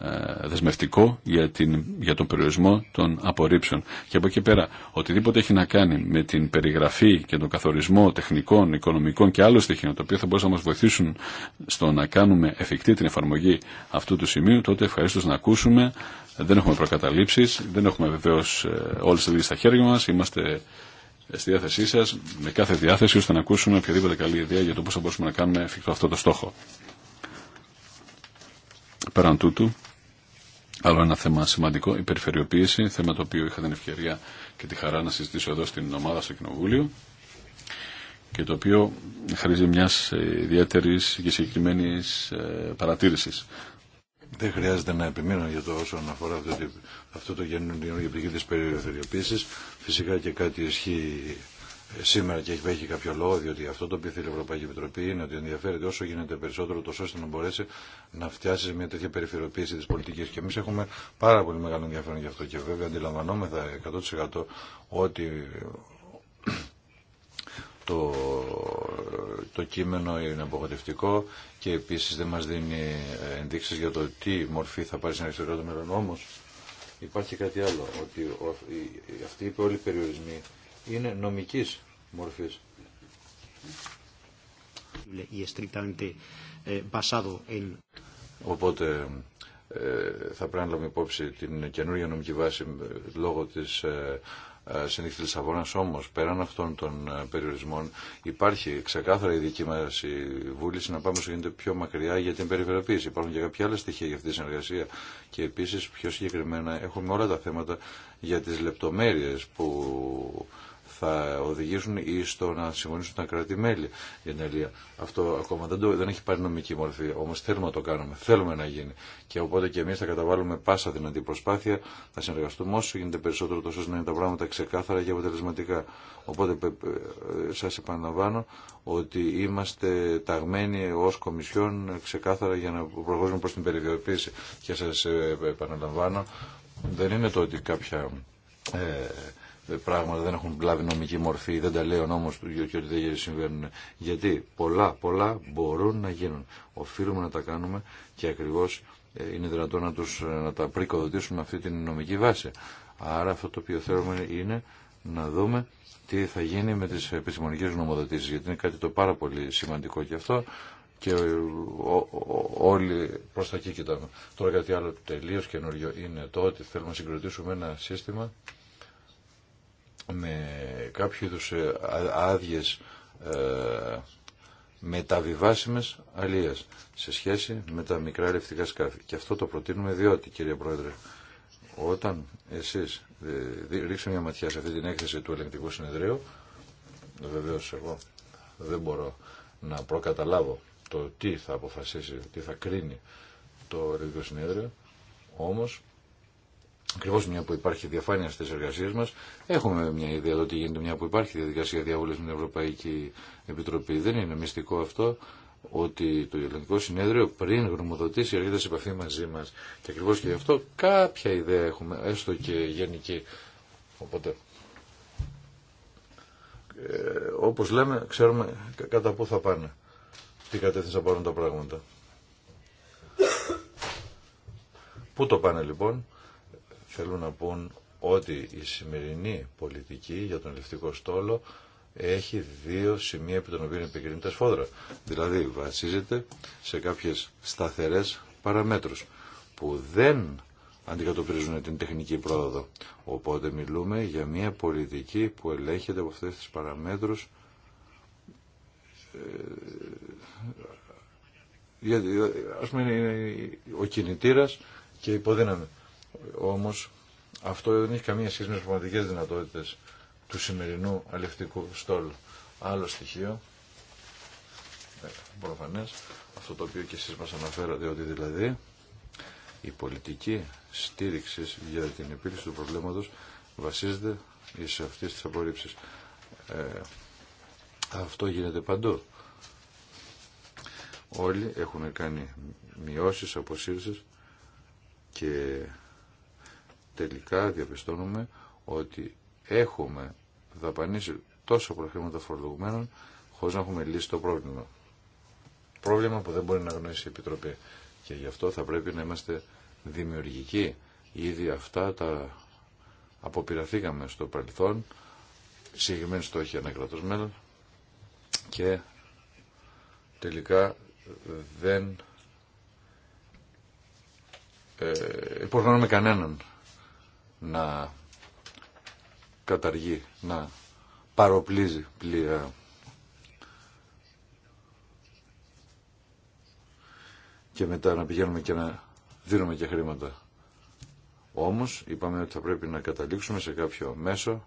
ε, δεσμευτικό για, την, για τον περιορισμό των απορρίψεων. Και από εκεί πέρα, οτιδήποτε έχει να κάνει με την περιγραφή και τον καθορισμό τεχνικών, οικονομικών και άλλων στοιχείων, το οποίο θα μπορούσαν να μα βοηθήσουν στο να κάνουμε εφικτή την εφαρμογή αυτού του σημείου, τότε ευχαρίστως να ακούσουμε. Δεν έχουμε προκαταλήψεις δεν έχουμε βεβαίω ε, όλες τις λύσει στα χέρια μα. Είμαστε στη διάθεσή σα με κάθε διάθεση ώστε να ακούσουμε οποιαδήποτε καλή ιδέα για το πώ θα μπορούσαμε να κάνουμε εφικτό αυτό το στόχο. Πέραν τούτου, Άλλο ένα θέμα σημαντικό, η περιφερειοποίηση, θέμα το οποίο είχα την ευκαιρία και τη χαρά να συζητήσω εδώ στην ομάδα στο Κοινοβούλιο και το οποίο χαρίζει μια ε, ιδιαίτερη και συγκεκριμένη ε, παρατήρηση. Δεν χρειάζεται να επιμείνω για το όσον αφορά αυτό, αυτό το γενικό πτυχή της περιφερειοποίησης. Φυσικά και κάτι ισχύει σήμερα και έχει, κάποιο λόγο, διότι αυτό το οποίο θέλει η Ευρωπαϊκή Επιτροπή είναι ότι ενδιαφέρεται όσο γίνεται περισσότερο, τόσο ώστε να μπορέσει να φτιάσει μια τέτοια περιφερειοποίηση τη πολιτική. Και εμεί έχουμε πάρα πολύ μεγάλο ενδιαφέρον γι' αυτό. Και βέβαια αντιλαμβανόμεθα 100% ότι το, το κείμενο είναι απογοητευτικό και επίση δεν μα δίνει ενδείξει για το τι μορφή θα πάρει στην αριστερά των μέλλον. Όμω υπάρχει κάτι άλλο, ότι αυτοί οι όλοι περιορισμοί είναι νομικής μορφής. Eh, Οπότε ε, θα πρέπει να λάβουμε υπόψη την καινούργια νομική βάση ε, λόγω της ε, συνήθειας της Όμως, πέραν αυτών των περιορισμών, υπάρχει ξεκάθαρα η δική μας η βούληση να πάμε όσο γίνεται πιο μακριά για την περιφερειοποίηση. Υπάρχουν και κάποια άλλα στοιχεία για αυτή τη συνεργασία και επίσης πιο συγκεκριμένα έχουμε όλα τα θέματα για τις λεπτομέρειες που θα οδηγήσουν ή στο να συμφωνήσουν τα κράτη-μέλη. Αυτό ακόμα δεν, δεν έχει πάρει νομική μορφή, Όμω θέλουμε να το κάνουμε, θέλουμε να γίνει. Και οπότε και εμεί θα καταβάλουμε πάσα δυνατή προσπάθεια, θα συνεργαστούμε όσο γίνεται περισσότερο τόσο να είναι τα πράγματα ξεκάθαρα και αποτελεσματικά. Οπότε ε, σα επαναλαμβάνω ότι είμαστε ταγμένοι ω Κομισιόν ξεκάθαρα για να προχωρήσουμε προ την περιβιοποίηση. Και σα ε, επαναλαμβάνω, δεν είναι το ότι κάποια ε, ε, πράγματα δεν έχουν λάβει νομική μορφή, δεν τα λέει ο νόμος του και ότι δεν συμβαίνουν. Γιατί πολλά, πολλά μπορούν να γίνουν. Οφείλουμε να τα κάνουμε και ακριβώς ε, είναι δυνατό να, τους, ε, να τα πρικοδοτήσουμε αυτή την νομική βάση. Άρα αυτό το οποίο θέλουμε είναι να δούμε τι θα γίνει με τις επιστημονικές νομοδοτήσεις, γιατί είναι κάτι το πάρα πολύ σημαντικό και αυτό και όλοι προς τα εκεί κοιτάμε. Τώρα κάτι άλλο τελείως καινούριο είναι το ότι θέλουμε να συγκροτήσουμε ένα σύστημα με κάποιο είδου ε, άδειε ε, μεταβιβάσιμες σε σχέση με τα μικρά ελευτικά σκάφη. Και αυτό το προτείνουμε διότι, κύριε Πρόεδρε, όταν εσείς ε, ρίξετε μια ματιά σε αυτή την έκθεση του ελεγκτικού συνεδρίου, βεβαίω εγώ δεν μπορώ να προκαταλάβω το τι θα αποφασίσει, τι θα κρίνει το ελεγκτικό συνέδριο, όμως Ακριβώ μια που υπάρχει διαφάνεια στι εργασίε μα, έχουμε μια ιδέα ότι γίνεται μια που υπάρχει διαδικασία διαβούλευση με την Ευρωπαϊκή Επιτροπή. Δεν είναι μυστικό αυτό ότι το Ελληνικό Συνέδριο πριν γνωμοδοτήσει έρχεται σε επαφή μαζί μα. Και ακριβώ και γι' αυτό κάποια ιδέα έχουμε, έστω και γενική. Οπότε, ε, όπω λέμε, ξέρουμε κατά πού θα πάνε, τι κατεύθυνση θα πάρουν τα πράγματα. πού το πάνε λοιπόν θέλουν να πούν ότι η σημερινή πολιτική για τον ελευτικό στόλο έχει δύο σημεία επί των οποίων επικρίνεται σφόδρα. Δηλαδή βασίζεται σε κάποιες σταθερές παραμέτρους που δεν αντικατοπτρίζουν την τεχνική πρόοδο. Οπότε μιλούμε για μια πολιτική που ελέγχεται από αυτές τις παραμέτρους ε, γιατί ας πούμε είναι ο κινητήρας και υποδύναμη όμως αυτό δεν έχει καμία σχέση με τις πραγματικές δυνατότητες του σημερινού αλευτικού στόλου. Άλλο στοιχείο, ε, προφανές, αυτό το οποίο και εσείς μας αναφέρατε, ότι δηλαδή η πολιτική στήριξη για την επίλυση του προβλήματος βασίζεται σε αυτές τις απορρίψεις. Ε, αυτό γίνεται παντού. Όλοι έχουν κάνει μειώσεις, αποσύρσεις και τελικά διαπιστώνουμε ότι έχουμε δαπανίσει τόσο προχρήματα φορολογουμένων χωρίς να έχουμε λύσει το πρόβλημα. Πρόβλημα που δεν μπορεί να γνωρίσει η Επιτροπή. Και γι' αυτό θα πρέπει να είμαστε δημιουργικοί. Ήδη αυτά τα αποπειραθήκαμε στο παρελθόν, συγκεκριμένοι στόχοι ανακρατός μέλλον και τελικά δεν ε, υποχρεώνουμε κανέναν να καταργεί, να παροπλίζει πλοία. Και μετά να πηγαίνουμε και να δίνουμε και χρήματα. Όμως είπαμε ότι θα πρέπει να καταλήξουμε σε κάποιο μέσο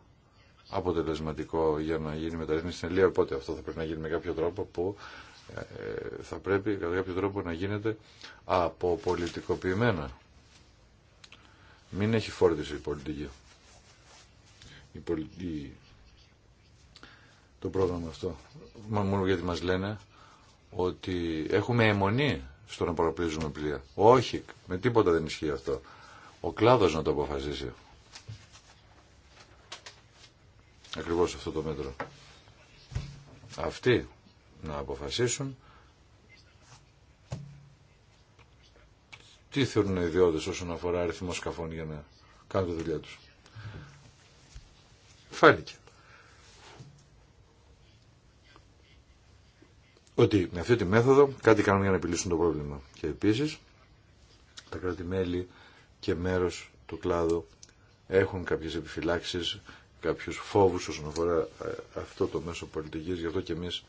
αποτελεσματικό για να γίνει μεταρρύθμιση στην Ελία. Οπότε αυτό θα πρέπει να γίνει με κάποιο τρόπο που ε, θα πρέπει κατά κάποιο τρόπο να γίνεται αποπολιτικοποιημένα. Μην έχει φόρτιση η πολιτική. Η πολιτική. Το πρόγραμμα αυτό. μόνο γιατί μας λένε ότι έχουμε αιμονή στο να παραπλήσουμε πλοία. Όχι, με τίποτα δεν ισχύει αυτό. Ο κλάδος να το αποφασίσει. Ακριβώς αυτό το μέτρο. Αυτοί να αποφασίσουν τι θεωρούν οι ιδιώτες όσον αφορά αριθμό σκαφών για να κάνουν τη δουλειά τους. Φάνηκε. Ότι με αυτή τη μέθοδο κάτι κάνουν για να επιλύσουν το πρόβλημα. Και επίσης τα κράτη-μέλη και μέρος του κλάδου έχουν κάποιες επιφυλάξεις, κάποιους φόβους όσον αφορά ε, αυτό το μέσο πολιτικής. Γι' αυτό και εμείς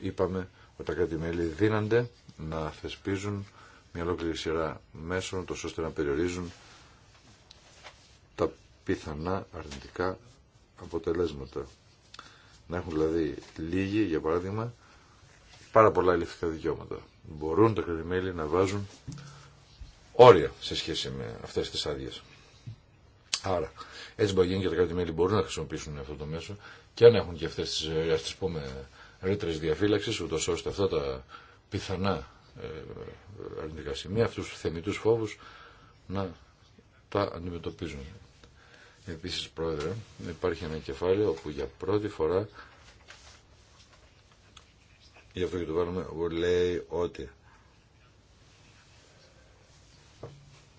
είπαμε ότι τα κράτη-μέλη δίνανται να θεσπίζουν μια ολόκληρη σειρά μέσων, τόσο ώστε να περιορίζουν τα πιθανά αρνητικά αποτελέσματα. Να έχουν δηλαδή λίγοι, για παράδειγμα, πάρα πολλά ελευθερικά δικαιώματα. Μπορούν τα κρατημέλη να βάζουν όρια σε σχέση με αυτές τις άδειες. Άρα, έτσι μπορεί και τα κρατημέλη μπορούν να χρησιμοποιήσουν αυτό το μέσο και αν έχουν και αυτές τις, ας τις πούμε, ρήτρες διαφύλαξης, ούτως ώστε αυτά τα πιθανά ε, αρνητικά σημεία, αυτούς τους θεμητούς φόβους να τα αντιμετωπίζουν. Επίσης, Πρόεδρε, υπάρχει ένα κεφάλαιο όπου για πρώτη φορά για αυτό και το βάλουμε λέει ότι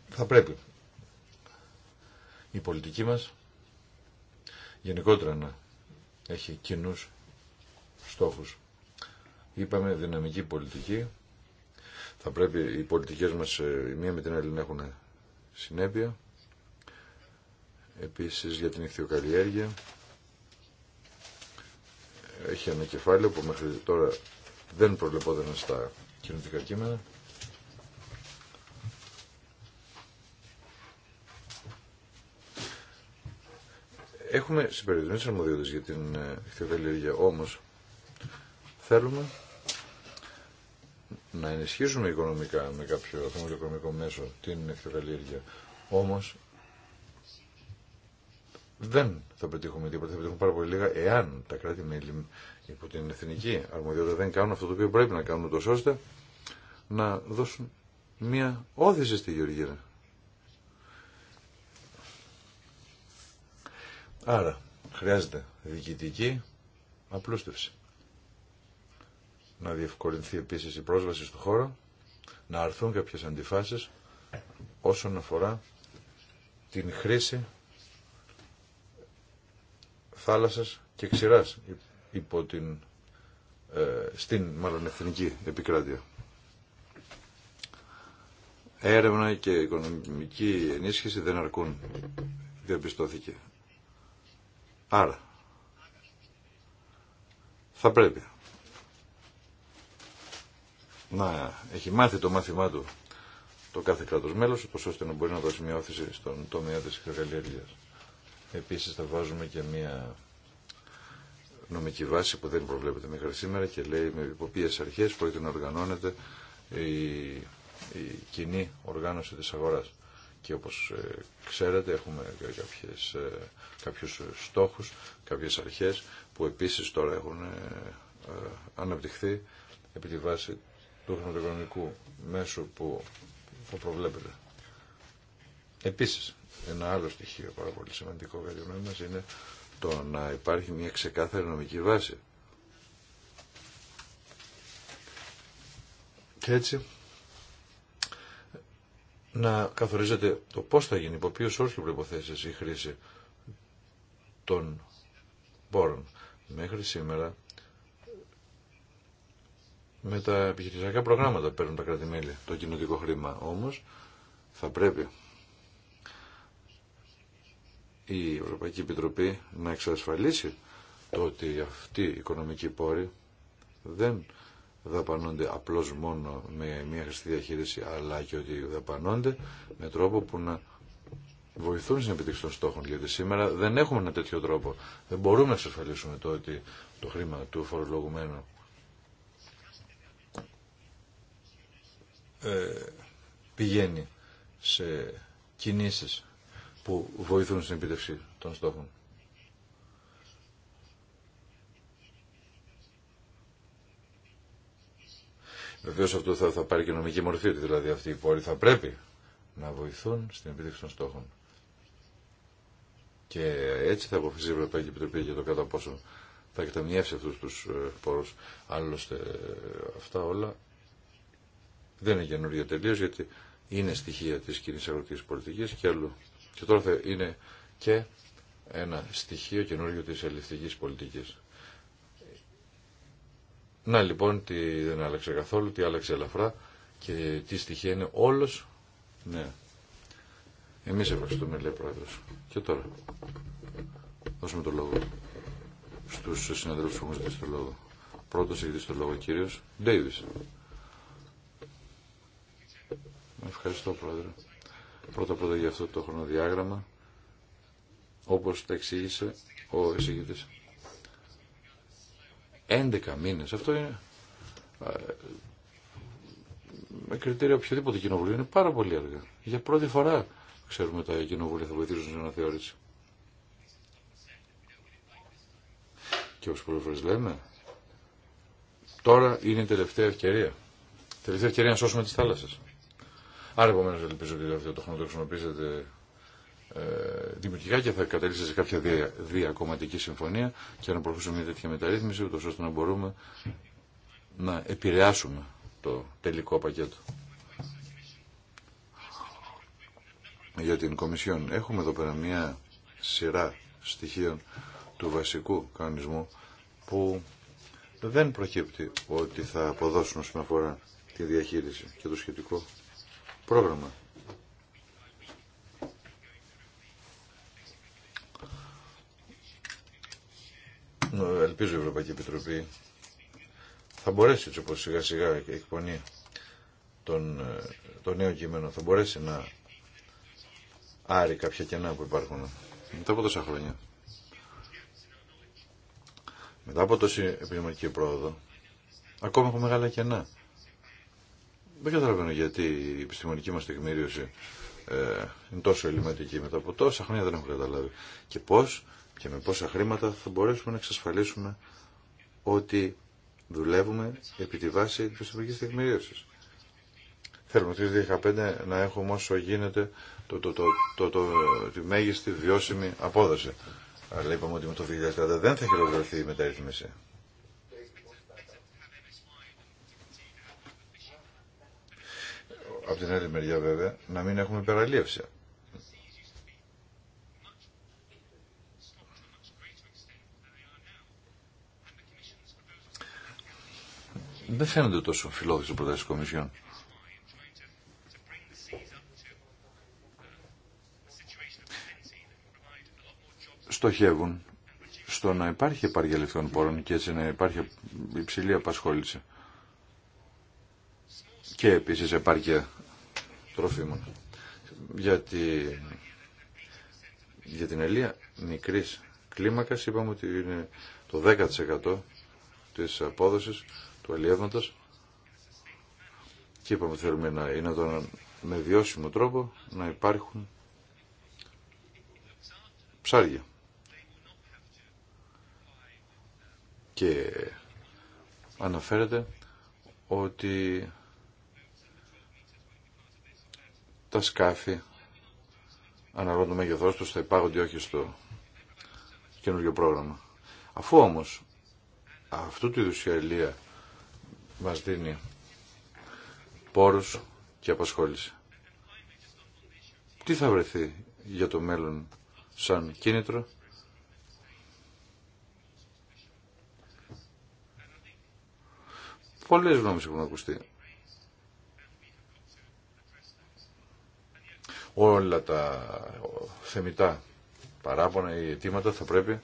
θα πρέπει η πολιτική μας γενικότερα να έχει κοινούς στόχους. Είπαμε δυναμική πολιτική θα πρέπει οι πολιτικές μας ε, η μία με την άλλη να έχουν συνέπεια. Επίσης για την ηχθειοκαλλιέργεια έχει ένα κεφάλαιο που μέχρι τώρα δεν προβλεπόταν στα κοινωνικά κείμενα. Έχουμε συμπεριορισμένες αρμοδιότητες για την ε, ηχθειοκαλλιέργεια, όμως θέλουμε να ενισχύσουμε οικονομικά με κάποιο οικονομικό μέσο την εχθροκαλλιέργεια. Όμως δεν θα πετύχουμε τίποτα, θα πετύχουμε πάρα πολύ λίγα εάν τα κράτη-μέλη υπό την εθνική αρμοδιότητα δεν κάνουν αυτό το οποίο πρέπει να κάνουν τόσο ώστε να δώσουν μια όθηση στη Γεωργία. Άρα χρειάζεται διοικητική απλούστευση να διευκολυνθεί επίσης η πρόσβαση στο χώρο, να αρθούν κάποιες αντιφάσεις όσον αφορά την χρήση θάλασσας και ξηράς υπό την, ε, στην μάλλον εθνική επικράτεια. Έρευνα και οικονομική ενίσχυση δεν αρκούν, διαπιστώθηκε. Άρα, θα πρέπει να έχει μάθει το μάθημά του το κάθε κράτο μέλο ώστε να μπορεί να δώσει μια όθηση στον τομέα τη χειροκαλλιέργειας. Επίσης θα βάζουμε και μια νομική βάση που δεν προβλέπεται μέχρι σήμερα και λέει με ποιες αρχές πρόκειται να οργανώνεται η, η κοινή οργάνωση της αγοράς. Και όπως ε, ξέρετε έχουμε κάποιες, ε, κάποιους στόχους, κάποιες αρχές που επίσης τώρα έχουν ε, αναπτυχθεί επί τη βάση του χρηματοοικονομικού μέσου που, θα προβλέπεται. Επίσης, ένα άλλο στοιχείο πάρα πολύ σημαντικό για τη γνώμη μας είναι το να υπάρχει μια ξεκάθαρη νομική βάση. Και έτσι να καθορίζεται το πώς θα γίνει, υπό ποιους όρους και προϋποθέσεις η χρήση των πόρων. Μέχρι σήμερα με τα επιχειρησιακά προγράμματα παίρνουν τα κρατημέλη το κοινωτικό χρήμα. Όμως θα πρέπει η Ευρωπαϊκή Επιτροπή να εξασφαλίσει το ότι αυτοί οι οικονομικοί πόροι δεν δαπανώνται απλώς μόνο με μια χρηστή διαχείριση αλλά και ότι δαπανώνται με τρόπο που να βοηθούν στην επιτυχία των στόχων γιατί σήμερα δεν έχουμε ένα τέτοιο τρόπο. Δεν μπορούμε να εξασφαλίσουμε το ότι το χρήμα του φορολογουμένου Ε, πηγαίνει σε κινήσεις που βοηθούν στην επίτευξη των στόχων. Βεβαίω αυτό θα, θα πάρει και νομική μορφή, ότι δηλαδή αυτοί οι πόροι θα πρέπει να βοηθούν στην επίτευξη των στόχων. Και έτσι θα αποφασίσει η Ευρωπαϊκή Επιτροπή για το κατά πόσο θα εκταμιεύσει αυτού του ε, πόρου. Άλλωστε, ε, αυτά όλα δεν είναι καινούργιο τελείω γιατί είναι στοιχεία τη κοινή αγροτική πολιτική και αλλού. Και τώρα θα είναι και ένα στοιχείο καινούργιο τη ελληνική πολιτική. Να λοιπόν τι δεν άλλαξε καθόλου, τι άλλαξε ελαφρά και τι στοιχεία είναι όλο. Ναι. Εμεί ευχαριστούμε λέει πρόεδρο. Και τώρα δώσουμε το λόγο στους συναδέλφους που έχουν ζητήσει το λόγο. Πρώτος έχει το λόγο ο κύριος Ντέιβις. Ευχαριστώ Πρόεδρε. Πρώτα πρώτα για αυτό το χρονοδιάγραμμα. Όπως τα εξήγησε ο εισηγητής. 11 μήνες. Αυτό είναι ε, με κριτήρια οποιοδήποτε κοινοβουλίου είναι πάρα πολύ αργά. Για πρώτη φορά ξέρουμε ότι τα κοινοβούλια θα βοηθήσουν στην αναθεώρηση. Και πολλές φορές λέμε, τώρα είναι η τελευταία ευκαιρία. Τελευταία ευκαιρία να σώσουμε τις θάλασσες. Άρα, επομένω, ελπίζω ότι αυτό το χρόνο το χρησιμοποιήσετε ε, δημιουργικά και θα καταλήξετε σε κάποια διακομματική συμφωνία και να προχωρήσουμε μια τέτοια μεταρρύθμιση, ούτω ώστε να μπορούμε να επηρεάσουμε το τελικό πακέτο. Για την Κομισιόν έχουμε εδώ πέρα μια σειρά στοιχείων του βασικού κανονισμού που δεν προκύπτει ότι θα αποδώσουν όσον αφορά τη διαχείριση και το σχετικό πρόγραμμα. Ελπίζω η Ευρωπαϊκή Επιτροπή θα μπορέσει έτσι όπως σιγά σιγά εκπονεί τον, ε, το νέο κείμενο, θα μπορέσει να άρει κάποια κενά που υπάρχουν μετά από τόσα χρόνια. Μετά από τόση επιστημονική πρόοδο, ακόμα έχω μεγάλα κενά. Δεν καταλαβαίνω γιατί η επιστημονική μας τεκμήριωση ε, είναι τόσο ελληματική μετά από τόσα χρόνια δεν έχω καταλάβει. Και πώς και με πόσα χρήματα θα μπορέσουμε να εξασφαλίσουμε ότι δουλεύουμε επί τη βάση της επιστημονικής τεκμηρίωσης. Θέλουμε το 2015 να έχουμε όσο γίνεται το, το, το, το, το, τη μέγιστη βιώσιμη απόδοση. Αλλά είπαμε ότι με το 2030 δεν θα χειροκροτηθεί η μεταρρύθμιση. από την άλλη μεριά βέβαια, να μην έχουμε υπεραλίευση. Δεν φαίνονται τόσο φιλόδοξες προτάσεις Κομισιόν. Στοχεύουν στο να υπάρχει επαρκή πόρων και έτσι να υπάρχει υψηλή απασχόληση και επίσης επάρκεια τροφίμων. Για, τη... για την ελία μικρής κλίμακας είπαμε ότι είναι το 10% της απόδοσης του ελιεύματος και είπαμε ότι θέλουμε να είναι με βιώσιμο τρόπο να υπάρχουν ψάρια. Και αναφέρεται ότι τα σκάφη αναλόγω το μέγεθό του θα υπάγονται όχι στο καινούριο πρόγραμμα. Αφού όμως αυτού του είδου η αλληλεία μα δίνει πόρου και απασχόληση, τι θα βρεθεί για το μέλλον σαν κίνητρο. Πολλές γνώμες έχουν ακουστεί. όλα τα θεμητά παράπονα ή αιτήματα θα πρέπει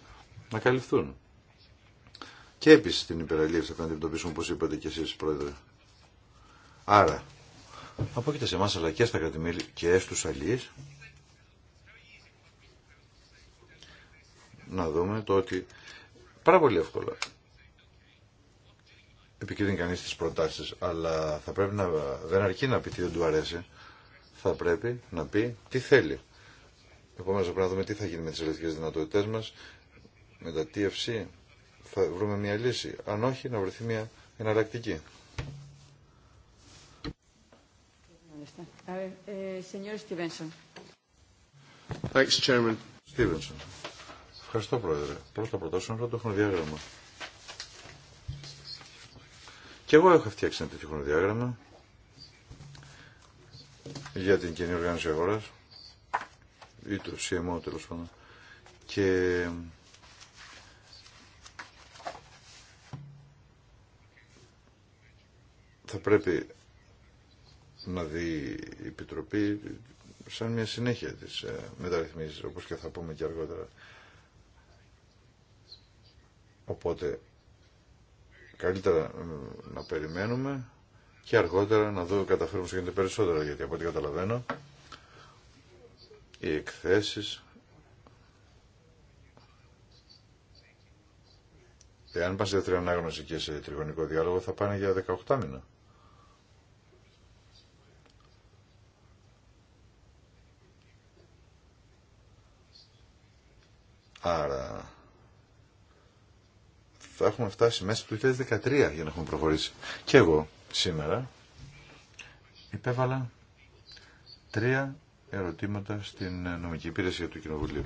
να καλυφθούν. Και επίσης την υπεραλίευση θα πρέπει να αντιμετωπίσουμε όπω είπατε και εσεί πρόεδρε. Άρα, απόκειται σε εμά αλλά και στα κρατημέλη και στου αλλιεί, να δούμε το ότι πάρα πολύ εύκολα επικρίνει κανεί τις προτάσεις αλλά θα πρέπει να δεν αρκεί να πει τι δεν του αρέσει θα πρέπει να πει τι θέλει. Επομένως πρέπει να δούμε τι θα γίνει με τις ελευθερικές δυνατότητές μας, με τα TFC θα βρούμε μια λύση. Αν όχι, να βρεθεί μια εναλλακτική. Ευχαριστώ, ε, ε, Πρόεδρε. Πρώτα πρώτα, όσον το χρονοδιάγραμμα. Και εγώ έχω φτιάξει ένα τέτοιο χρονοδιάγραμμα για την κοινή οργάνωση αγορά ή το CMO τέλος πάντων και θα πρέπει να δει η Επιτροπή σαν μια συνέχεια της ε, μεταρρυθμίσης όπως και θα πούμε και αργότερα οπότε καλύτερα ε, να περιμένουμε και αργότερα να δω καταφέρουμε γίνεται περισσότερα γιατί από ό,τι καταλαβαίνω οι εκθέσεις εάν πάνε σε τρία ανάγνωση και σε τριγωνικό διάλογο θα πάνε για 18 μήνα. Άρα θα έχουμε φτάσει μέσα του 2013 για να έχουμε προχωρήσει. Και εγώ σήμερα υπέβαλα τρία ερωτήματα στην νομική υπηρεσία του Κοινοβουλίου.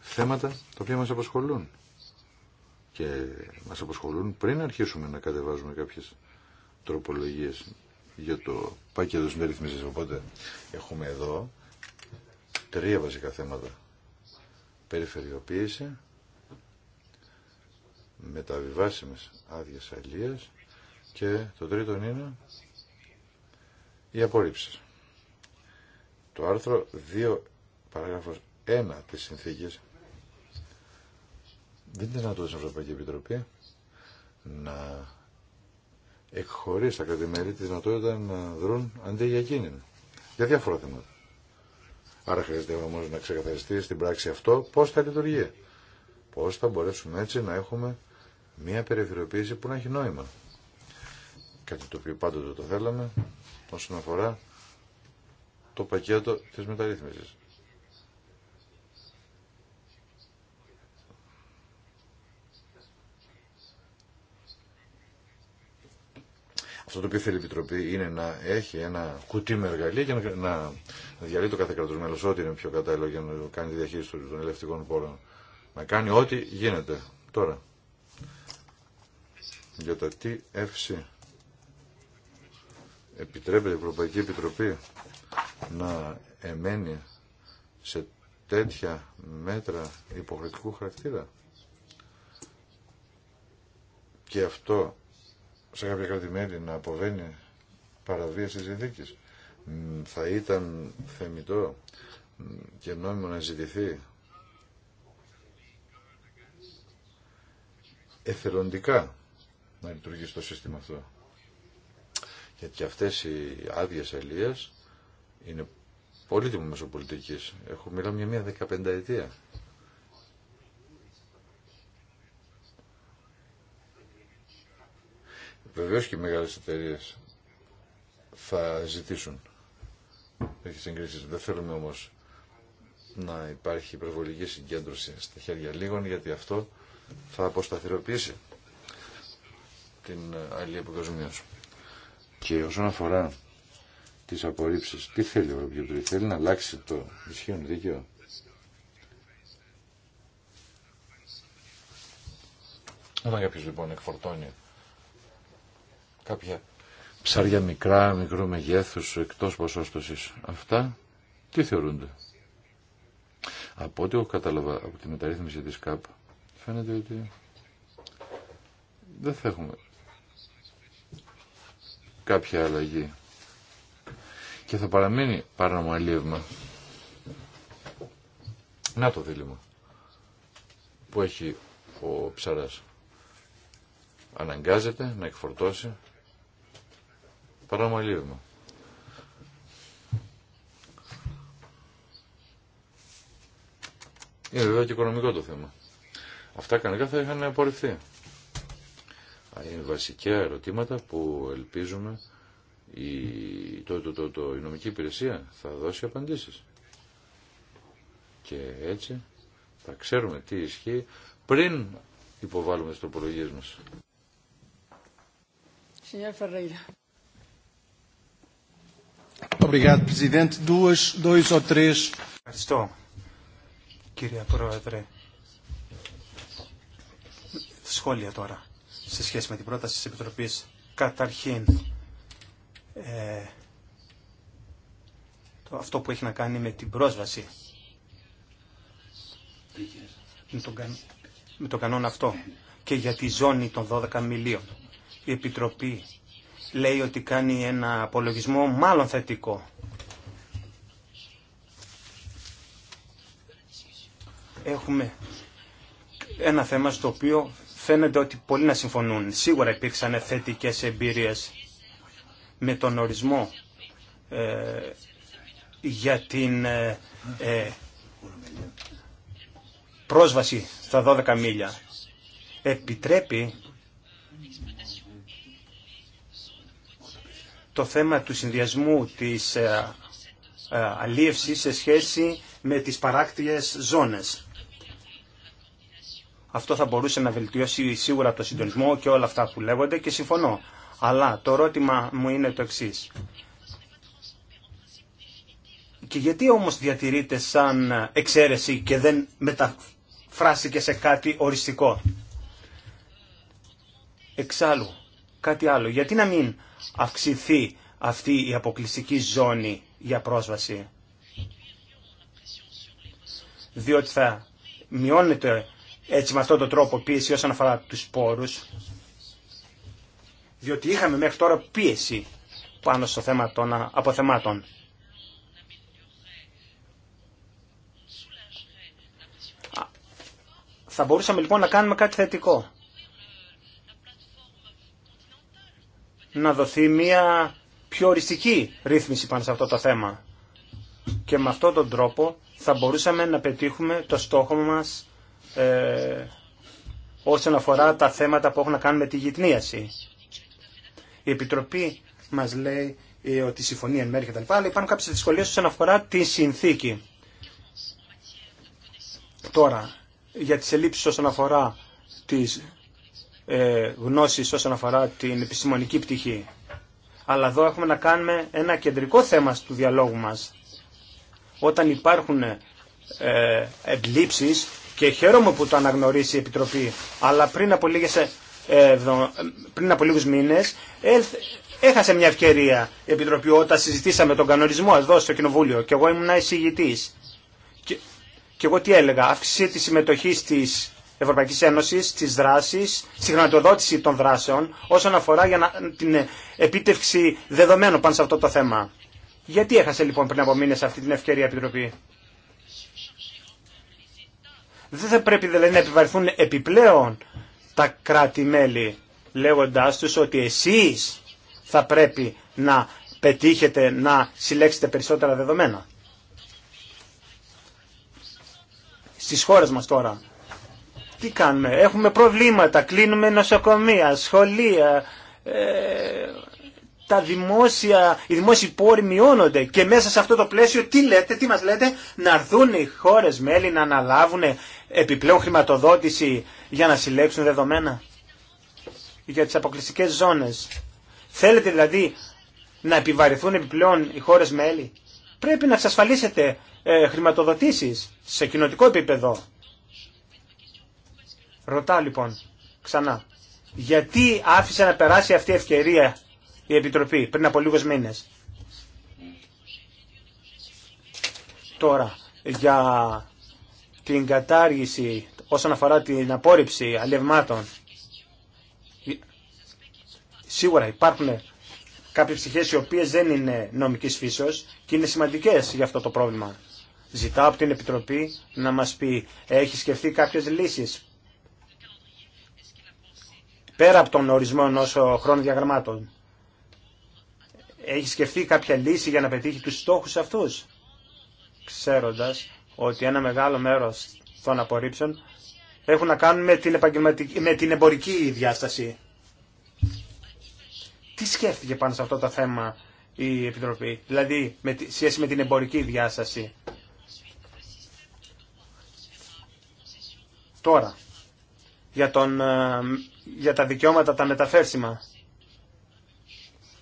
Θέματα τα οποία μας απασχολούν και μας απασχολούν πριν αρχίσουμε να κατεβάζουμε κάποιες τροπολογίες για το πακέτο συνταρρυθμίσεις. Οπότε έχουμε εδώ τρία βασικά θέματα. Περιφερειοποίηση, μεταβιβάσιμες άδειες αλίας και το τρίτο είναι οι απορρίψει. Το άρθρο 2 παράγραφος 1 της συνθήκης δεν είναι δυνατόν στην Ευρωπαϊκή Επιτροπή να εκχωρεί στα κρατημέρη τη δυνατότητα να δρουν αντί για εκείνη Για διάφορα θέματα. Άρα χρειάζεται όμω να ξεκαθαριστεί στην πράξη αυτό πώ θα λειτουργεί. Πώ θα μπορέσουμε έτσι να έχουμε μια περιφερειοποίηση που να έχει νόημα. Κάτι το οποίο πάντοτε το θέλαμε όσον αφορά το πακέτο της μεταρρύθμισης. Αυτό το οποίο θέλει η Επιτροπή είναι να έχει ένα κουτί με εργαλεία και να, να διαλύει το κάθε κράτος μέλος ό,τι είναι πιο κατάλληλο για να κάνει τη διαχείριση των ελευτικών πόρων. Να κάνει ό,τι γίνεται τώρα για τα TFC. Επιτρέπεται η Ευρωπαϊκή Επιτροπή να εμένει σε τέτοια μέτρα υποχρεωτικού χαρακτήρα. Και αυτό σε κάποια κρατημέλη να αποβαίνει παραβίαση συνθήκης. Θα ήταν θεμητό και νόμιμο να ζητηθεί εθελοντικά να λειτουργήσει το σύστημα αυτό. Γιατί και αυτές οι άδειες αλίας είναι πολύτιμο μεσοπολιτικής. έχω μιλάμε για μια δεκαπενταετία. Βεβαίω και οι μεγάλες εταιρείε θα ζητήσουν τέτοιε συγκρίσει. Δεν θέλουμε όμω να υπάρχει υπερβολική συγκέντρωση στα χέρια λίγων γιατί αυτό θα αποσταθεροποιήσει την αλληλεία σου. Και όσον αφορά τις απορρίψεις, τι θέλει ο Ευρωπαϊκή θέλει να αλλάξει το ισχύον δίκαιο. Όταν κάποιο λοιπόν εκφορτώνει κάποια ψάρια μικρά, μικρού μεγέθους, εκτός ποσόστοσης, αυτά τι θεωρούνται. Από ό,τι έχω κατάλαβα από τη μεταρρύθμιση της ΚΑΠ, φαίνεται ότι δεν θα έχουμε κάποια αλλαγή και θα παραμείνει παραμαλίευμα. Να το δίλημα που έχει ο ψαράς. Αναγκάζεται να εκφορτώσει παραμαλίευμα. Είναι βέβαια και οικονομικό το θέμα. Αυτά κανονικά θα είχαν απορριφθεί είναι βασικά ερωτήματα που ελπίζουμε η, το, το, η νομική υπηρεσία θα δώσει απαντήσεις. Και έτσι θα ξέρουμε τι ισχύει πριν υποβάλουμε τις τροπολογίες μας. Ευχαριστώ, κύριε Πρόεδρε. Σχόλια τώρα σε σχέση με την πρόταση της Επιτροπής. Καταρχήν, ε, το, αυτό που έχει να κάνει με την πρόσβαση, με τον, με τον κανόνα αυτό και για τη ζώνη των 12 μιλίων. Η Επιτροπή λέει ότι κάνει ένα απολογισμό μάλλον θετικό. Έχουμε ένα θέμα στο οποίο φαίνεται ότι πολλοί να συμφωνούν. Σίγουρα υπήρξαν θετικές εμπειρίες με τον ορισμό ε, για την ε, ε, πρόσβαση στα 12 μίλια. Επιτρέπει το θέμα του συνδυασμού της αλίευσης σε σχέση με τις παράκτιες ζώνες. Αυτό θα μπορούσε να βελτιώσει σίγουρα το συντονισμό και όλα αυτά που λέγονται και συμφωνώ. Αλλά το ερώτημα μου είναι το εξή. Και γιατί όμως διατηρείται σαν εξαίρεση και δεν μεταφράστηκε σε κάτι οριστικό. Εξάλλου, κάτι άλλο. Γιατί να μην αυξηθεί αυτή η αποκλειστική ζώνη για πρόσβαση. Διότι θα μειώνεται έτσι με αυτόν τον τρόπο πίεση όσον αφορά τους σπόρους διότι είχαμε μέχρι τώρα πίεση πάνω στο θέμα των αποθεμάτων. Θα μπορούσαμε λοιπόν να κάνουμε κάτι θετικό. Να δοθεί μια πιο οριστική ρύθμιση πάνω σε αυτό το θέμα. Και με αυτόν τον τρόπο θα μπορούσαμε να πετύχουμε το στόχο μας ε, όσον αφορά τα θέματα που έχουν να κάνουν με τη γυτνίαση. Η Επιτροπή μας λέει ε, ότι η συμφωνία εν μέρει λοιπά, Αλλά υπάρχουν κάποιες δυσκολίες όσον αφορά τη συνθήκη. Τώρα, για τις ελλείψεις όσον αφορά τις ε, γνώσεις όσον αφορά την επιστημονική πτυχή. Αλλά εδώ έχουμε να κάνουμε ένα κεντρικό θέμα του διαλόγου μας. Όταν υπάρχουν ε, ε και χαίρομαι που το αναγνωρίσει η Επιτροπή, αλλά πριν από, λίγες, ε, πριν από λίγους μήνες έχασε μια ευκαιρία η Επιτροπή όταν συζητήσαμε τον κανονισμό εδώ στο Κοινοβούλιο και εγώ ήμουν εισηγητής. Και, και εγώ τι έλεγα, αύξηση τη συμμετοχή τη Ευρωπαϊκή Ένωση, τη δράση, στη χρηματοδότηση των δράσεων όσον αφορά για να, την επίτευξη δεδομένων πάνω σε αυτό το θέμα. Γιατί έχασε λοιπόν πριν από μήνες αυτή την ευκαιρία η Επιτροπή. Δεν θα πρέπει δηλαδή να επιβαρυθούν επιπλέον τα κράτη-μέλη λέγοντάς τους ότι εσείς θα πρέπει να πετύχετε να συλλέξετε περισσότερα δεδομένα. Στις χώρες μας τώρα, τι κάνουμε, έχουμε προβλήματα, κλείνουμε νοσοκομεία, σχολεία, ε, τα δημόσια, οι δημόσιοι πόροι μειώνονται και μέσα σε αυτό το πλαίσιο τι λέτε, τι μας λέτε, να έρθουν οι χώρες μέλη να αναλάβουν επιπλέον χρηματοδότηση για να συλλέξουν δεδομένα για τις αποκλειστικές ζώνες. Θέλετε δηλαδή να επιβαρηθούν επιπλέον οι χώρες μέλη. Πρέπει να εξασφαλίσετε ε, χρηματοδοτήσεις σε κοινοτικό επίπεδο. Ρωτά λοιπόν ξανά. Γιατί άφησε να περάσει αυτή η ευκαιρία η Επιτροπή πριν από λίγους μήνες. Τώρα, για την κατάργηση όσον αφορά την απόρριψη αλευμάτων. Σίγουρα υπάρχουν κάποιες ψυχές οι οποίες δεν είναι νομικής φύσεως και είναι σημαντικές για αυτό το πρόβλημα. Ζητάω από την Επιτροπή να μας πει, έχει σκεφτεί κάποιες λύσεις πέρα από τον ορισμό ενό χρόνου διαγραμμάτων. Έχει σκεφτεί κάποια λύση για να πετύχει τους στόχους αυτούς, ξέροντας ότι ένα μεγάλο μέρος των απορρίψεων έχουν να κάνουν με την, με την εμπορική διάσταση. Τι σκέφτηκε πάνω σε αυτό το θέμα η Επιτροπή, δηλαδή με τη, σχέση με την εμπορική διάσταση. Τώρα, για, τον, ε, για τα δικαιώματα τα μεταφέρσιμα.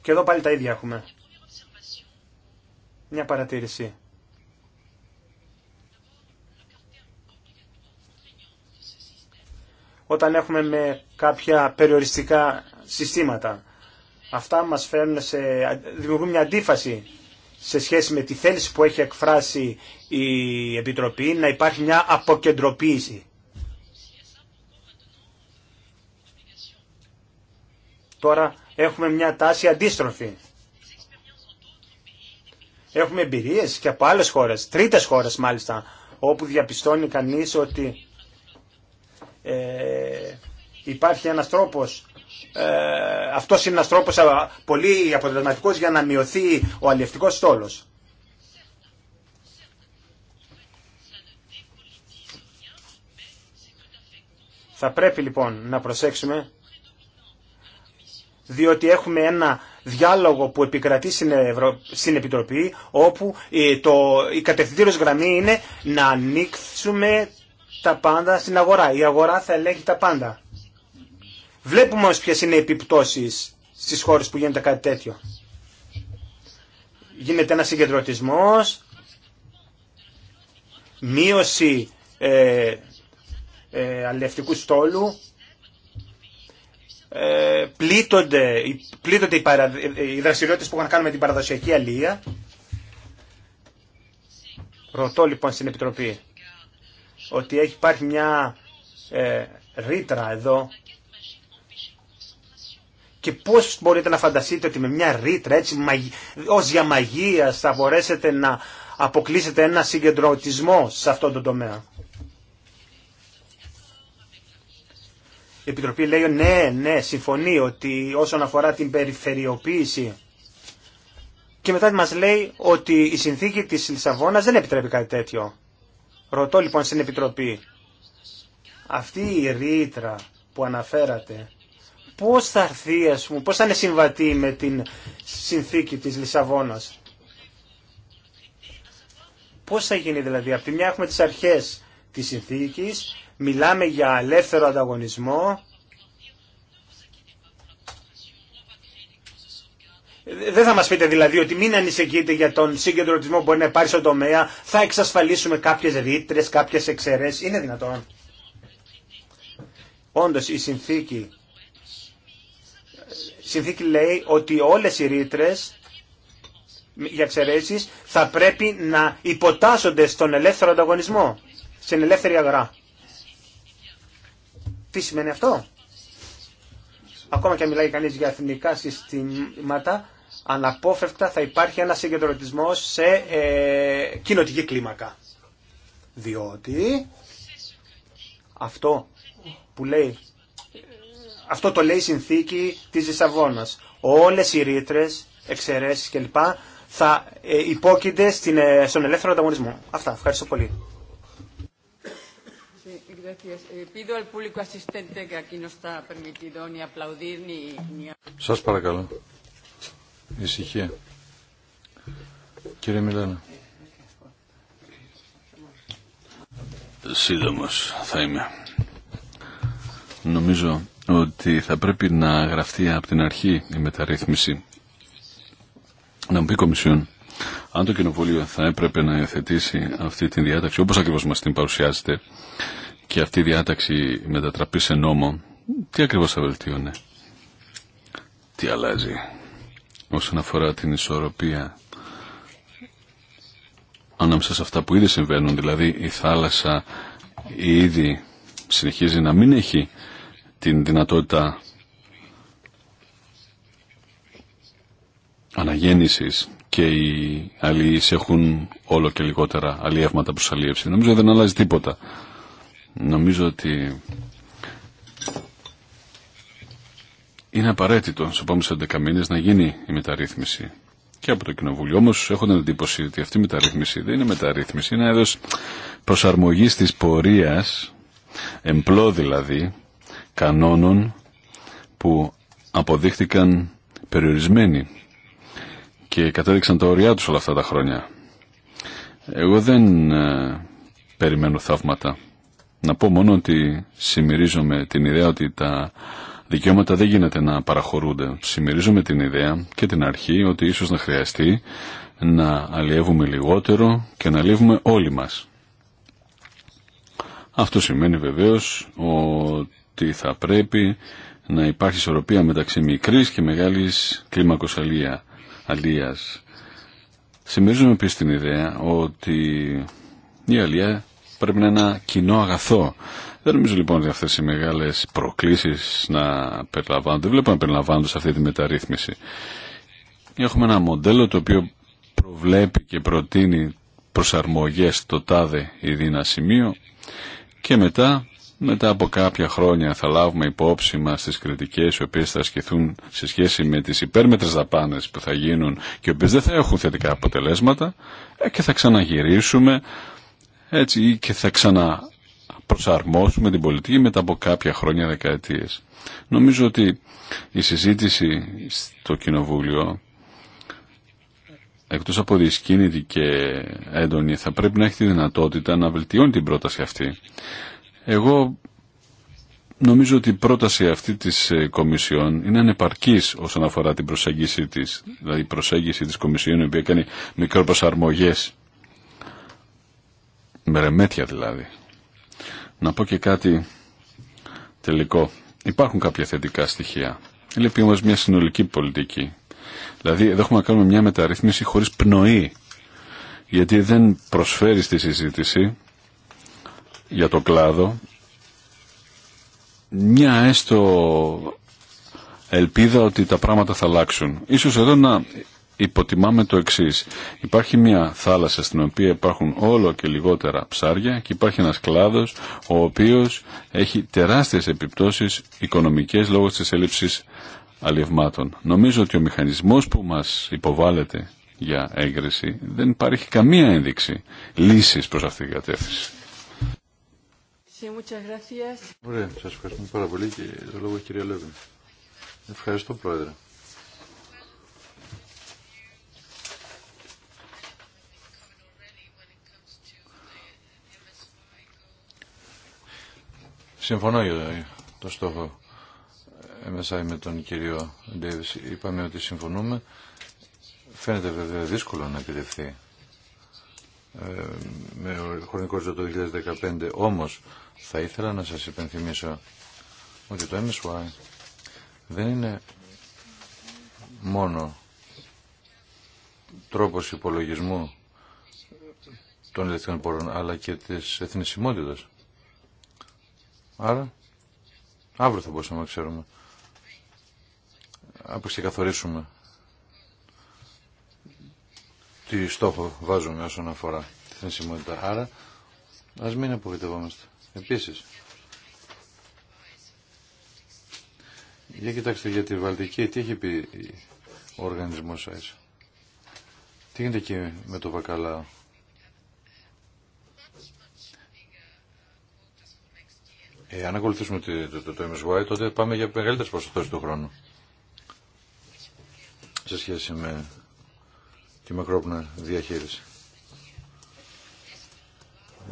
Και εδώ πάλι τα ίδια έχουμε. Μια παρατήρηση. όταν έχουμε με κάποια περιοριστικά συστήματα. Αυτά μας φέρνουν σε, δημιουργούν μια αντίφαση σε σχέση με τη θέληση που έχει εκφράσει η Επιτροπή να υπάρχει μια αποκεντροποίηση. Τώρα έχουμε μια τάση αντίστροφη. Έχουμε εμπειρίες και από άλλες χώρες, τρίτες χώρες μάλιστα, όπου διαπιστώνει κανείς ότι ε, υπάρχει ένας τρόπος ε, αυτό είναι ένας τρόπος πολύ αποτελεσματικός για να μειωθεί ο αλλιευτικός στόλος. Θα πρέπει λοιπόν να προσέξουμε διότι έχουμε ένα διάλογο που επικρατεί στην, Ευρω... στην Επιτροπή όπου ε, το... η κατευθυντήριος γραμμή είναι να ανοίξουμε τα πάντα στην αγορά. Η αγορά θα ελέγχει τα πάντα. Βλέπουμε όμως ποιες είναι οι επιπτώσεις στις χώρες που γίνεται κάτι τέτοιο. Γίνεται ένα συγκεντρωτισμός, μείωση ε, ε, αλληλευτικού στόλου, ε, πλήττονται, πλήττονται οι, παρα, οι δραστηριότητες που έχουν να κάνουν με την παραδοσιακή αλληλεία. Ρωτώ λοιπόν στην Επιτροπή, ότι έχει υπάρχει μια ε, ρήτρα εδώ και πώς μπορείτε να φανταστείτε ότι με μια ρήτρα έτσι ως για μαγεία θα μπορέσετε να αποκλείσετε ένα συγκεντρωτισμό σε αυτόν τον τομέα. Η Επιτροπή λέει ναι, ναι, συμφωνεί ότι όσον αφορά την περιφερειοποίηση και μετά μας λέει ότι η συνθήκη της Λισαβόνας δεν επιτρέπει κάτι τέτοιο. Ρωτώ λοιπόν στην Επιτροπή, αυτή η ρήτρα που αναφέρατε, πώς θα έρθει, ας πούμε, πώς θα είναι συμβατή με την συνθήκη της Λισαβόνας. Πώς θα γίνει δηλαδή, από τη μια έχουμε τις αρχές της συνθήκης, μιλάμε για ελεύθερο ανταγωνισμό, Δεν θα μας πείτε δηλαδή ότι μην ανησυχείτε για τον συγκεντρωτισμό που μπορεί να υπάρχει στον τομέα, θα εξασφαλίσουμε κάποιες ρήτρες, κάποιες εξαιρέσεις. Είναι δυνατόν. Όντως η συνθήκη, η συνθήκη λέει ότι όλες οι ρήτρες για εξαιρέσεις θα πρέπει να υποτάσσονται στον ελεύθερο ανταγωνισμό, στην ελεύθερη αγορά. Τι σημαίνει αυτό? Ακόμα και αν μιλάει κανείς για εθνικά συστήματα, αναπόφευκτα θα υπάρχει ένα συγκεντρωτισμό σε ε, κοινοτική κλίμακα. Διότι αυτό που λέει, αυτό το λέει η συνθήκη της Λισαβόνα. Όλες οι ρήτρε, εξαιρέσεις κλπ. θα ε, υπόκεινται ε, στον ελεύθερο ανταγωνισμό. Αυτά. Ευχαριστώ πολύ. Σας παρακαλώ. Ησυχία. Κύριε Μιλάνα. Σύντομος θα είμαι. Νομίζω ότι θα πρέπει να γραφτεί από την αρχή η μεταρρύθμιση. Να μου πει Κομισιόν, αν το Κοινοβούλιο θα έπρεπε να υιοθετήσει αυτή τη διάταξη, όπως ακριβώς μας την παρουσιάζεται, και αυτή η διάταξη μετατραπεί σε νόμο, τι ακριβώς θα βελτίωνε, τι αλλάζει όσον αφορά την ισορροπία ανάμεσα σε αυτά που ήδη συμβαίνουν, δηλαδή η θάλασσα ήδη συνεχίζει να μην έχει την δυνατότητα αναγέννησης και οι άλλοι έχουν όλο και λιγότερα αλλιεύματα προς αλλιεύση. Νομίζω δεν αλλάζει τίποτα. Νομίζω ότι είναι απαραίτητο στου επόμενου 11 μήνε να γίνει η μεταρρύθμιση. Και από το Κοινοβούλιο. Όμω έχω την εντύπωση ότι αυτή η μεταρρύθμιση δεν είναι μεταρρύθμιση, είναι είδο προσαρμογή τη πορεία, εμπλό δηλαδή, κανόνων που αποδείχτηκαν περιορισμένοι και κατέδειξαν τα όρια τους όλα αυτά τα χρόνια. Εγώ δεν ε, περιμένω θαύματα. Να πω μόνο ότι συμμερίζομαι την ιδέα ότι τα δικαιώματα δεν γίνεται να παραχωρούνται. Συμμερίζομαι την ιδέα και την αρχή ότι ίσως να χρειαστεί να αλλιεύουμε λιγότερο και να αλλιεύουμε όλοι μας. Αυτό σημαίνει βεβαίως ότι θα πρέπει να υπάρχει ισορροπία μεταξύ μικρής και μεγάλης κλίμακος αλίας. Συμμερίζομαι επίσης την ιδέα ότι η αλλιά πρέπει να είναι ένα κοινό αγαθό δεν νομίζω λοιπόν ότι αυτές οι μεγάλες προκλήσεις να περιλαμβάνονται. Δεν βλέπω να περιλαμβάνονται σε αυτή τη μεταρρύθμιση. Έχουμε ένα μοντέλο το οποίο προβλέπει και προτείνει προσαρμογές στο τάδε ή δινά σημείο και μετά μετά από κάποια χρόνια θα λάβουμε υπόψη μας τις κριτικές οι οποίες θα ασκηθούν σε σχέση με τις υπέρμετρες δαπάνες που θα γίνουν και οι οποίες δεν θα έχουν θετικά αποτελέσματα ε, και θα ξαναγυρίσουμε έτσι και θα ξανα προσαρμόσουμε την πολιτική μετά από κάποια χρόνια, δεκαετίες. Νομίζω ότι η συζήτηση στο Κοινοβούλιο εκτός από δυσκίνητη και έντονη θα πρέπει να έχει τη δυνατότητα να βελτιώνει την πρόταση αυτή. Εγώ νομίζω ότι η πρόταση αυτή της ε, Κομισιόν είναι ανεπαρκής όσον αφορά την προσέγγιση της, δηλαδή η προσέγγιση της Κομισιόν η οποία κάνει μικροπροσαρμογές, ρεμέτια δηλαδή. Να πω και κάτι τελικό. Υπάρχουν κάποια θετικά στοιχεία. Λείπει όμως μια συνολική πολιτική. Δηλαδή εδώ έχουμε να κάνουμε μια μεταρρύθμιση χωρίς πνοή. Γιατί δεν προσφέρει στη συζήτηση για το κλάδο μια έστω ελπίδα ότι τα πράγματα θα αλλάξουν. Ίσως εδώ να υποτιμάμε το εξή. Υπάρχει μια θάλασσα στην οποία υπάρχουν όλο και λιγότερα ψάρια και υπάρχει ένας κλάδος ο οποίος έχει τεράστιες επιπτώσεις οικονομικές λόγω της έλλειψης αλλιευμάτων. Νομίζω ότι ο μηχανισμός που μας υποβάλλεται για έγκριση δεν υπάρχει καμία ένδειξη λύσης προς αυτή την κατεύθυνση. Ωραία, σας ευχαριστούμε πάρα πολύ και το κυρία Ευχαριστώ Πρόεδρε. Συμφωνώ για το στόχο μέσα με τον κύριο Ντέβις. Είπαμε ότι συμφωνούμε. Φαίνεται βέβαια δύσκολο να επιτευχθεί ε, με χρονικό το 2015. Όμως θα ήθελα να σας υπενθυμίσω ότι το MSY δεν είναι μόνο τρόπος υπολογισμού των ελευθερών πόρων αλλά και της εθνισμότητας. Άρα, αύριο θα μπορούσαμε να ξέρουμε. Από ξεκαθορίσουμε τι στόχο βάζουμε όσον αφορά τη θεσιμότητα. Άρα, ας μην απογοητευόμαστε. Επίσης, για κοιτάξτε για τη Βαλτική, τι έχει πει ο οργανισμός σα. Τι γίνεται εκεί με το βακαλάο. Ε, αν ακολουθήσουμε το, το, MSY, τότε πάμε για μεγαλύτερε ποσοστέ του χρόνου. Σε σχέση με τη μακρόπνα διαχείριση.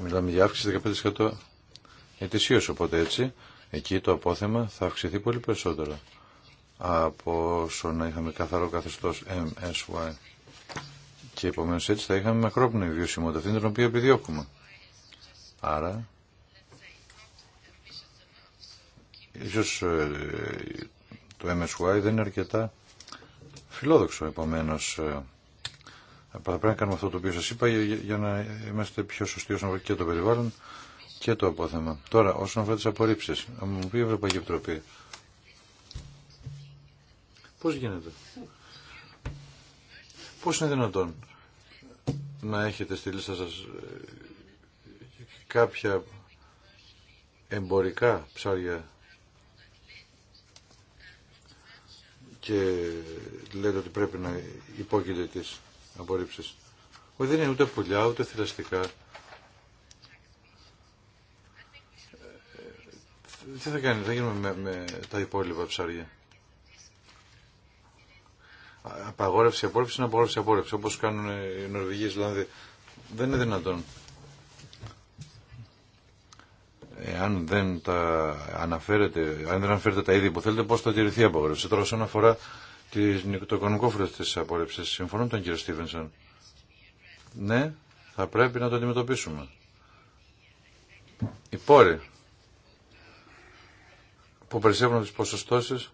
Μιλάμε για αύξηση 15% ετησίως, οπότε έτσι εκεί το απόθεμα θα αυξηθεί πολύ περισσότερο από όσο να είχαμε καθαρό καθεστώς MSY. Και επομένως έτσι θα είχαμε μακρόπνοη βιωσιμότητα, αυτήν την οποία επιδιώκουμε. Άρα Ίσως ε, το MSY δεν είναι αρκετά φιλόδοξο, επομένως ε, πρέπει να κάνουμε αυτό το οποίο σας είπα για, να είμαστε πιο σωστοί όσον αφορά και το περιβάλλον και το απόθεμα. Τώρα, όσον αφορά τις απορρίψεις, να μου πει η Ευρωπαϊκή Επιτροπή. Πώς γίνεται. Πώς είναι δυνατόν να έχετε στη λίστα σας ε, κάποια εμπορικά ψάρια και λέτε ότι πρέπει να υπόκειται τις απορρίψεις. Όχι δεν είναι ούτε πουλιά, ούτε θηλαστικά. Ε, τι θα κάνει, θα γίνουμε με, με τα υπόλοιπα ψάρια. Απαγόρευση, απόρρευση είναι απαγόρευση, απόρρευση. Όπως κάνουν οι Νορβηγοί, Ισλάνδοι. Δεν είναι δυνατόν. αν δεν τα αναφέρετε, αν δεν αναφέρετε τα είδη που θέλετε, πώς θα τηρηθεί η απόγρευση. Τώρα όσον αφορά το οικονομικό φρούτο της συμφωνώ με τον κύριο Στίβενσον. Ναι, θα πρέπει να το αντιμετωπίσουμε. Οι πόροι που περισσεύουν τις ποσοστώσεις,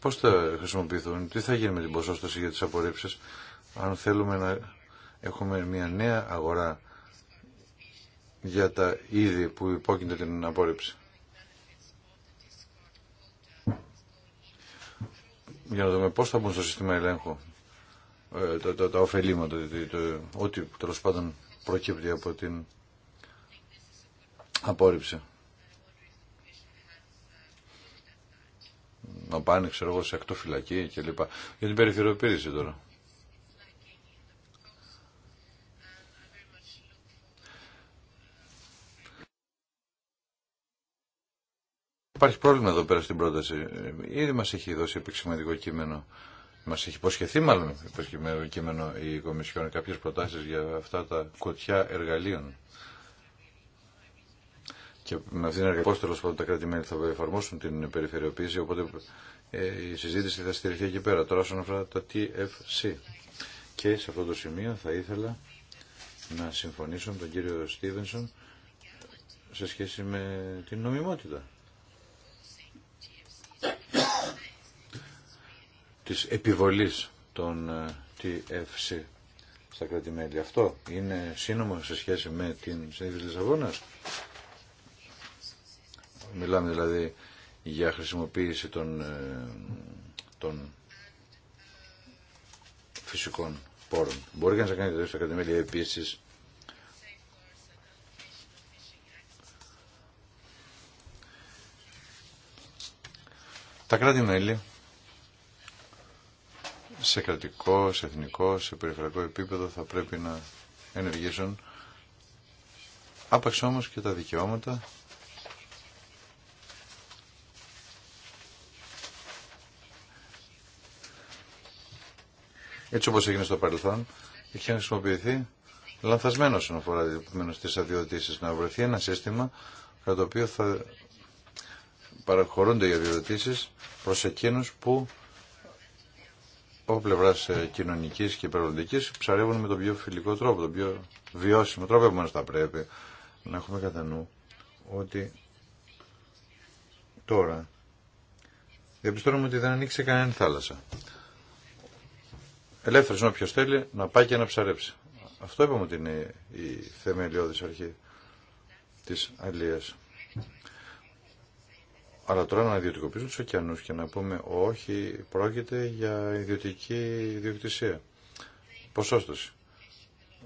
πώς θα χρησιμοποιηθούν, τι θα γίνει με την ποσόστοση για τις απορρίψεις, αν θέλουμε να έχουμε μια νέα αγορά για τα είδη που υπόκεινται την απόρριψη. Για να δούμε πώς θα μπουν στο σύστημα ελέγχου ε, τα, τα, τα ωφελήματα, ό,τι τέλο πάντων προκύπτει από την απόρριψη. Να πάνε, ξέρω εγώ, σε ακτοφυλακή κλπ. Για την περιφερειοποίηση τώρα. Υπάρχει πρόβλημα εδώ πέρα στην πρόταση. Ε, ήδη μα έχει δώσει επεξηματικό κείμενο. Μα έχει υποσχεθεί μάλλον υποσχεμένο κείμενο η Κομισιόν Κάποιε προτάσει για αυτά τα κοτιά εργαλείων. Και με αυτήν την εργαλεία τέλο πάντων τα κρατημένα θα εφαρμόσουν την περιφερειοποίηση, οπότε ε, η συζήτηση θα στηριχθεί εκεί πέρα. Τώρα όσον αφορά τα TFC. Και σε αυτό το σημείο θα ήθελα να συμφωνήσω με τον κύριο Στίβενσον σε σχέση με την νομιμότητα της επιβολής των ε, TFC στα κρατημέλη. Αυτό είναι σύνομο σε σχέση με την συνήθεια της Λισαβόνας. Μιλάμε δηλαδή για χρησιμοποίηση των, ε, των φυσικών πόρων. Μπορεί να κάνει το στα κρατημέλη επίσης Τα κράτη-μέλη σε κρατικό, σε εθνικό, σε περιφερειακό επίπεδο θα πρέπει να ενεργήσουν άπαξ όμως και τα δικαιώματα έτσι όπως έγινε στο παρελθόν είχε χρησιμοποιηθεί λανθασμένο όσον αφορά τις αδειοτήσεις να βρεθεί ένα σύστημα κατά το οποίο θα παραχωρούνται οι αδειοδοτήσεις προς εκείνους που από πλευρά ε, κοινωνική και περιβαλλοντικής ψαρεύουν με τον πιο φιλικό τρόπο, τον πιο βιώσιμο τρόπο. μας τα πρέπει να έχουμε κατά νου ότι τώρα διαπιστώνουμε ότι δεν ανοίξει κανένα θάλασσα. Ελεύθερο είναι όποιο θέλει να πάει και να ψαρέψει. Αυτό είπαμε ότι είναι η θεμελιώδης αρχή της αλίας. Αλλά τώρα να ιδιωτικοποιήσουμε του ωκεανού και να πούμε όχι, πρόκειται για ιδιωτική ιδιοκτησία. Ποσόστοση.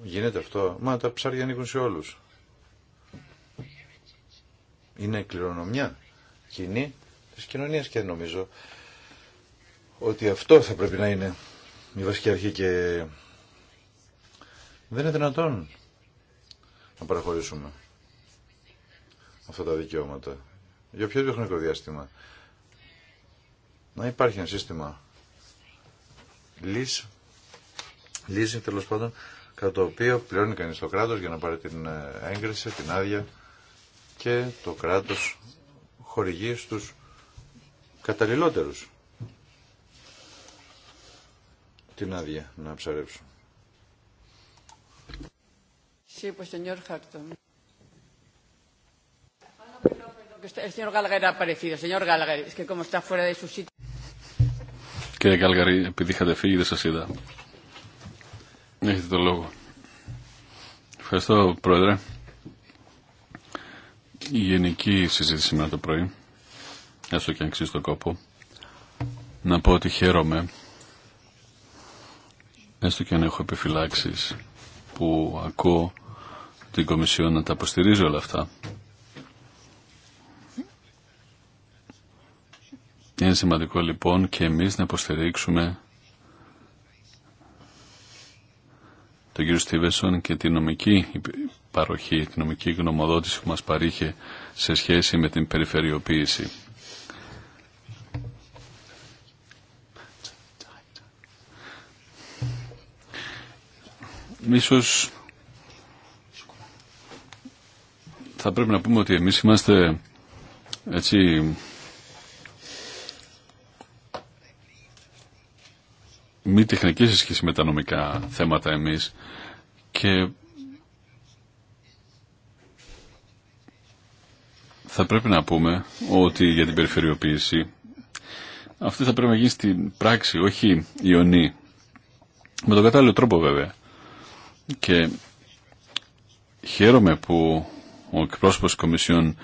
Γίνεται αυτό. Μα τα ψάρια ανήκουν σε όλου. Είναι κληρονομιά κοινή τη κοινωνίας και νομίζω ότι αυτό θα πρέπει να είναι η βασική αρχή και δεν είναι δυνατόν να παραχωρήσουμε αυτά τα δικαιώματα. Για ποιο χρονικό διάστημα. Να υπάρχει ένα σύστημα λύση, λύση τέλος πάντων, κατά το οποίο πληρώνει κανεί το κράτο για να πάρει την ε, έγκριση, την άδεια και το κράτος χορηγεί στους καταλληλότερου την άδεια να ψαρέψουν. Κύριε Γκάλγαρη, επειδή είχατε φύγει δεν σα. είδα. Έχετε το λόγο. Ευχαριστώ, Πρόεδρε. Η γενική συζήτηση σήμερα το πρωί, έστω και αν ξύσει το κόπο, να πω ότι χαίρομαι, έστω και αν έχω επιφυλάξει που ακούω την Κομισιόν να τα αποστηρίζει όλα αυτά Είναι σημαντικό λοιπόν και εμείς να υποστηρίξουμε τον κύριο Στίβεσον και την νομική παροχή, την νομική γνωμοδότηση που μας παρήχε σε σχέση με την περιφερειοποίηση. Ίσως θα πρέπει να πούμε ότι εμείς είμαστε έτσι μη τεχνική σε σχέση με τα νομικά θέματα εμείς και θα πρέπει να πούμε ότι για την περιφερειοποίηση αυτή θα πρέπει να γίνει στην πράξη, όχι ιονή. Με τον κατάλληλο τρόπο βέβαια. Και χαίρομαι που ο εκπρόσωπος της Κομισιόν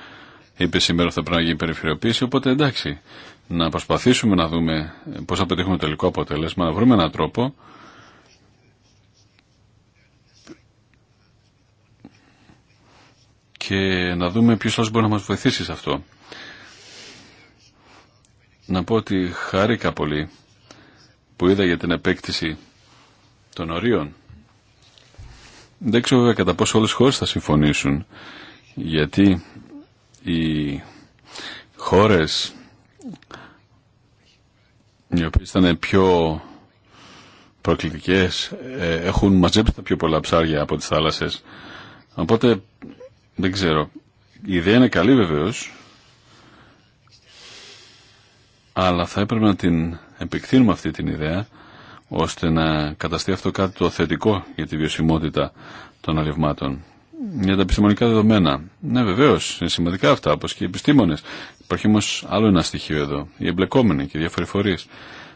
είπε σήμερα θα πρέπει να γίνει περιφερειοποίηση, οπότε εντάξει να προσπαθήσουμε να δούμε πώς θα πετύχουμε τελικό αποτέλεσμα, να βρούμε έναν τρόπο και να δούμε ποιος άλλος μπορεί να μας βοηθήσει σε αυτό. Να πω ότι χάρηκα πολύ που είδα για την επέκτηση των ορίων. Δεν ξέρω βέβαια κατά πόσο όλες οι χώρες θα συμφωνήσουν γιατί οι χώρες οι οποίες ήταν πιο προκλητικές ε, έχουν μαζέψει τα πιο πολλά ψάρια από τις θάλασσες οπότε δεν ξέρω η ιδέα είναι καλή βεβαίως αλλά θα έπρεπε να την επεκτείνουμε αυτή την ιδέα ώστε να καταστεί αυτό κάτι το θετικό για τη βιωσιμότητα των αλευμάτων για τα επιστημονικά δεδομένα. Ναι, βεβαίω, είναι σημαντικά αυτά, όπω και οι επιστήμονε. Υπάρχει όμω άλλο ένα στοιχείο εδώ, οι εμπλεκόμενοι και οι διάφοροι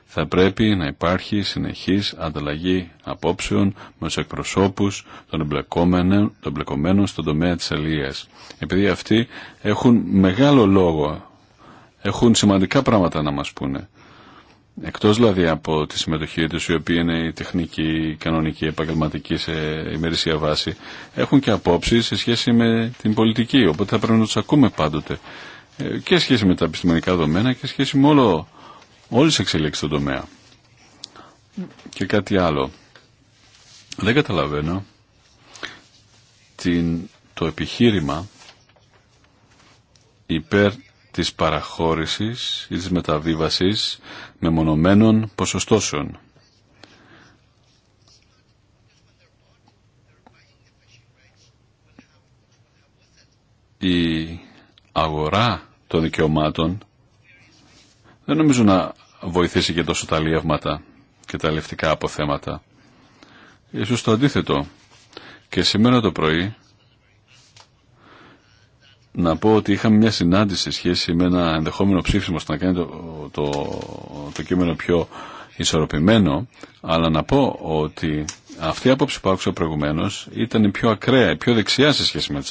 Θα πρέπει να υπάρχει συνεχή ανταλλαγή απόψεων με του εκπροσώπου των εμπλεκόμενων, των εμπλεκομένων στον τομέα τη αλληλεία. Επειδή αυτοί έχουν μεγάλο λόγο, έχουν σημαντικά πράγματα να μα πούνε. Εκτός δηλαδή από τη συμμετοχή τους, η οποία είναι η τεχνική, η κανονική, η επαγγελματική σε ημερησία βάση, έχουν και απόψεις σε σχέση με την πολιτική, οπότε θα πρέπει να τους ακούμε πάντοτε. Ε, και σχέση με τα επιστημονικά δομένα και σχέση με όλο, όλες τις εξελίξεις στον τομέα. Και κάτι άλλο. Δεν καταλαβαίνω το επιχείρημα υπέρ της παραχώρησης ή της μεταβίβασης μεμονωμένων ποσοστώσεων. Η αγορά των δικαιωμάτων δεν νομίζω να βοηθήσει και τόσο τα λίευματα και τα λευτικά αποθέματα. Ίσως το αντίθετο. Και σήμερα το πρωί να πω ότι είχαμε μια συνάντηση σε σχέση με ένα ενδεχόμενο ψήφισμα ώστε να κάνει το, το, το κείμενο πιο ισορροπημένο, αλλά να πω ότι αυτή η άποψη που άκουσα προηγουμένω ήταν η πιο ακραία, η πιο δεξιά σε σχέση με,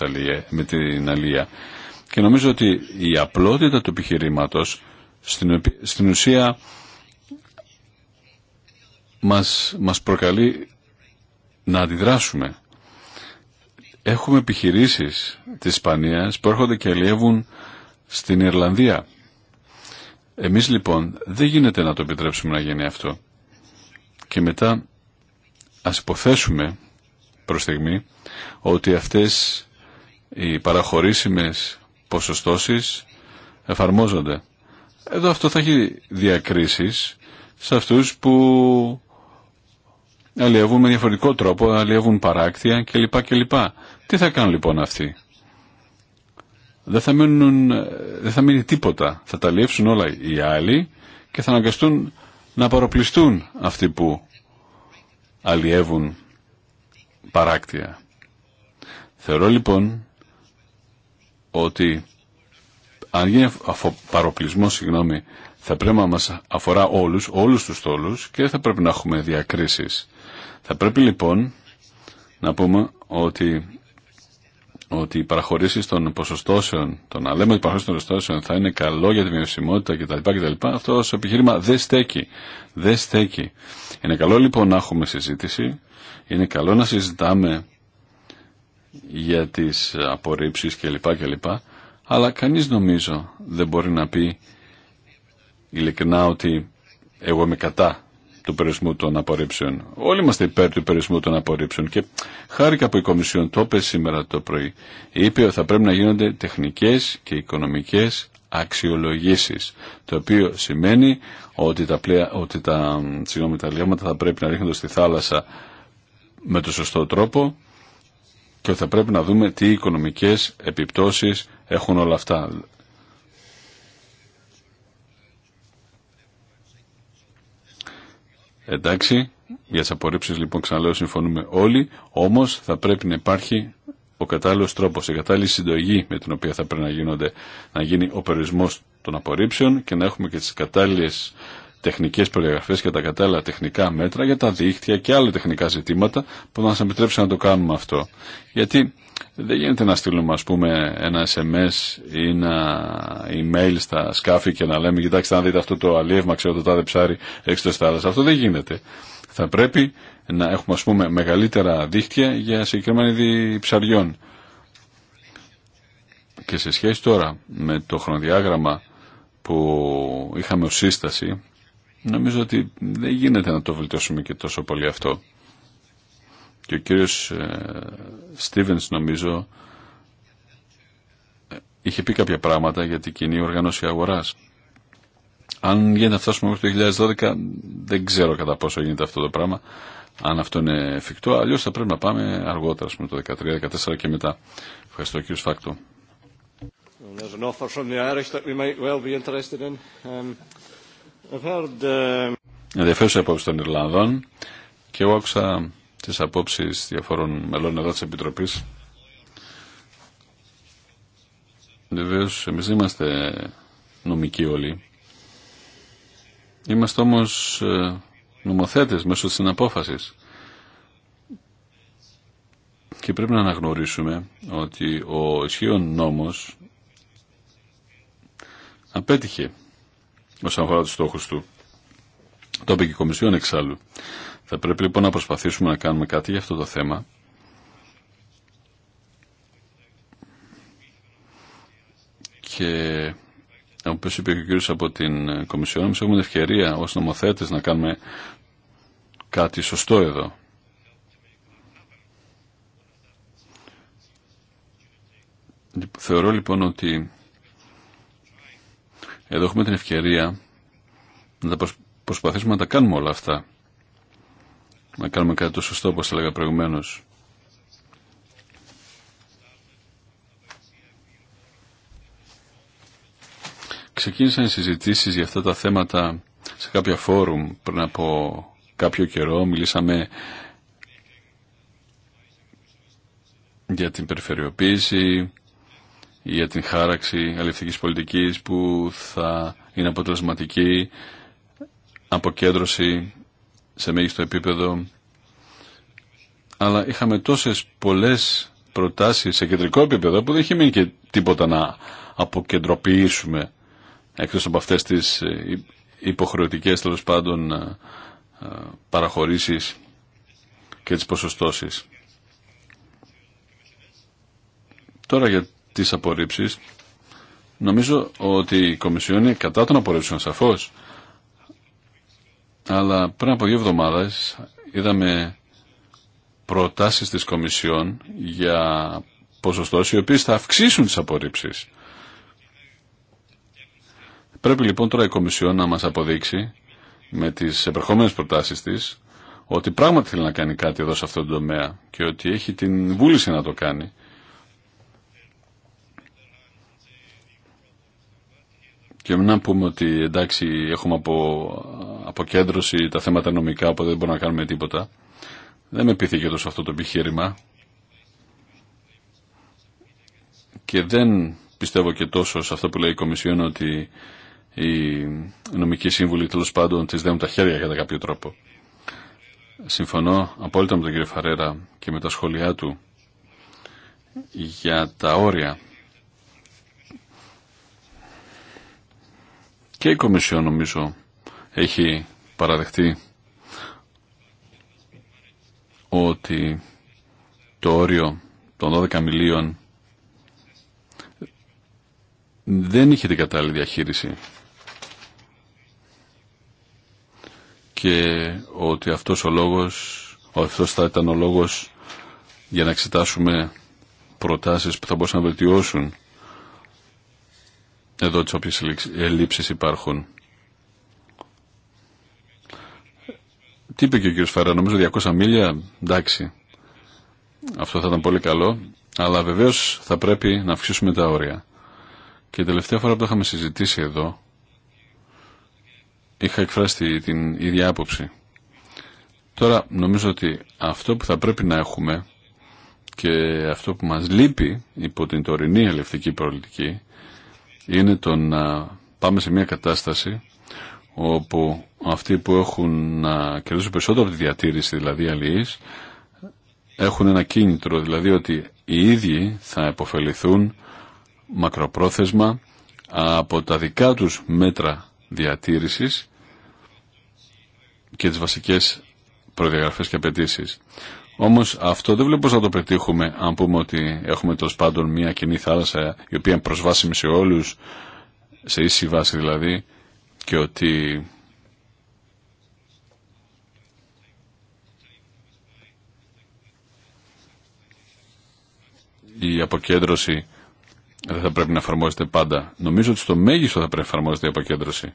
με την αλία. Και νομίζω ότι η απλότητα του επιχειρήματο στην, στην ουσία μας, μας προκαλεί να αντιδράσουμε έχουμε επιχειρήσεις της Ισπανίας που έρχονται και αλλιεύουν στην Ιρλανδία. Εμείς λοιπόν δεν γίνεται να το επιτρέψουμε να γίνει αυτό. Και μετά ας υποθέσουμε προς στιγμή ότι αυτές οι παραχωρήσιμες ποσοστώσεις εφαρμόζονται. Εδώ αυτό θα έχει διακρίσεις σε αυτούς που αλλιεύουν με διαφορετικό τρόπο, αλλιεύουν παράκτια κλπ. Τι θα κάνουν λοιπόν αυτοί. Δεν θα, μείνουν, θα μείνει τίποτα. Θα τα λείψουν όλα οι άλλοι και θα αναγκαστούν να παροπλιστούν αυτοί που αλλιεύουν παράκτια. Θεωρώ λοιπόν ότι αν γίνει αφο, παροπλισμό, συγγνώμη, θα πρέπει να μας αφορά όλους, όλους τους τόλους και θα πρέπει να έχουμε διακρίσεις. Θα πρέπει λοιπόν να πούμε ότι ότι οι παραχωρήσει των ποσοστώσεων, το να λέμε ότι οι παραχωρήσει των ποσοστώσεων θα είναι καλό για τη βιωσιμότητα κτλ. αυτό ω επιχείρημα δεν στέκει. Δεν στέκει. Είναι καλό λοιπόν να έχουμε συζήτηση, είναι καλό να συζητάμε για τις απορρίψει κλπ. Αλλά κανείς νομίζω δεν μπορεί να πει ειλικρινά ότι εγώ είμαι κατά του περιορισμού των απορρίψεων. Όλοι είμαστε υπέρ του περιορισμού των απορρίψεων και χάρηκα που η Κομισιόν το είπε σήμερα το πρωί. Είπε ότι θα πρέπει να γίνονται τεχνικέ και οικονομικέ αξιολογήσει, το οποίο σημαίνει ότι τα, πλέα ότι τα, συγγνώμη, λιώματα θα πρέπει να ρίχνονται στη θάλασσα με το σωστό τρόπο και θα πρέπει να δούμε τι οικονομικές επιπτώσεις έχουν όλα αυτά. Εντάξει, για τι απορρίψει λοιπόν ξαναλέω συμφωνούμε όλοι, όμω θα πρέπει να υπάρχει ο κατάλληλο τρόπο, η κατάλληλη συντογή με την οποία θα πρέπει να, γίνονται, να γίνει ο περιορισμό των απορρίψεων και να έχουμε και τι κατάλληλε τεχνικέ προδιαγραφέ και τα κατάλληλα τεχνικά μέτρα για τα δίχτυα και άλλα τεχνικά ζητήματα που θα μα επιτρέψουν να το κάνουμε αυτό. Γιατί δεν γίνεται να στείλουμε ας πούμε ένα SMS ή ένα email στα σκάφη και να λέμε κοιτάξτε να δείτε αυτό το αλίευμα ξέρω το τάδε ψάρι έξω το θάλασσα. Αυτό δεν γίνεται. Θα πρέπει να έχουμε ας πούμε μεγαλύτερα δίχτυα για συγκεκριμένα είδη ψαριών. Και σε σχέση τώρα με το χρονοδιάγραμμα που είχαμε ως σύσταση νομίζω ότι δεν γίνεται να το βελτιώσουμε και τόσο πολύ αυτό και ο κύριος ε, Στίβενς νομίζω είχε πει κάποια πράγματα για την κοινή οργάνωση αγοράς. Αν γίνεται να φτάσουμε μέχρι το 2012 δεν ξέρω κατά πόσο γίνεται αυτό το πράγμα αν αυτό είναι εφικτό, αλλιώς θα πρέπει να πάμε αργότερα, πούμε, το 2013-2014 και μετά. Ευχαριστώ κύριο Σφάκτο. Um, uh, Ενδιαφέρουσα υπόψη των Ιρλανδών και εγώ άκουσα τις απόψεις διαφορών μελών εδώ της Επιτροπής. Βεβαίω, εμείς είμαστε νομικοί όλοι. Είμαστε όμως ε, νομοθέτες μέσω της απόφασης. Και πρέπει να αναγνωρίσουμε ότι ο ισχύων νόμος απέτυχε όσον αφορά τους στόχους του. Το είπε και η Κομισιόν εξάλλου. Θα πρέπει λοιπόν να προσπαθήσουμε να κάνουμε κάτι για αυτό το θέμα. Και όπως είπε και ο κύριος από την Κομισιόν, εμείς έχουμε ευκαιρία ως νομοθέτες να κάνουμε κάτι σωστό εδώ. Θεωρώ λοιπόν ότι εδώ έχουμε την ευκαιρία να προσπαθήσουμε να τα κάνουμε όλα αυτά να κάνουμε κάτι το σωστό όπως έλεγα προηγουμένως. Ξεκίνησαν συζητήσεις για αυτά τα θέματα σε κάποια φόρουμ πριν από κάποιο καιρό. Μιλήσαμε για την περιφερειοποίηση, για την χάραξη αλληλευτικής πολιτικής που θα είναι αποτελεσματική, αποκέντρωση σε μέγιστο επίπεδο. Αλλά είχαμε τόσες πολλές προτάσεις σε κεντρικό επίπεδο που δεν είχε μείνει και τίποτα να αποκεντροποιήσουμε εκτός από αυτές τις ε, υποχρεωτικές τέλο πάντων ε, ε, παραχωρήσεις και τις ποσοστώσεις. Τώρα για τις απορρίψεις. Νομίζω ότι η Κομισιόν είναι κατά των απορρίψεων σαφώς αλλά πριν από δύο εβδομάδες είδαμε προτάσεις της Κομισιόν για ποσοστός οι οποίες θα αυξήσουν τις απορρίψεις. Πρέπει λοιπόν τώρα η Κομισιόν να μας αποδείξει με τις επερχόμενες προτάσεις της ότι πράγματι θέλει να κάνει κάτι εδώ σε αυτόν τον τομέα και ότι έχει την βούληση να το κάνει Και να πούμε ότι εντάξει έχουμε από αποκέντρωση τα θέματα νομικά, οπότε δεν μπορούμε να κάνουμε τίποτα. Δεν με πείθηκε τόσο αυτό το επιχείρημα. Και δεν πιστεύω και τόσο σε αυτό που λέει η Κομισιόν ότι οι νομικοί σύμβουλοι τέλο πάντων τις δένουν τα χέρια κατά κάποιο τρόπο. Συμφωνώ απόλυτα με τον κύριο Φαρέρα και με τα σχόλιά του για τα όρια Και η Κομισιόν νομίζω έχει παραδεχτεί ότι το όριο των 12 μιλίων δεν είχε την κατάλληλη διαχείριση και ότι αυτός ο λόγος ο αυτός θα ήταν ο λόγος για να εξετάσουμε προτάσεις που θα μπορούσαν να βελτιώσουν εδώ τις όποιες ελλείψεις υπάρχουν. Τι είπε και ο κύριος Φαρά, νομίζω 200 μίλια, εντάξει. Αυτό θα ήταν πολύ καλό, αλλά βεβαίως θα πρέπει να αυξήσουμε τα όρια. Και τελευταία φορά που το είχαμε συζητήσει εδώ, είχα εκφράσει την ίδια άποψη. Τώρα νομίζω ότι αυτό που θα πρέπει να έχουμε και αυτό που μας λείπει υπό την τωρινή ελευθερική πολιτική είναι το να πάμε σε μια κατάσταση όπου αυτοί που έχουν να κερδίσουν περισσότερο από τη διατήρηση, δηλαδή αλληλεί, έχουν ένα κίνητρο, δηλαδή ότι οι ίδιοι θα επωφεληθούν μακροπρόθεσμα από τα δικά τους μέτρα διατήρησης και τις βασικές προδιαγραφές και απαιτήσει. Όμω αυτό δεν βλέπω πώ θα το πετύχουμε αν πούμε ότι έχουμε τέλο πάντων μια κοινή θάλασσα η οποία είναι προσβάσιμη σε όλου, σε ίση βάση δηλαδή, και ότι η αποκέντρωση δεν θα πρέπει να εφαρμόζεται πάντα. Νομίζω ότι στο μέγιστο θα πρέπει να εφαρμόζεται η αποκέντρωση.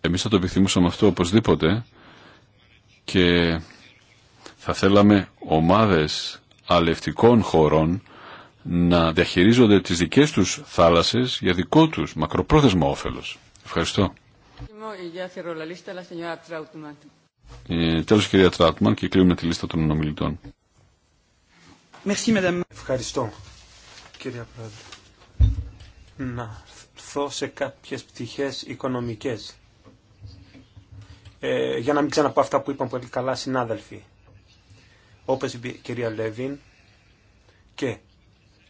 Εμείς θα το επιθυμούσαμε αυτό οπωσδήποτε, και θα θέλαμε ομάδες αλευτικών χωρών να διαχειρίζονται τις δικές τους θάλασσες για δικό τους μακροπρόθεσμο όφελος. Ευχαριστώ. Ε, τέλος κυρία Τράουτμαν και κλείνουμε τη λίστα των ομιλητών. Ευχαριστώ κυρία Πρόεδρε. Να έρθω σε κάποιες πτυχές οικονομικές ε, για να μην ξαναπώ αυτά που είπαν πολύ καλά συνάδελφοι. Όπως είπε η κυρία Λέβιν και,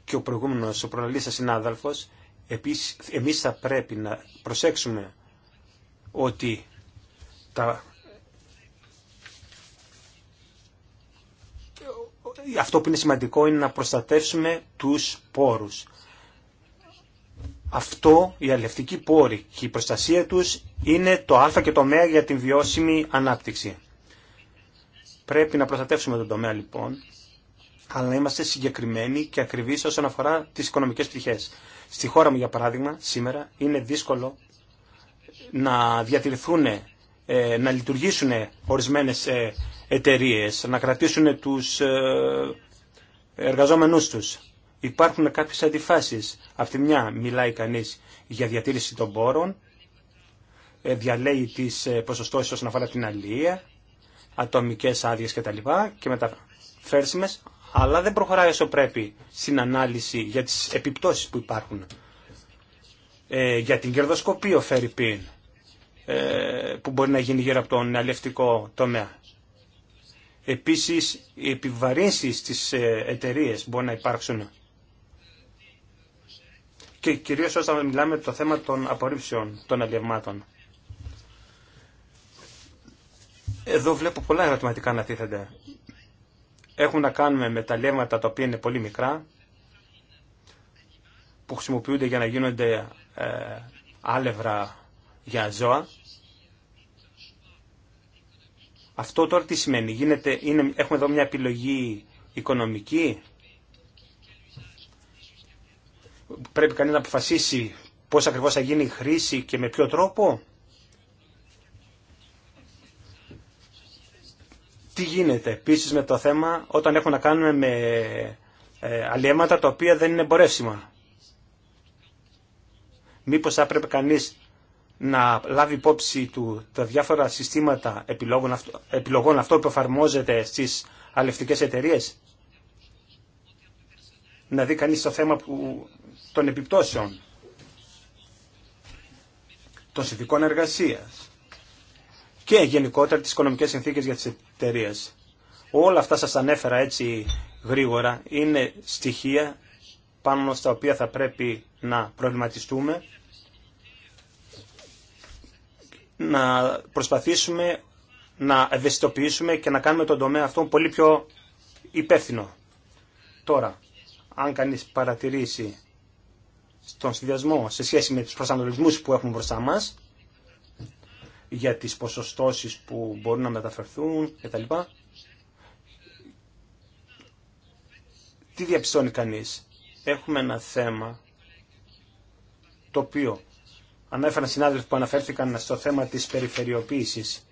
και ο προηγούμενος, ο προναλήσα συνάδελφος, επίσης, εμείς θα πρέπει να προσέξουμε ότι τα... αυτό που είναι σημαντικό είναι να προστατεύσουμε τους πόρους αυτό, η αλληλευτικοί πόροι και η προστασία τους είναι το α και το μέα για την βιώσιμη ανάπτυξη. Πρέπει να προστατεύσουμε τον τομέα λοιπόν, αλλά να είμαστε συγκεκριμένοι και ακριβείς όσον αφορά τις οικονομικές πτυχές. Στη χώρα μου για παράδειγμα σήμερα είναι δύσκολο να διατηρηθούν, ε, να λειτουργήσουν ορισμένες ε, εταιρείε, να κρατήσουν τους ε, εργαζόμενούς τους υπάρχουν κάποιες αντιφάσεις. Απ' τη μια μιλάει κανείς για διατήρηση των πόρων, ε, διαλέει τις ε, ποσοστώσεις όσον αφορά την αλληλεία, ατομικές άδειες κτλ. και μεταφέρσιμες, αλλά δεν προχωράει όσο πρέπει στην ανάλυση για τις επιπτώσεις που υπάρχουν. Ε, για την κερδοσκοπία φέρει πίν, που μπορεί να γίνει γύρω από τον αλληλευτικό τομέα. Επίσης, οι επιβαρύνσεις στις εταιρείες μπορεί να υπάρξουν και κυρίω όταν μιλάμε το θέμα των απορρίψεων των αλλιευμάτων. Εδώ βλέπω πολλά ερωτηματικά να τίθενται. Έχουν να κάνουμε με τα λέματα τα οποία είναι πολύ μικρά, που χρησιμοποιούνται για να γίνονται ε, άλευρα για ζώα. Αυτό τώρα τι σημαίνει, Γίνεται, είναι, έχουμε εδώ μια επιλογή οικονομική, πρέπει κανείς να αποφασίσει πώς ακριβώς θα γίνει η χρήση και με ποιο τρόπο. Τι γίνεται επίση με το θέμα όταν έχουμε να κάνουμε με ε, αλλιέματα τα οποία δεν είναι εμπορεύσιμα. Μήπως θα πρέπει κανείς να λάβει υπόψη του τα διάφορα συστήματα επιλογών, επιλογών αυτό που εφαρμόζεται στις αλευτικές εταιρείες. Να δει κανείς το θέμα που των επιπτώσεων των συνθηκών εργασίας και γενικότερα τις οικονομικές συνθήκες για τις εταιρείε. Όλα αυτά σας ανέφερα έτσι γρήγορα είναι στοιχεία πάνω στα οποία θα πρέπει να προβληματιστούμε να προσπαθήσουμε να ευαισθητοποιήσουμε και να κάνουμε τον τομέα αυτό πολύ πιο υπεύθυνο. Τώρα, αν κανείς παρατηρήσει στον συνδυασμό σε σχέση με τους προσανατολισμούς που έχουμε μπροστά μας για τις ποσοστώσεις που μπορούν να μεταφερθούν κτλ. Τι διαπιστώνει κανείς. Έχουμε ένα θέμα το οποίο ανέφεραν συνάδελφοι που αναφέρθηκαν στο θέμα της περιφερειοποίησης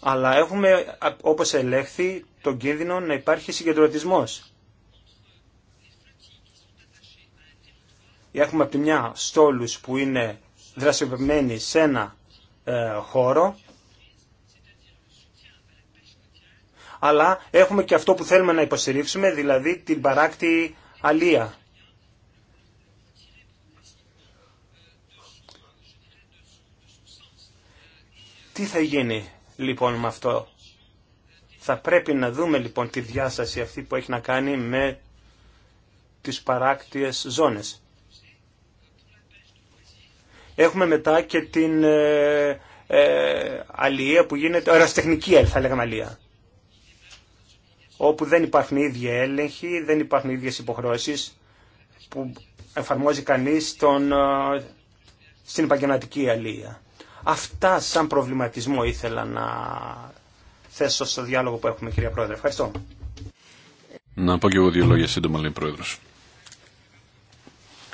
αλλά έχουμε όπως ελέγχθη τον κίνδυνο να υπάρχει συγκεντρωτισμός Έχουμε από τη μια στόλους που είναι δραστηριοποιημένοι σε ένα ε, χώρο, αλλά έχουμε και αυτό που θέλουμε να υποστηρίξουμε, δηλαδή την παράκτη αλία. Τι θα γίνει λοιπόν με αυτό. Θα πρέπει να δούμε λοιπόν τη διάσταση αυτή που έχει να κάνει με τις παράκτιες ζώνες. Έχουμε μετά και την ε, ε που γίνεται, αεραστεχνική θα λέγαμε αλληλεία, όπου δεν υπάρχουν οι ίδιοι έλεγχοι, δεν υπάρχουν οι ίδιες υποχρεώσεις που εφαρμόζει κανείς ε, στην επαγγελματική αλληλεία. Αυτά σαν προβληματισμό ήθελα να θέσω στο διάλογο που έχουμε κυρία Πρόεδρε. Ευχαριστώ. Να πω και εγώ δύο λόγια σύντομα λέει Πρόεδρος.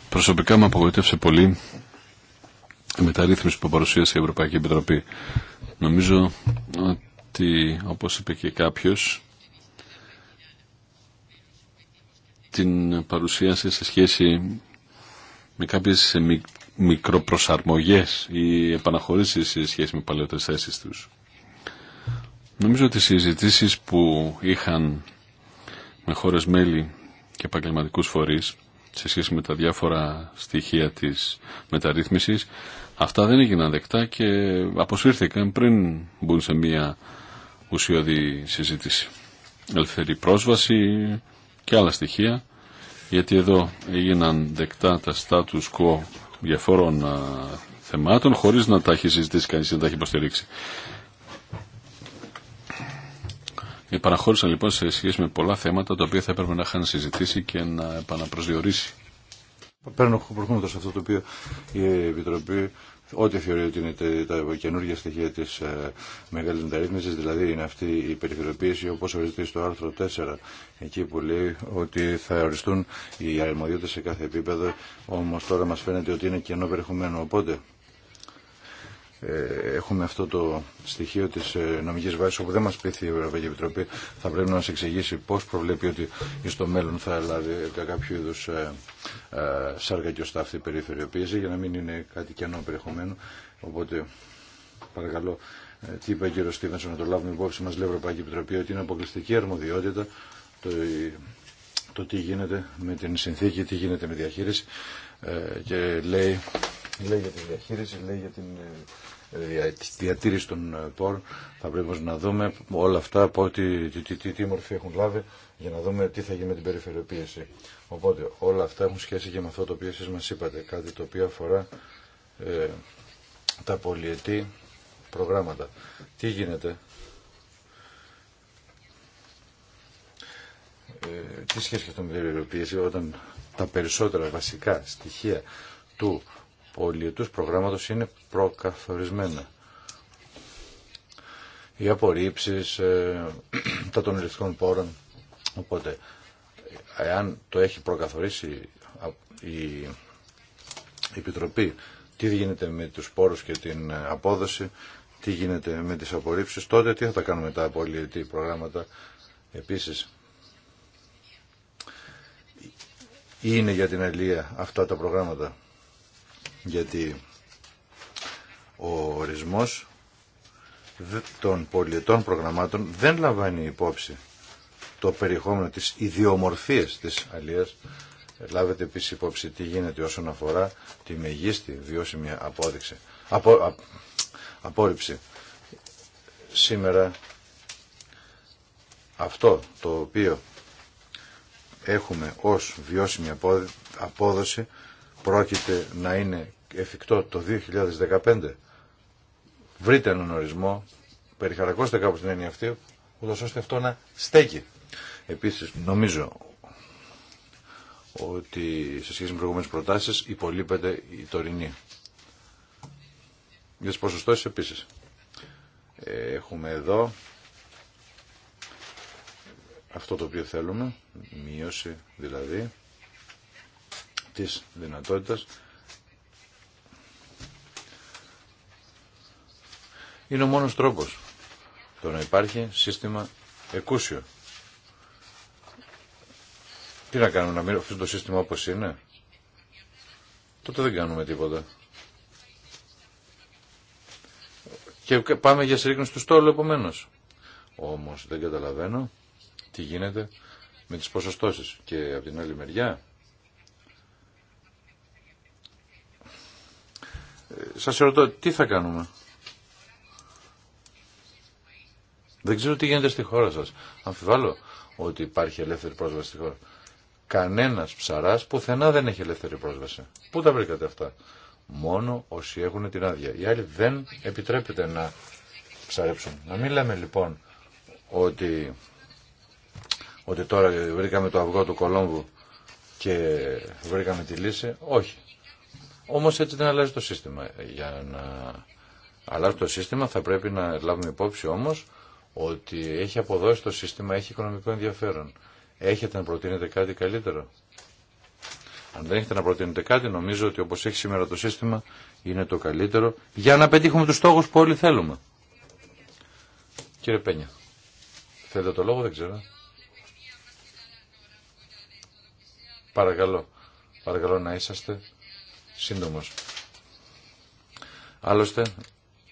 Προσωπικά με απογοήτευσε πολύ μεταρρύθμιση που παρουσίασε η Ευρωπαϊκή Επιτροπή. Νομίζω ότι, όπως είπε και κάποιος, την παρουσίασε σε σχέση με κάποιες μικροπροσαρμογές ή επαναχωρήσεις σε σχέση με παλαιότερες θέσεις τους. Νομίζω ότι οι συζητήσεις που είχαν με χώρες μέλη και επαγγελματικού φορείς σε σχέση με τα διάφορα στοιχεία της μεταρρύθμισης Αυτά δεν έγιναν δεκτά και αποσύρθηκαν πριν μπουν σε μια ουσιώδη συζήτηση. Ελευθερή πρόσβαση και άλλα στοιχεία, γιατί εδώ έγιναν δεκτά τα status quo διαφόρων θεμάτων χωρίς να τα έχει συζητήσει κανείς, να τα έχει υποστηρίξει. Παραχώρησαν λοιπόν σε σχέση με πολλά θέματα τα οποία θα έπρεπε να είχαν συζητήσει και να επαναπροσδιορίσει Παίρνω προηγούμενο σε αυτό το οποίο η Επιτροπή ό,τι θεωρεί ότι είναι τα καινούργια στοιχεία τη ε, μεγάλη μεταρρύθμιση, δηλαδή είναι αυτή η περιφερειοποίηση όπω ορίζεται στο άρθρο 4, εκεί που λέει ότι θα οριστούν οι αρμοδιότητε σε κάθε επίπεδο, όμω τώρα μα φαίνεται ότι είναι κενό περιεχομένο. Οπότε ε, έχουμε αυτό το στοιχείο της ε, νομική βάση όπου δεν μα πείθει η Ευρωπαϊκή Επιτροπή θα πρέπει να μα εξηγήσει πώ προβλέπει ότι στο μέλλον θα λάβει κάποιο είδου ε, σάρκα και οστά αυτή η περιφερειοποίηση για να μην είναι κάτι κενό περιεχομένο οπότε παρακαλώ τι είπε ο κ. Στίβενσον να το λάβουμε υπόψη μας λέει η Ευρωπαϊκή Επιτροπή ότι είναι αποκλειστική αρμοδιότητα το, το τι γίνεται με την συνθήκη, τι γίνεται με διαχείριση και λέει λέει για τη διαχείριση, λέει για την ε, διατήρηση των ε, πόρων. Θα πρέπει να δούμε όλα αυτά, από τι, τι, τι, μορφή έχουν λάβει, για να δούμε τι θα γίνει με την περιφερειοποίηση. Οπότε όλα αυτά έχουν σχέση και με αυτό το οποίο εσείς μας είπατε, κάτι το οποίο αφορά ε, τα πολιετή προγράμματα. Τι γίνεται. Ε, τι σχέση έχει αυτό με την περιφερειοποίηση όταν τα περισσότερα βασικά στοιχεία του πολιετούς προγράμματος είναι προκαθορισμένα. Οι απορρίψεις ε, τα των ελληνικών πόρων. Οπότε, εάν το έχει προκαθορίσει η Επιτροπή, τι γίνεται με τους πόρους και την ε, απόδοση, τι γίνεται με τις απορρίψεις, τότε τι θα τα κάνουμε τα πολιετή προγράμματα επίσης. είναι για την αλία αυτά τα προγράμματα γιατί ο ορισμός των πολιτών προγραμμάτων δεν λαμβάνει υπόψη το περιεχόμενο της ιδιομορφίας της αλίας. Λάβετε επίσης υπόψη τι γίνεται όσον αφορά τη μεγίστη βιώσιμη απόδειξη. Απο, α, απόρριψη. Σήμερα αυτό το οποίο έχουμε ως βιώσιμη απόδοση πρόκειται να είναι εφικτό το 2015. Βρείτε έναν ορισμό, περιχαρακώστε κάπου την έννοια αυτή, ούτως ώστε αυτό να στέκει. Επίσης, νομίζω ότι σε σχέση με προηγούμενες προτάσεις υπολείπεται η τωρινή. Για τις ποσοστώσεις επίσης. Έχουμε εδώ αυτό το οποίο θέλουμε, μείωση δηλαδή είναι ο μόνος τρόπος το να υπάρχει σύστημα εκούσιο. Τι να κάνουμε, να μην αυτό το σύστημα όπως είναι. Τότε δεν κάνουμε τίποτα. Και πάμε για συρρήκνωση του στόλου επομένω. Όμως δεν καταλαβαίνω τι γίνεται με τις ποσοστώσεις. Και από την άλλη μεριά σας ρωτώ, τι θα κάνουμε. Δεν ξέρω τι γίνεται στη χώρα σας. Αμφιβάλλω ότι υπάρχει ελεύθερη πρόσβαση στη χώρα. Κανένας ψαράς πουθενά δεν έχει ελεύθερη πρόσβαση. Πού τα βρήκατε αυτά. Μόνο όσοι έχουν την άδεια. Οι άλλοι δεν επιτρέπεται να ψαρέψουν. Να μην λέμε λοιπόν ότι, ότι τώρα βρήκαμε το αυγό του Κολόμβου και βρήκαμε τη λύση. Όχι. Όμως έτσι δεν αλλάζει το σύστημα. Για να αλλάζει το σύστημα θα πρέπει να λάβουμε υπόψη όμως ότι έχει αποδώσει το σύστημα, έχει οικονομικό ενδιαφέρον. Έχετε να προτείνετε κάτι καλύτερο. Αν δεν έχετε να προτείνετε κάτι, νομίζω ότι όπως έχει σήμερα το σύστημα είναι το καλύτερο για να πετύχουμε του στόχους που όλοι θέλουμε. Κύριε Πένια, θέλετε το λόγο, δεν ξέρω. Παρακαλώ, παρακαλώ να είσαστε σύντομος. Άλλωστε,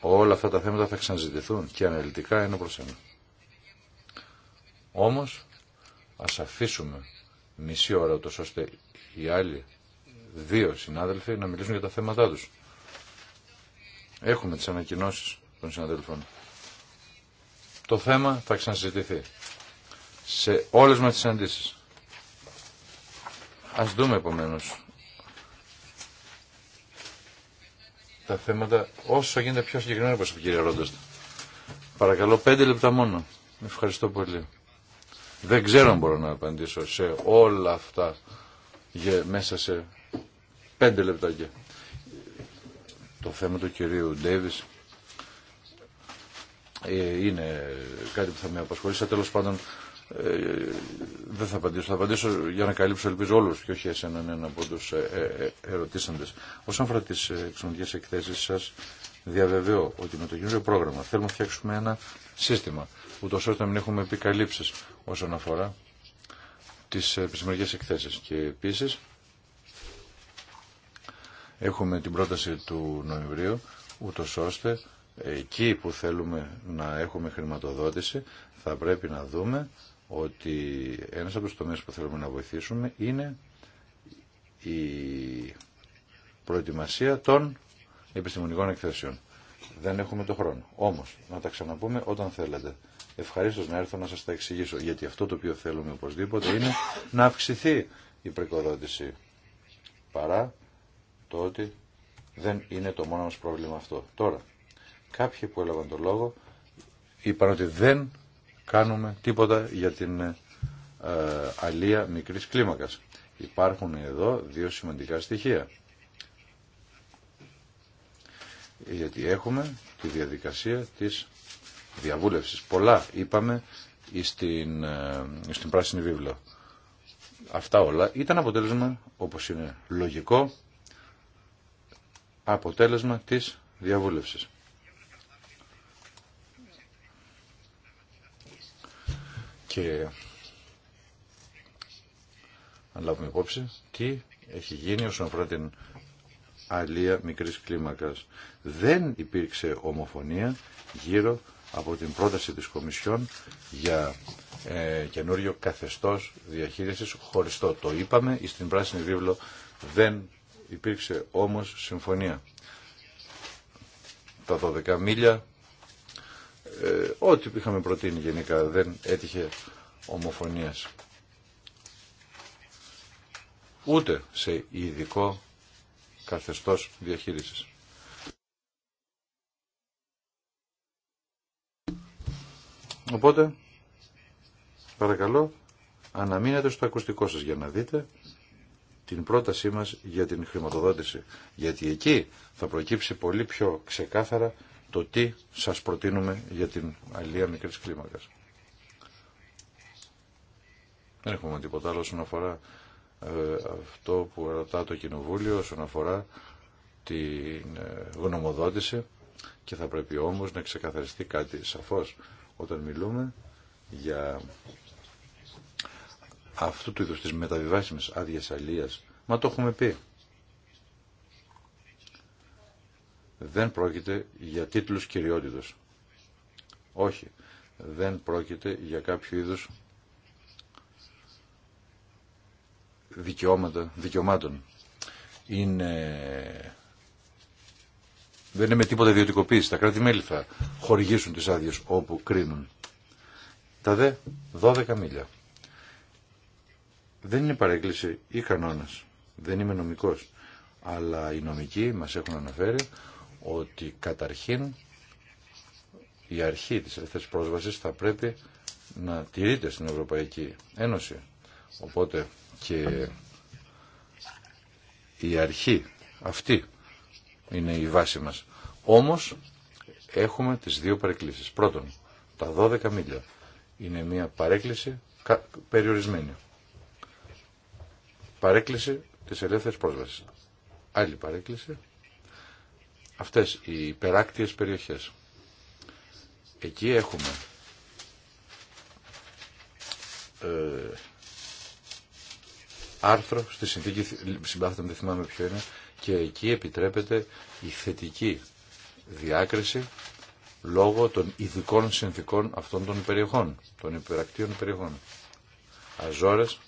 όλα αυτά τα θέματα θα ξαναζητηθούν και αναλυτικά ένα προς ένα. Όμως, ας αφήσουμε μισή ώρα ούτως ώστε οι άλλοι δύο συνάδελφοι να μιλήσουν για τα θέματά τους. Έχουμε τις ανακοινώσεις των συναδέλφων. Το θέμα θα ξαναζητηθεί σε όλες μας τις συναντήσεις. Ας δούμε επομένως τα θέματα όσο γίνεται πιο συγκεκριμένα από είπε κύριε Ρόντος. Παρακαλώ πέντε λεπτά μόνο. Ευχαριστώ πολύ. Δεν ξέρω αν μπορώ να απαντήσω σε όλα αυτά για, μέσα σε πέντε λεπτά και. Το θέμα του κυρίου Ντέβις ε, είναι κάτι που θα με απασχολήσει. Τέλος πάντων ε, δεν θα απαντήσω. Θα απαντήσω για να καλύψω ελπίζω όλου και όχι εσένα ένα από του ε, ε, ερωτήσαντε. Όσον αφορά τι εξωτερικέ εκθέσει σα, διαβεβαιώ ότι με το καινούριο πρόγραμμα θέλουμε να φτιάξουμε ένα σύστημα, ούτω ώστε να μην έχουμε επικαλύψει όσον αφορά τι επιστημονικέ εκθέσει. Και επίση έχουμε την πρόταση του Νοεμβρίου, ούτω ώστε εκεί που θέλουμε να έχουμε χρηματοδότηση θα πρέπει να δούμε ότι ένας από τους τομείς που θέλουμε να βοηθήσουμε είναι η προετοιμασία των επιστημονικών εκθέσεων. Δεν έχουμε το χρόνο. Όμως, να τα ξαναπούμε όταν θέλετε. Ευχαρίστω να έρθω να σας τα εξηγήσω, γιατί αυτό το οποίο θέλουμε οπωσδήποτε είναι να αυξηθεί η πρικοδότηση παρά το ότι δεν είναι το μόνο μας πρόβλημα αυτό. Τώρα, κάποιοι που έλαβαν το λόγο είπαν ότι δεν κάνουμε τίποτα για την ε, αλία μικρής κλίμακας. Υπάρχουν εδώ δύο σημαντικά στοιχεία. Γιατί έχουμε τη διαδικασία της διαβούλευσης. Πολλά είπαμε στην, ε, στην πράσινη βίβλο. Αυτά όλα ήταν αποτέλεσμα, όπως είναι λογικό, αποτέλεσμα της διαβούλευσης. και να λάβουμε υπόψη τι έχει γίνει όσον αφορά την αλία μικρής κλίμακας. Δεν υπήρξε ομοφωνία γύρω από την πρόταση της Κομισιόν για ε, καινούριο καθεστώς διαχείρισης χωριστό. Το είπαμε, στην Πράσινη Βίβλο δεν υπήρξε όμως συμφωνία. Τα 12 μίλια ε, ό,τι είχαμε προτείνει γενικά δεν έτυχε ομοφωνίας. Ούτε σε ειδικό καθεστώς διαχείρισης. Οπότε, παρακαλώ, αναμείνετε στο ακουστικό σας για να δείτε την πρότασή μας για την χρηματοδότηση. Γιατί εκεί θα προκύψει πολύ πιο ξεκάθαρα το τι σας προτείνουμε για την αλληλεία μικρής κλίμακας. Δεν έχουμε τίποτα άλλο όσον αφορά ε, αυτό που ρωτά το Κοινοβούλιο, όσον αφορά την ε, γνωμοδότηση και θα πρέπει όμως να ξεκαθαριστεί κάτι σαφώς όταν μιλούμε για αυτού του είδους της μεταβιβάσιμης άδειας αλίας. Μα το έχουμε πει. δεν πρόκειται για τίτλους κυριότητος. Όχι, δεν πρόκειται για κάποιο είδους δικαιώματα, δικαιωμάτων. Είναι... Δεν είναι με τίποτα ιδιωτικοποίηση. Τα κράτη-μέλη θα χορηγήσουν τις άδειε όπου κρίνουν. Τα δε 12 μίλια. Δεν είναι παρέκκληση ή κανόνας. Δεν είμαι νομικός. Αλλά οι νομικοί μας έχουν αναφέρει ότι καταρχήν η αρχή της ελεύθερης πρόσβασης θα πρέπει να τηρείται στην Ευρωπαϊκή Ένωση. Οπότε και η αρχή αυτή είναι η βάση μας. Όμως έχουμε τις δύο παρεκκλήσεις. Πρώτον, τα 12 μίλια είναι μια παρέκκληση περιορισμένη. Παρέκκληση της ελεύθερης πρόσβασης. Άλλη παρέκκληση αυτές οι υπεράκτιες περιοχές. Εκεί έχουμε ε, άρθρο στη συνθήκη, συμπάθητα δεν θυμάμαι ποιο είναι, και εκεί επιτρέπεται η θετική διάκριση λόγω των ειδικών συνθήκων αυτών των περιοχών, των υπερακτίων περιοχών. Αζόρες,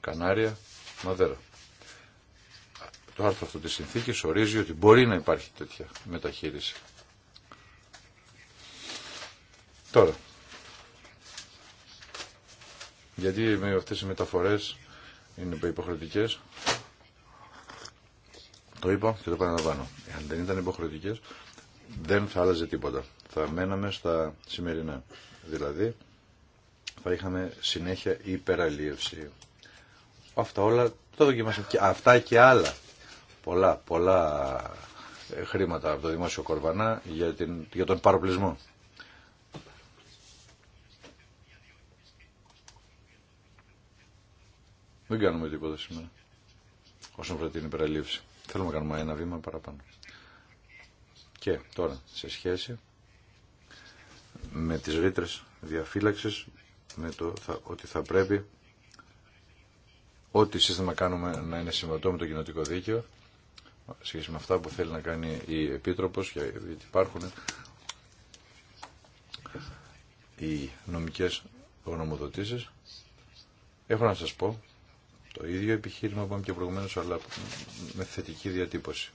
Κανάρια, Μαδέρα το άρθρο αυτό της συνθήκης ορίζει ότι μπορεί να υπάρχει τέτοια μεταχείριση. Τώρα, γιατί με αυτές οι μεταφορές είναι υποχρεωτικές, το είπα και το παραλαμβάνω. Αν δεν ήταν υποχρεωτικές, δεν θα άλλαζε τίποτα. Θα μέναμε στα σημερινά. Δηλαδή, θα είχαμε συνέχεια υπεραλίευση. Αυτά όλα το δοκιμάσαμε. Αυτά και άλλα πολλά, πολλά ε, χρήματα από το Δημόσιο Κορβανά για, την, για τον παροπλισμό. Δεν κάνουμε τίποτα σήμερα όσον αφορά την υπεραλήψη. Θέλουμε να κάνουμε ένα βήμα παραπάνω. Και τώρα, σε σχέση με τις ρήτρε διαφύλαξης, με το θα, ότι θα πρέπει ό,τι σύστημα κάνουμε να είναι συμβατό με το κοινοτικό δίκαιο σχέση με αυτά που θέλει να κάνει η Επίτροπος, γιατί υπάρχουν οι νομικές γνωμοδοτήσεις. Έχω να σας πω το ίδιο επιχείρημα που είπαμε και προηγουμένως, αλλά με θετική διατύπωση.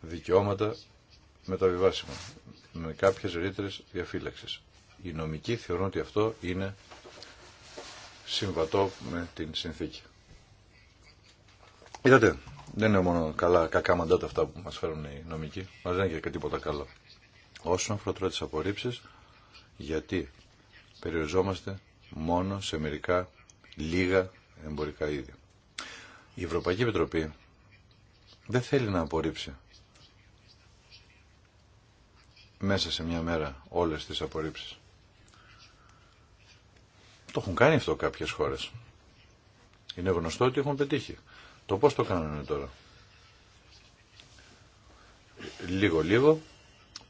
Δικαιώματα μεταβιβάσιμα, με κάποιες ρήτρε διαφύλαξης. Οι νομικοί θεωρούν ότι αυτό είναι συμβατό με την συνθήκη. Είδατε δεν είναι μόνο καλά, κακά μαντάτα αυτά που μας φέρουν οι νομικοί, μα δεν είναι και τίποτα καλό. Όσον αφορά τώρα τις απορρίψεις, γιατί περιοριζόμαστε μόνο σε μερικά λίγα εμπορικά είδη. Η Ευρωπαϊκή Επιτροπή δεν θέλει να απορρίψει μέσα σε μια μέρα όλες τις απορρίψεις. Το έχουν κάνει αυτό κάποιες χώρες. Είναι γνωστό ότι έχουν πετύχει. Το πώς το κάνουν τώρα. Λίγο-λίγο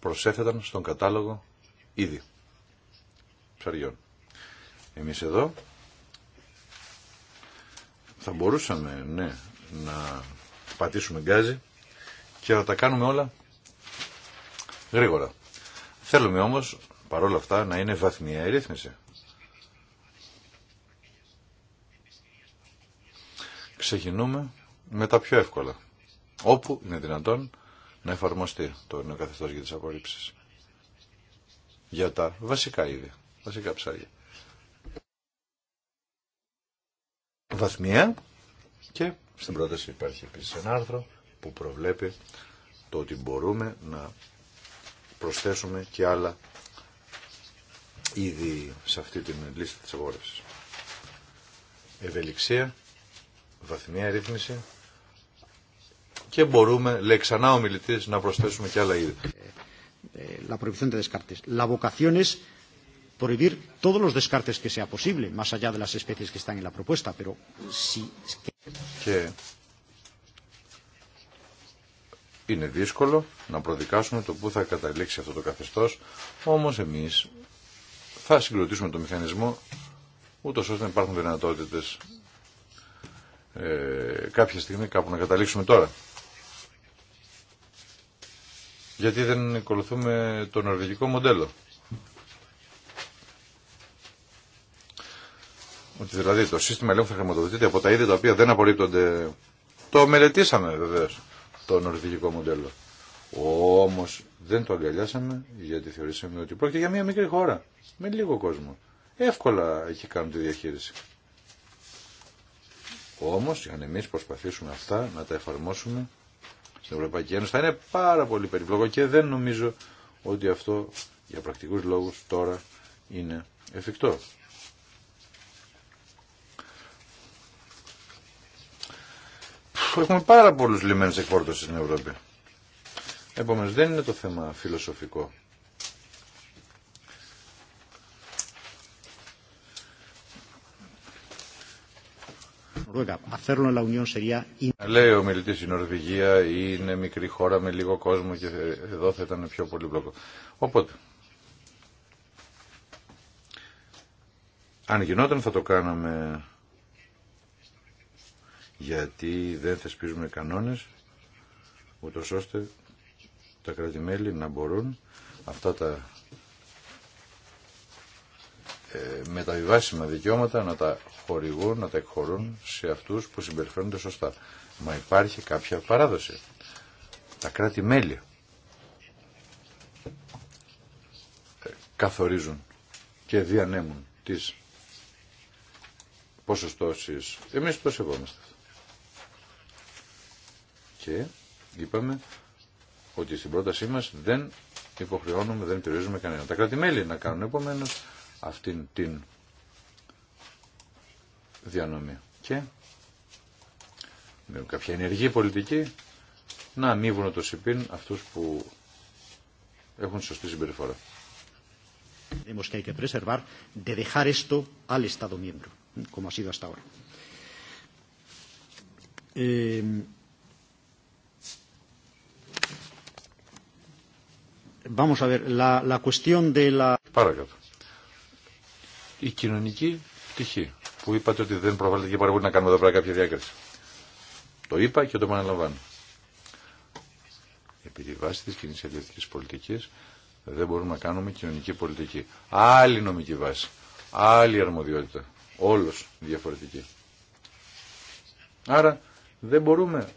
προσέθεταν στον κατάλογο ήδη ψαριών. Εμείς εδώ θα μπορούσαμε ναι, να πατήσουμε γκάζι και να τα κάνουμε όλα γρήγορα. Θέλουμε όμως παρόλα αυτά να είναι βαθμιαία η ρύθμιση. ξεκινούμε με τα πιο εύκολα. Όπου είναι δυνατόν να εφαρμοστεί το νέο καθεστώ για τι απορρίψει. Για τα βασικά είδη, βασικά ψάρια. Βαθμία και στην πρόταση υπάρχει επίσης ένα άρθρο που προβλέπει το ότι μπορούμε να προσθέσουμε και άλλα είδη σε αυτή την λίστα της αγόρευσης. Ευελιξία βαθμία ρύθμιση και μπορούμε, λέει ξανά ο μιλητή, να προσθέσουμε και άλλα είδη. Και είναι δύσκολο να προδικάσουμε το πού θα καταλήξει αυτό το καθεστώ. Όμω εμεί θα συγκροτήσουμε το μηχανισμό ούτω ώστε να υπάρχουν δυνατότητε ε, κάποια στιγμή κάπου να καταλήξουμε τώρα. Γιατί δεν ακολουθούμε το νορβηγικό μοντέλο. Ότι δηλαδή το σύστημα ελέγχου θα χρηματοδοτείται από τα είδη τα οποία δεν απορρίπτονται. Το μελετήσαμε βεβαίω το νορβηγικό μοντέλο. Όμω δεν το αγκαλιάσαμε γιατί θεωρήσαμε ότι πρόκειται για μια μικρή χώρα με λίγο κόσμο. Εύκολα έχει κάνει τη διαχείριση. Όμως, αν εμείς προσπαθήσουμε αυτά να τα εφαρμόσουμε στην Ευρωπαϊκή Ένωση, θα είναι πάρα πολύ περιπλοκό και δεν νομίζω ότι αυτό για πρακτικούς λόγους τώρα είναι εφικτό. Έχουμε πάρα πολλούς λιμένες εκφόρτωσης στην Ευρώπη. Επομένως δεν είναι το θέμα φιλοσοφικό. Ε, λέει ο μιλητής η Νορβηγία είναι μικρή χώρα με λίγο κόσμο και εδώ θα ήταν πιο πολύπλοκο. Οπότε, αν γινόταν θα το κάναμε γιατί δεν θεσπίζουμε κανόνες ούτως ώστε τα κρατημέλη να μπορούν αυτά τα ε, με τα βιβάσιμα δικαιώματα να τα χορηγούν, να τα εκχωρούν σε αυτούς που συμπεριφέρονται σωστά. Μα υπάρχει κάποια παράδοση. Τα κράτη-μέλη ε, καθορίζουν και διανέμουν τις ποσοστώσεις. Εμείς το σεβόμαστε. Και είπαμε ότι στην πρότασή μας δεν υποχρεώνουμε, δεν περιορίζουμε κανένα. Τα κράτη-μέλη να κάνουν επομένως αυτήν την διανομή. Και με κάποια ενεργή πολιτική να αμείβουν το ΣΥΠΗΝ αυτούς που έχουν σωστή συμπεριφορά. Hemos que hay que preservar de dejar esto al Estado miembro, como ha sido hasta ahora. Eh, vamos a ver, la, la cuestión de la... Παρακάτω η κοινωνική πτυχή που είπατε ότι δεν προβάλλεται και πάρα πολύ να κάνουμε εδώ πέρα κάποια διάκριση. Το είπα και το επαναλαμβάνω. Επί τη βάση της κοινή πολιτικής δεν μπορούμε να κάνουμε κοινωνική πολιτική. Άλλη νομική βάση, άλλη αρμοδιότητα, όλος διαφορετική. Άρα δεν μπορούμε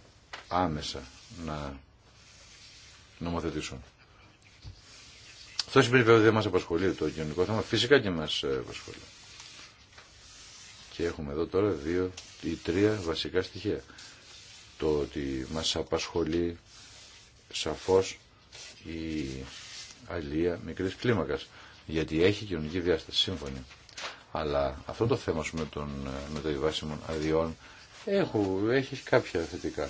άμεσα να νομοθετήσουμε. Αυτό σημαίνει βέβαια δεν μας απασχολεί το κοινωνικό θέμα, φυσικά και μας ε, απασχολεί. Και έχουμε εδώ τώρα δύο ή τρία βασικά στοιχεία. Το ότι μας απασχολεί σαφώς η αλληλεία μικρής κλίμακας, γιατί έχει κοινωνική διάσταση, σύμφωνη. Αλλά αυτό το θέμα με το ε, μεταβιβάσιμων αδειών έχουν, έχει κάποια θετικά.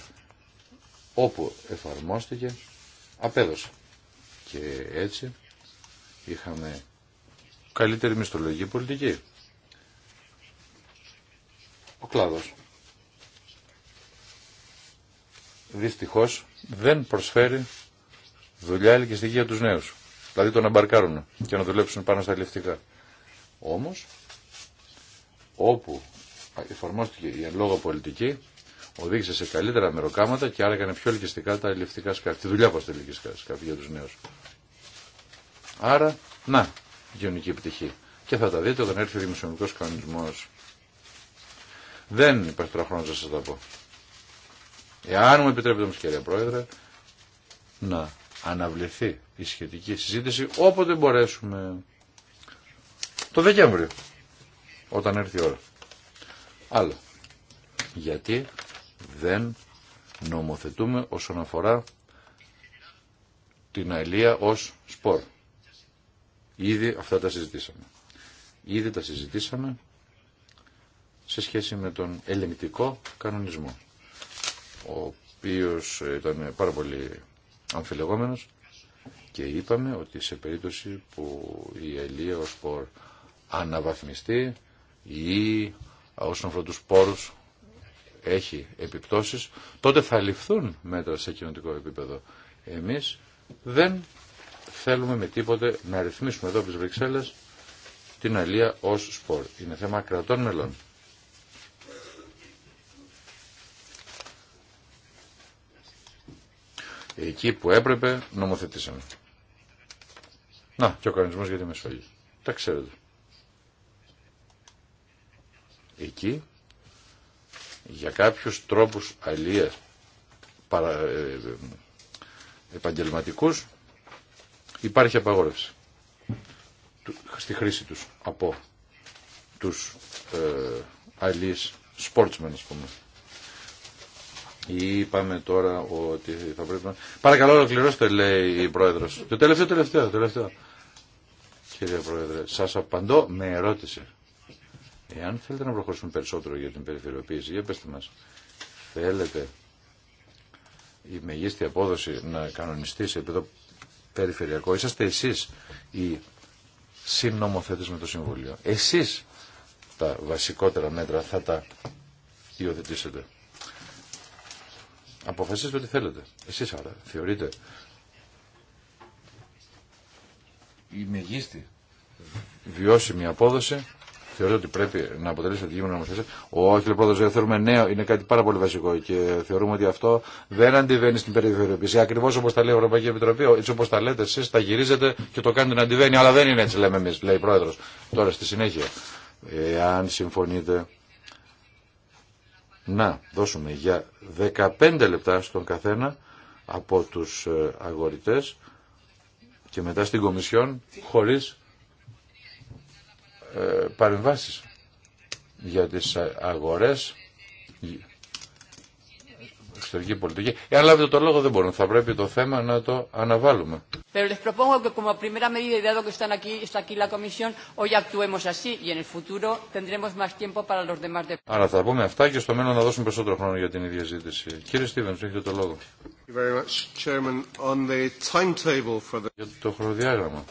Όπου εφαρμόστηκε, απέδωσε. Και έτσι είχαμε καλύτερη μισθολογική πολιτική. Ο κλάδος. Δυστυχώς δεν προσφέρει δουλειά ελκυστική για τους νέους. Δηλαδή το να μπαρκάρουν και να δουλέψουν πάνω στα ελευτικά. Όμως, όπου εφαρμόστηκε η εν λόγω πολιτική, οδήγησε σε καλύτερα μεροκάματα και άρα έκανε πιο ελκυστικά τα ελευτικά σκάφη. Τη δουλειά πως τα ελκυστικά σκάφη για τους νέους. Άρα, να, γεωνική επιτυχία. Και θα τα δείτε όταν έρθει ο δημοσιονομικός κανονισμός. Δεν υπάρχει τώρα χρόνος να σας τα πω. Εάν μου επιτρέπετε όμως κυρία Πρόεδρε, να αναβληθεί η σχετική συζήτηση όποτε μπορέσουμε. Το Δεκέμβριο, όταν έρθει η ώρα. Άλλο. Γιατί δεν νομοθετούμε όσον αφορά την αηλία ως σπορ. Ήδη αυτά τα συζητήσαμε. Ήδη τα συζητήσαμε σε σχέση με τον ελεγκτικό κανονισμό, ο οποίος ήταν πάρα πολύ αμφιλεγόμενος και είπαμε ότι σε περίπτωση που η Ελία e ως πορ αναβαθμιστεί ή όσον αφορά τους πόρους έχει επιπτώσεις, τότε θα ληφθούν μέτρα σε κοινωνικό επίπεδο. Εμείς δεν θέλουμε με τίποτε να ρυθμίσουμε εδώ από τις Βρυξέλλες την αλία ως σπορ. Είναι θέμα κρατών μελών. Εκεί που έπρεπε νομοθετήσαμε. Να, και ο κανονισμός για τη Μεσόγειο. Τα ξέρετε. Εκεί, για κάποιους τρόπους αλίας παρα, ε, ε, ε, επαγγελματικούς υπάρχει απαγόρευση στη χρήση τους από τους ε, αλληλείς σπόρτσμεν, ας πούμε. Ή είπαμε τώρα ότι θα πρέπει να... Παρακαλώ ολοκληρώστε, λέει Πρόεδρος. Το τελευταίο, τελευταίο, τελευταίο. Κύριε Πρόεδρε, σας απαντώ με ερώτηση. Εάν θέλετε να προχωρήσουμε περισσότερο για την περιφερειοποίηση, για πέστε μας, θέλετε η μεγίστη απόδοση να κανονιστεί σε επίπεδο περιφερειακό. Είσαστε εσείς οι συνομοθέτες με το Συμβούλιο. Εσείς τα βασικότερα μέτρα θα τα υιοθετήσετε. Αποφασίστε ό,τι θέλετε. Εσείς άρα θεωρείτε η μεγίστη βιώσιμη απόδοση θεωρώ ότι πρέπει να αποτελέσει αντικείμενο νομοθεσία. Όχι, λοιπόν, δεν θεωρούμε νέο, είναι κάτι πάρα πολύ βασικό και θεωρούμε ότι αυτό δεν αντιβαίνει στην περιφερειοποίηση. Ακριβώ όπω τα λέει η Ευρωπαϊκή Επιτροπή, έτσι όπω τα λέτε εσεί, τα γυρίζετε και το κάνετε να αντιβαίνει. Αλλά δεν είναι έτσι, λέμε εμεί, λέει η Πρόεδρο. Τώρα στη συνέχεια, εάν συμφωνείτε, να δώσουμε για 15 λεπτά στον καθένα από τους ε, αγορητές και μετά στην Κομισιόν χωρίς ε, παρεμβάσεις για τις αγορές εξωτερική πολιτική. Εάν λάβετε το λόγο δεν μπορούμε. Θα πρέπει το θέμα να το αναβάλουμε. Pero les propongo que como primera medida, dado que están aquí, está aquí la comisión, hoy actuemos así y en el futuro tendremos más tiempo para los demás de... Άρα θα πούμε αυτά και στο μέλλον να δώσουμε περισσότερο χρόνο για την ίδια ζήτηση. Κύριε Στίβενς, έχετε το λόγο. Very much, Chairman. On the timetable for the... Για το χροδιάγραμμα.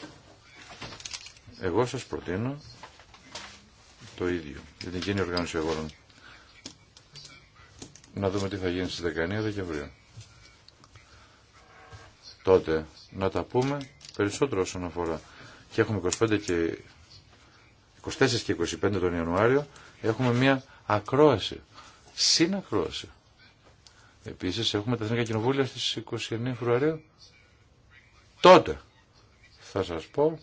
Εγώ σας προτείνω το ίδιο για την κοινή οργάνωση αγορών. Να δούμε τι θα γίνει στις 19 Δεκεμβρίου. Τότε να τα πούμε περισσότερο όσον αφορά. Και έχουμε 25 και 24 και 25 τον Ιανουάριο έχουμε μια ακρόαση, συνακρόαση. Επίσης έχουμε τα Εθνικά Κοινοβούλια στις 29 Φρουαρίου. Τότε θα σας πω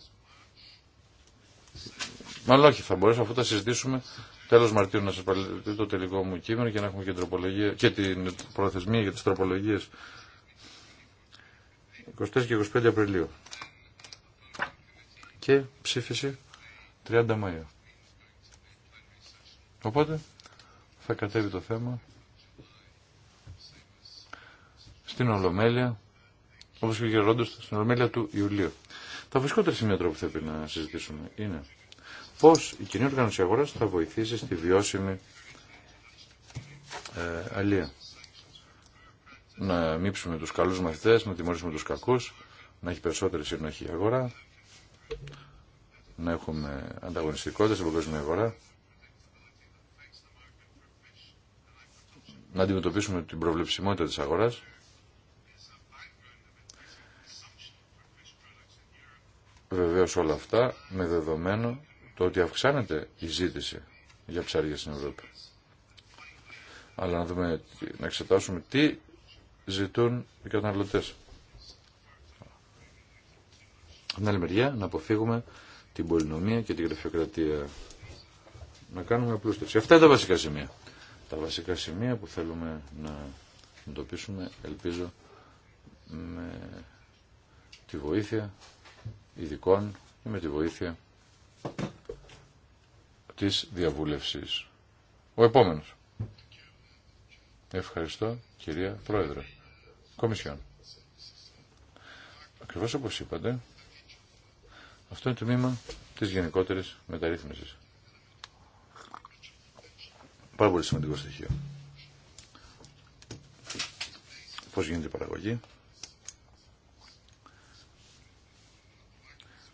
Μάλλον όχι, θα μπορέσω αφού τα συζητήσουμε τέλο Μαρτίου να σα παραλυθεί το τελικό μου κείμενο και να έχουμε και, την προθεσμία για τι τροπολογίε 24 και 25 Απριλίου. Και ψήφιση 30 Μαΐου. Οπότε θα κατέβει το θέμα στην Ολομέλεια, όπως και ο Γερόντος, στην Ολομέλεια του Ιουλίου. Τα βασικότερα σημεία τρόπου που θα να συζητήσουμε είναι πώς η κοινή οργάνωση αγοράς θα βοηθήσει στη βιώσιμη ε, αλία. Να μήψουμε τους καλούς μαθητές, να τιμωρήσουμε τους κακούς, να έχει περισσότερη συνοχή η αγορά, να έχουμε ανταγωνιστικότητα στην παγκόσμια αγορά, να αντιμετωπίσουμε την προβλεψιμότητα της αγοράς, Βεβαίως όλα αυτά με δεδομένο το ότι αυξάνεται η ζήτηση για ψάρια στην Ευρώπη. Αλλά να δούμε, να εξετάσουμε τι ζητούν οι καταναλωτές. Από την άλλη μεριά να αποφύγουμε την πολυνομία και την γραφειοκρατία. Να κάνουμε απλούστευση. Αυτά είναι τα βασικά σημεία. Τα βασικά σημεία που θέλουμε να εντοπίσουμε, ελπίζω, με τη βοήθεια ειδικών ή με τη βοήθεια της διαβούλευσης. Ο επόμενος. Ευχαριστώ, κυρία Πρόεδρε. Κομισιόν. Ακριβώς όπως είπατε, αυτό είναι το μήμα της γενικότερης μεταρρύθμισης. Πάρα πολύ σημαντικό στοιχείο. Πώς γίνεται η παραγωγή.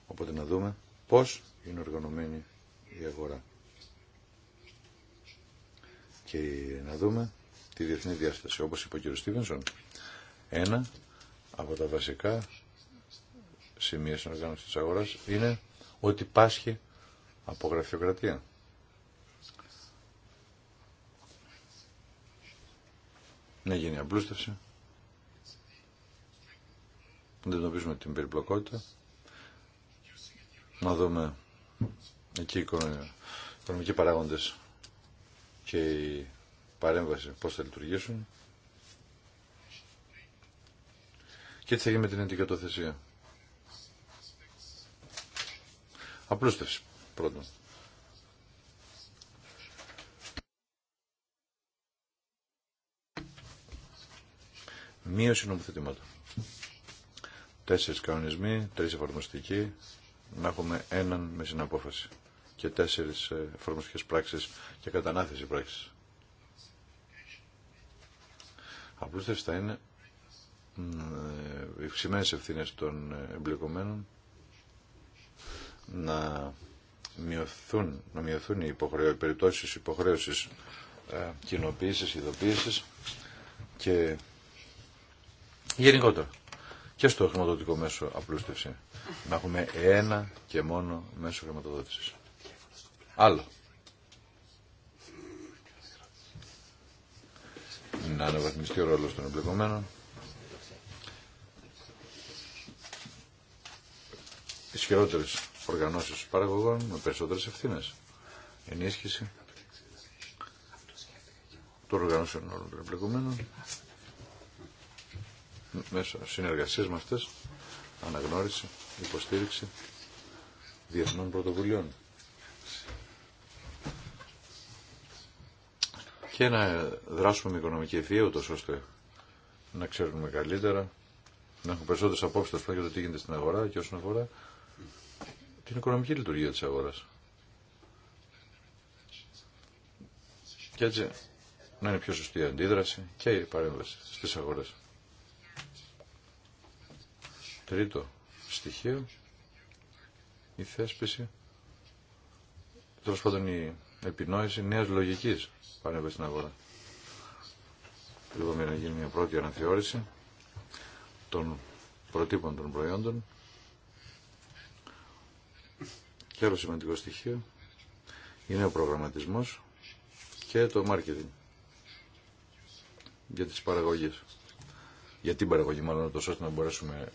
Οπότε να δούμε πώς είναι οργανωμένη η αγορά και να δούμε τη διεθνή διάσταση. Όπως είπε ο κ. Στίβενσον, ένα από τα βασικά σημεία στην οργάνωση της αγοράς είναι ότι πάσχει από γραφειοκρατία. Να γίνει απλούστευση, να αντιμετωπίσουμε την περιπλοκότητα, να δούμε εκεί οι οικονομικοί παράγοντες και η παρέμβαση πώς θα λειτουργήσουν και τι θα γίνει με την ενδικατοθεσία. Απλούστευση πρώτον. Μείωση νομοθετημάτων. Τέσσερις κανονισμοί, τρεις εφαρμοστικοί, να έχουμε έναν με συναπόφαση και τέσσερις ε, εφαρμοστικέ πράξεις και κατανάθεση πράξη. Απλούστευση θα είναι ευξημένες ευθύνες των ε, εμπλεκομένων να μειωθούν, να μειωθούν οι, υποχρεώ, οι περιπτώσεις υποχρέωσης ε, κοινοποίησης, και γενικότερα και στο χρηματοδοτικό μέσο απλούστευση να έχουμε ένα και μόνο μέσο χρηματοδότησης. Άλλο. Να αναβαθμιστεί ο ρόλος των εμπλεκομένων. Ισχυρότερες οργανώσεις παραγωγών με περισσότερες ευθύνες. Ενίσχυση των οργανώσεων όλων των εμπλεκομένων μέσω συνεργασίας με αυτές αναγνώριση, υποστήριξη διεθνών πρωτοβουλειών. και να δράσουμε με οικονομική ευφυΐα ούτως ώστε να ξέρουμε καλύτερα, να έχουμε περισσότερες απόψεις για το τι γίνεται στην αγορά και όσον αφορά την οικονομική λειτουργία της αγοράς. Και έτσι να είναι πιο σωστή η αντίδραση και η παρέμβαση στις αγορές. Τρίτο στοιχείο, η θέσπιση, τέλο πάντων η επινόηση νέας λογικής παρέμβαση στην αγορά. Λοιπόν, να γίνει μια πρώτη αναθεώρηση των προτύπων των προϊόντων. Και άλλο σημαντικό στοιχείο είναι ο προγραμματισμός και το marketing για τις παραγωγές. Για την παραγωγή μάλλον, τόσο ώστε να μπορέσουμε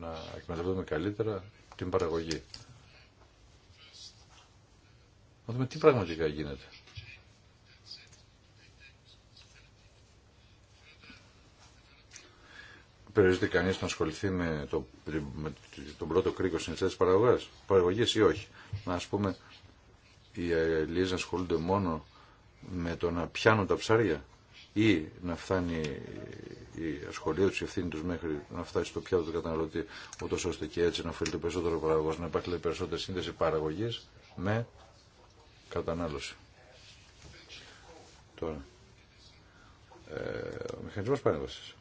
να εκμεταλλευτούμε καλύτερα την παραγωγή. Να δούμε τι πραγματικά γίνεται. περιορίζεται κανεί να ασχοληθεί με, το, με τον πρώτο κρίκο τη παραγωγή ή όχι. Να α πούμε, οι να ασχολούνται μόνο με το να πιάνουν τα ψάρια ή να φτάνει η ασχολία του, η ευθύνη του μέχρι να φτάσει στο πιάτο του καταναλωτή, ούτω ώστε και έτσι να ωφελείται περισσότερο παραγωγό, να υπάρχει δηλαδή περισσότερη σύνδεση παραγωγή με κατανάλωση. Τώρα. Ε, ο μηχανισμό παρέμβαση.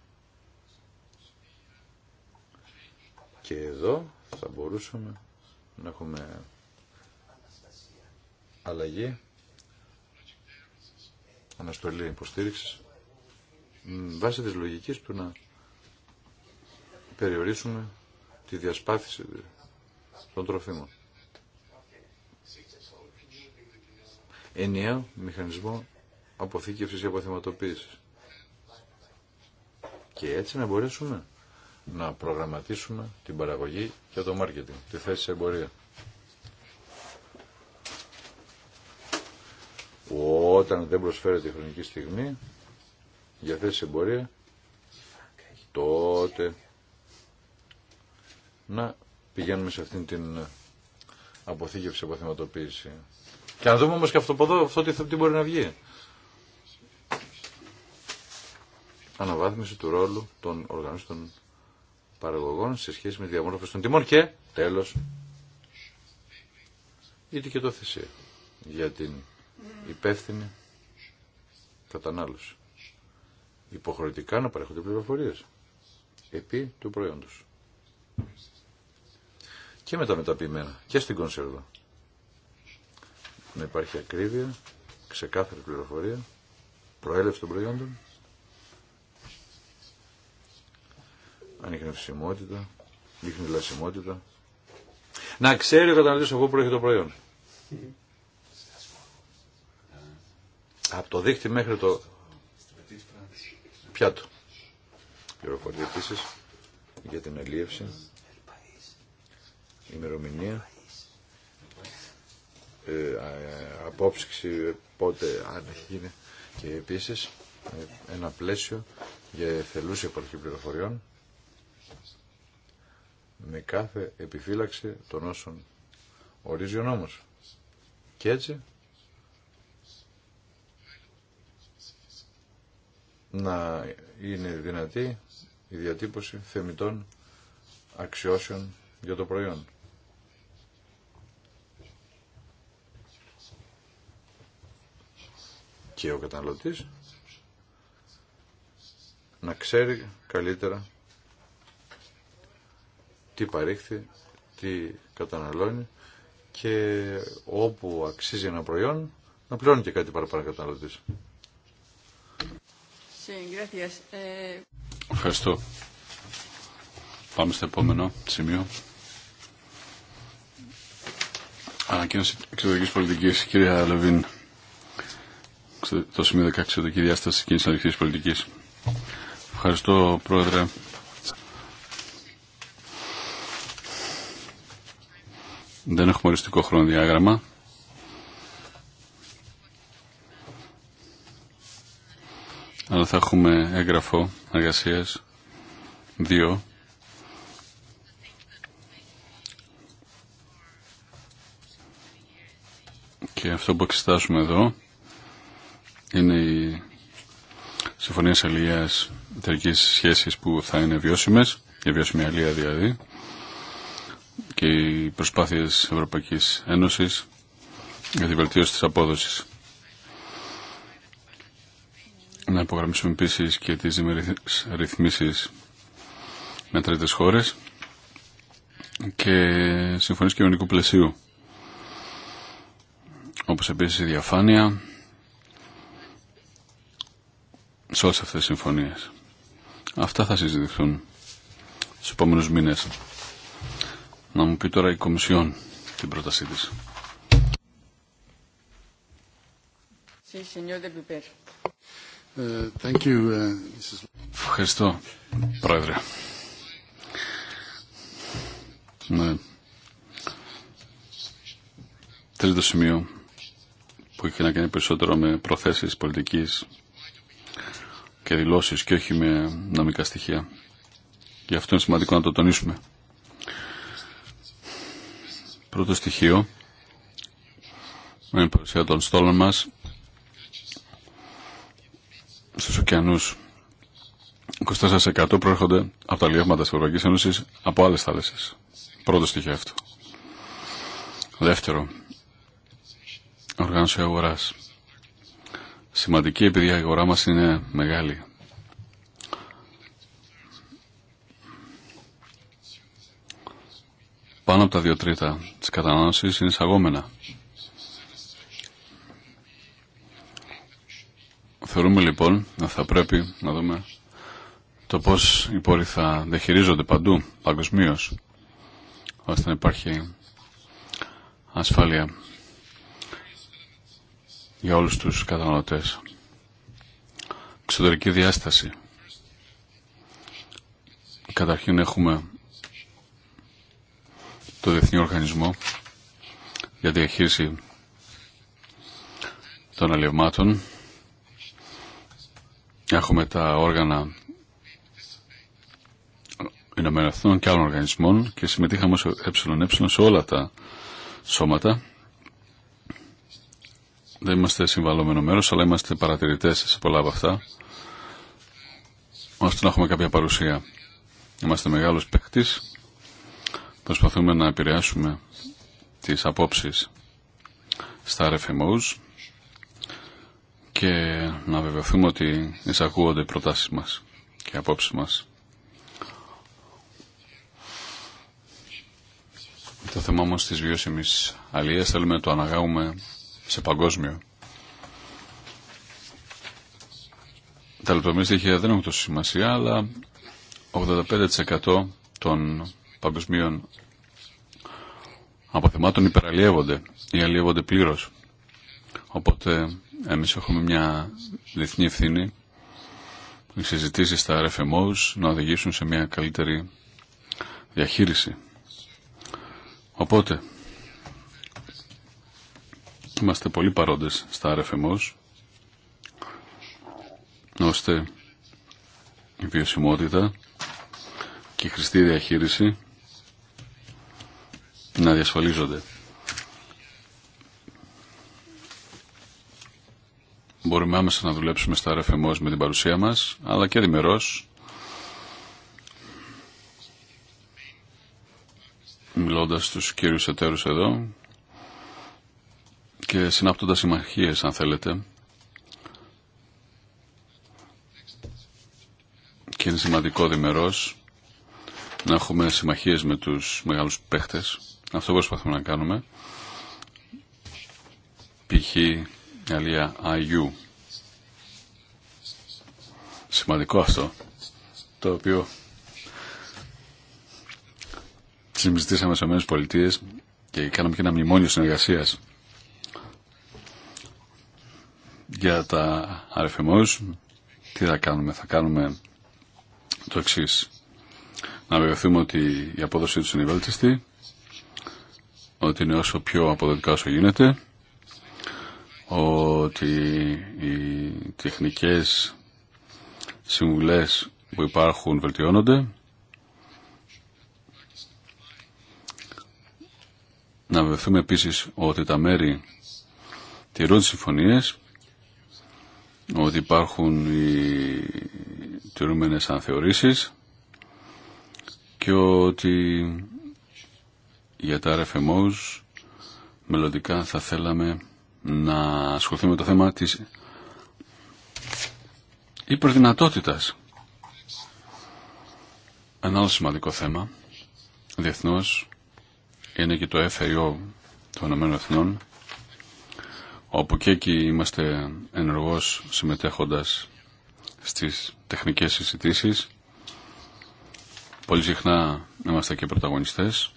Και εδώ θα μπορούσαμε να έχουμε αλλαγή, αναστολή υποστήριξης, βάσει της λογικής του να περιορίσουμε τη διασπάθηση των τροφίμων. Ενιαίο μηχανισμό αποθήκευσης και αποθεματοποίησης. Και έτσι να μπορέσουμε να προγραμματίσουμε την παραγωγή και το μάρκετινγκ, τη θέση σε εμπορία. Όταν δεν προσφέρεται η χρονική στιγμή για θέση εμπορία, τότε να πηγαίνουμε σε αυτήν την αποθήκευση, αποθεματοποίηση. Και να δούμε όμως και αυτό από εδώ, αυτό τι, τι μπορεί να βγει. Αναβάθμιση του ρόλου των οργανώσεων παραγωγών σε σχέση με τη διαμόρφωση των τιμών και τέλος η δικαιοτόθεση για την υπεύθυνη κατανάλωση. Υποχρεωτικά να παρέχονται πληροφορίε επί του προϊόντος. Και με τα μεταποιημένα και στην κονσέρβα. Να υπάρχει ακρίβεια, ξεκάθαρη πληροφορία, προέλευση των προϊόντων ανιχνευσιμότητα, δείχνει λασιμότητα. Να ξέρει ο καταναλωτής από πού προέρχεται το προϊόν. Από το δίχτυ μέχρι το πιάτο. Πληροφορία επίση για την ελίευση, ημερομηνία, ε, απόψυξη, ε, πότε αν έχει γίνει και επίσης ε, ένα πλαίσιο για θελούσια υπαρχή πληροφοριών με κάθε επιφύλαξη των όσων ορίζει ο νόμος. Και έτσι να είναι δυνατή η διατύπωση θεμητών αξιώσεων για το προϊόν. Και ο καταναλωτής να ξέρει καλύτερα τι παρήχθη, τι καταναλώνει και όπου αξίζει ένα προϊόν να πληρώνει και κάτι παραπάνω καταναλωτής. Ε, Ευχαριστώ. Πάμε στο επόμενο σημείο. Ανακοίνωση εξωτερικής πολιτικής. κυρία Λεβίν. Το σημείο 16, εξωτερική διάσταση κίνηση ανοιχτή πολιτικής. Ευχαριστώ, Πρόεδρε. Δεν έχουμε οριστικό χρονοδιάγραμμα. Αλλά θα έχουμε έγγραφο εργασία. Δύο. Και αυτό που εξετάζουμε εδώ είναι οι συμφωνίες αλληλείας εταιρικής σχέσης που θα είναι βιώσιμες, για βιώσιμη αλληλεία δηλαδή, και οι προσπάθειες Ευρωπαϊκής Ένωσης για τη βελτίωση της απόδοσης. Να υπογραμμίσουμε επίση και τις ρυθμίσεις με τρίτες χώρες και συμφωνίες κοινωνικού πλαισίου όπως επίσης η διαφάνεια σε όλες αυτές τις συμφωνίες. Αυτά θα συζητηθούν στους επόμενους μήνες. Να μου πει τώρα η Κομισιόν την πρότασή της. Ε, ε, Ευχαριστώ, Πρόεδρε. Ναι. Τρίτο σημείο που έχει να κάνει περισσότερο με προθέσεις πολιτικής και δηλώσεις και όχι με νομικά στοιχεία. Γι' αυτό είναι σημαντικό να το τονίσουμε. Πρώτο στοιχείο με την παρουσία των στόλων μας στους ωκεανούς. 24% προέρχονται από τα λιεύματα της Ευρωπαϊκής Ένωσης από άλλες θάλασσες. Πρώτο στοιχείο αυτό. Δεύτερο, οργάνωση αγοράς. Σημαντική επειδή η αγορά μας είναι μεγάλη. Πάνω από τα δύο τρίτα της κατανάλωσης είναι εισαγόμενα. Θεωρούμε λοιπόν να θα πρέπει να δούμε το πώς οι πόροι θα διαχειρίζονται παντού, παγκοσμίω, ώστε να υπάρχει ασφάλεια για όλους τους καταναλωτές. Εξωτερική διάσταση. Καταρχήν έχουμε το Διεθνή Οργανισμό για τη Διαχείριση των αλληλευμάτων. Έχουμε τα όργανα Ηνωμένων Εθνών και άλλων οργανισμών και συμμετείχαμε ως ΕΕ σε όλα τα σώματα. Δεν είμαστε συμβαλλόμενο μέρος, αλλά είμαστε παρατηρητές σε πολλά από αυτά, ώστε να έχουμε κάποια παρουσία. Είμαστε μεγάλος παίκτης Προσπαθούμε να επηρεάσουμε τις απόψεις στα RFMOs και να βεβαιωθούμε ότι εισακούονται οι προτάσεις μας και οι απόψεις μας. Το θέμα όμως της βιώσιμης αλληλείας θέλουμε να το αναγάγουμε σε παγκόσμιο. Τα λεπτομέρειες στοιχεία δεν έχουν τόσο σημασία, αλλά 85% των παγκοσμίων αποθεμάτων υπεραλλιεύονται ή αλλιεύονται πλήρω. Οπότε εμείς έχουμε μια διεθνή ευθύνη οι συζητήσεις στα RFMOs να οδηγήσουν σε μια καλύτερη διαχείριση. Οπότε είμαστε πολύ παρόντες στα RFMOs ώστε η βιωσιμότητα και η χρηστή διαχείριση να διασφαλίζονται. Μπορούμε άμεσα να δουλέψουμε στα RFMOs με την παρουσία μας, αλλά και δημερός μιλώντας στους κύριους εταίρους εδώ και συνάπτοντας συμμαχίες, αν θέλετε, και είναι σημαντικό διμερός να έχουμε συμμαχίες με τους μεγάλους παίχτες αυτό προσπαθούμε να κάνουμε. Π.χ. αλία Αγίου. Σημαντικό αυτό, το οποίο συμπιστήσαμε σε ΗΠΑ Πολιτείες και κάναμε και ένα μνημόνιο συνεργασίας για τα RFMOs. Τι θα κάνουμε, θα κάνουμε το εξής. Να βεβαιωθούμε ότι η απόδοση του είναι βέλτιστη, ότι είναι όσο πιο αποδοτικά όσο γίνεται, ότι οι τεχνικές συμβουλές που υπάρχουν βελτιώνονται, να βεβαιωθούμε επίσης ότι τα μέρη τηρούν τις συμφωνίες, ότι υπάρχουν οι τηρούμενες ανθεωρήσεις και ότι για τα RFMOs μελλοντικά θα θέλαμε να ασχοληθούμε με το θέμα της υπερδυνατότητας. Ένα άλλο σημαντικό θέμα διεθνώς είναι και το FAO των ΗΕ όπου και εκεί είμαστε ενεργώς συμμετέχοντας στις τεχνικές συζητήσεις. Πολύ συχνά είμαστε και πρωταγωνιστές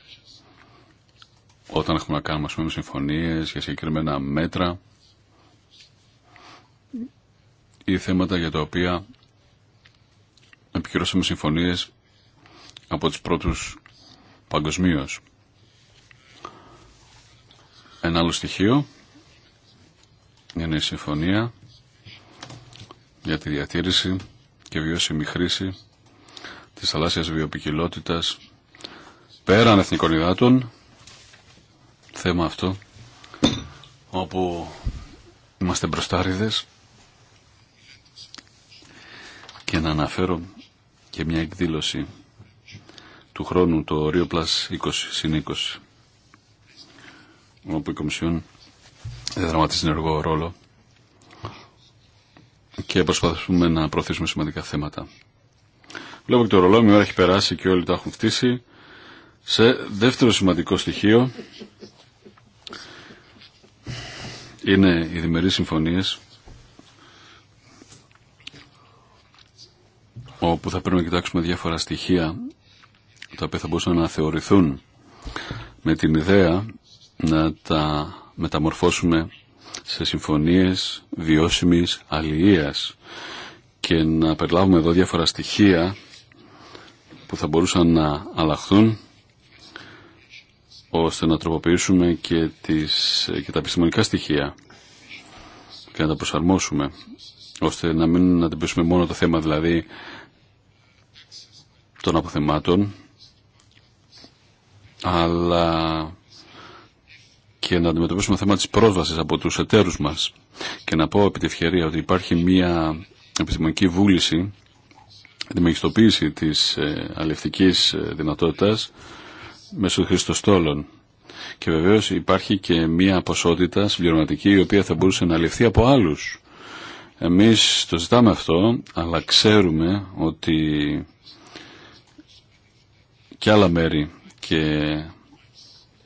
όταν έχουμε να κάνουμε πούμε, συμφωνίες για συγκεκριμένα μέτρα ή θέματα για τα οποία επικυρώσαμε συμφωνίες από τις πρώτους παγκοσμίω. Ένα άλλο στοιχείο είναι η συμφωνία για τη διατήρηση και βιώσιμη χρήση της θαλάσσιας βιοπικιλότητας πέραν εθνικών θέμα αυτό όπου είμαστε μπροστάριδες και να αναφέρω και μια εκδήλωση του χρόνου το Rio Plus 20 20 όπου η Κομισιόν δραματίζει ενεργό ρόλο και προσπαθούμε να προωθήσουμε σημαντικά θέματα. Βλέπω και το ρολόι, ώρα έχει περάσει και όλοι τα έχουν φτύσει. Σε δεύτερο σημαντικό στοιχείο είναι οι διμερείς συμφωνίες όπου θα πρέπει να κοιτάξουμε διάφορα στοιχεία τα οποία θα μπορούσαν να θεωρηθούν με την ιδέα να τα μεταμορφώσουμε σε συμφωνίες βιώσιμης αλληλείας και να περιλάβουμε εδώ διάφορα στοιχεία που θα μπορούσαν να αλλάχθουν ώστε να τροποποιήσουμε και, τις, και τα επιστημονικά στοιχεία και να τα προσαρμόσουμε ώστε να μην αντιμετωπίσουμε μόνο το θέμα δηλαδή των αποθεμάτων αλλά και να αντιμετωπίσουμε το θέμα της πρόσβασης από τους εταίρους μας και να πω επί τη ευκαιρία ότι υπάρχει μια επιστημονική βούληση τη μεγιστοποίηση της ε, αλευτικής ε, δυνατότητας μέσω στόλων Και βεβαίως υπάρχει και μία ποσότητα συμπληρωματική η οποία θα μπορούσε να ληφθεί από άλλους. Εμείς το ζητάμε αυτό, αλλά ξέρουμε ότι και άλλα μέρη και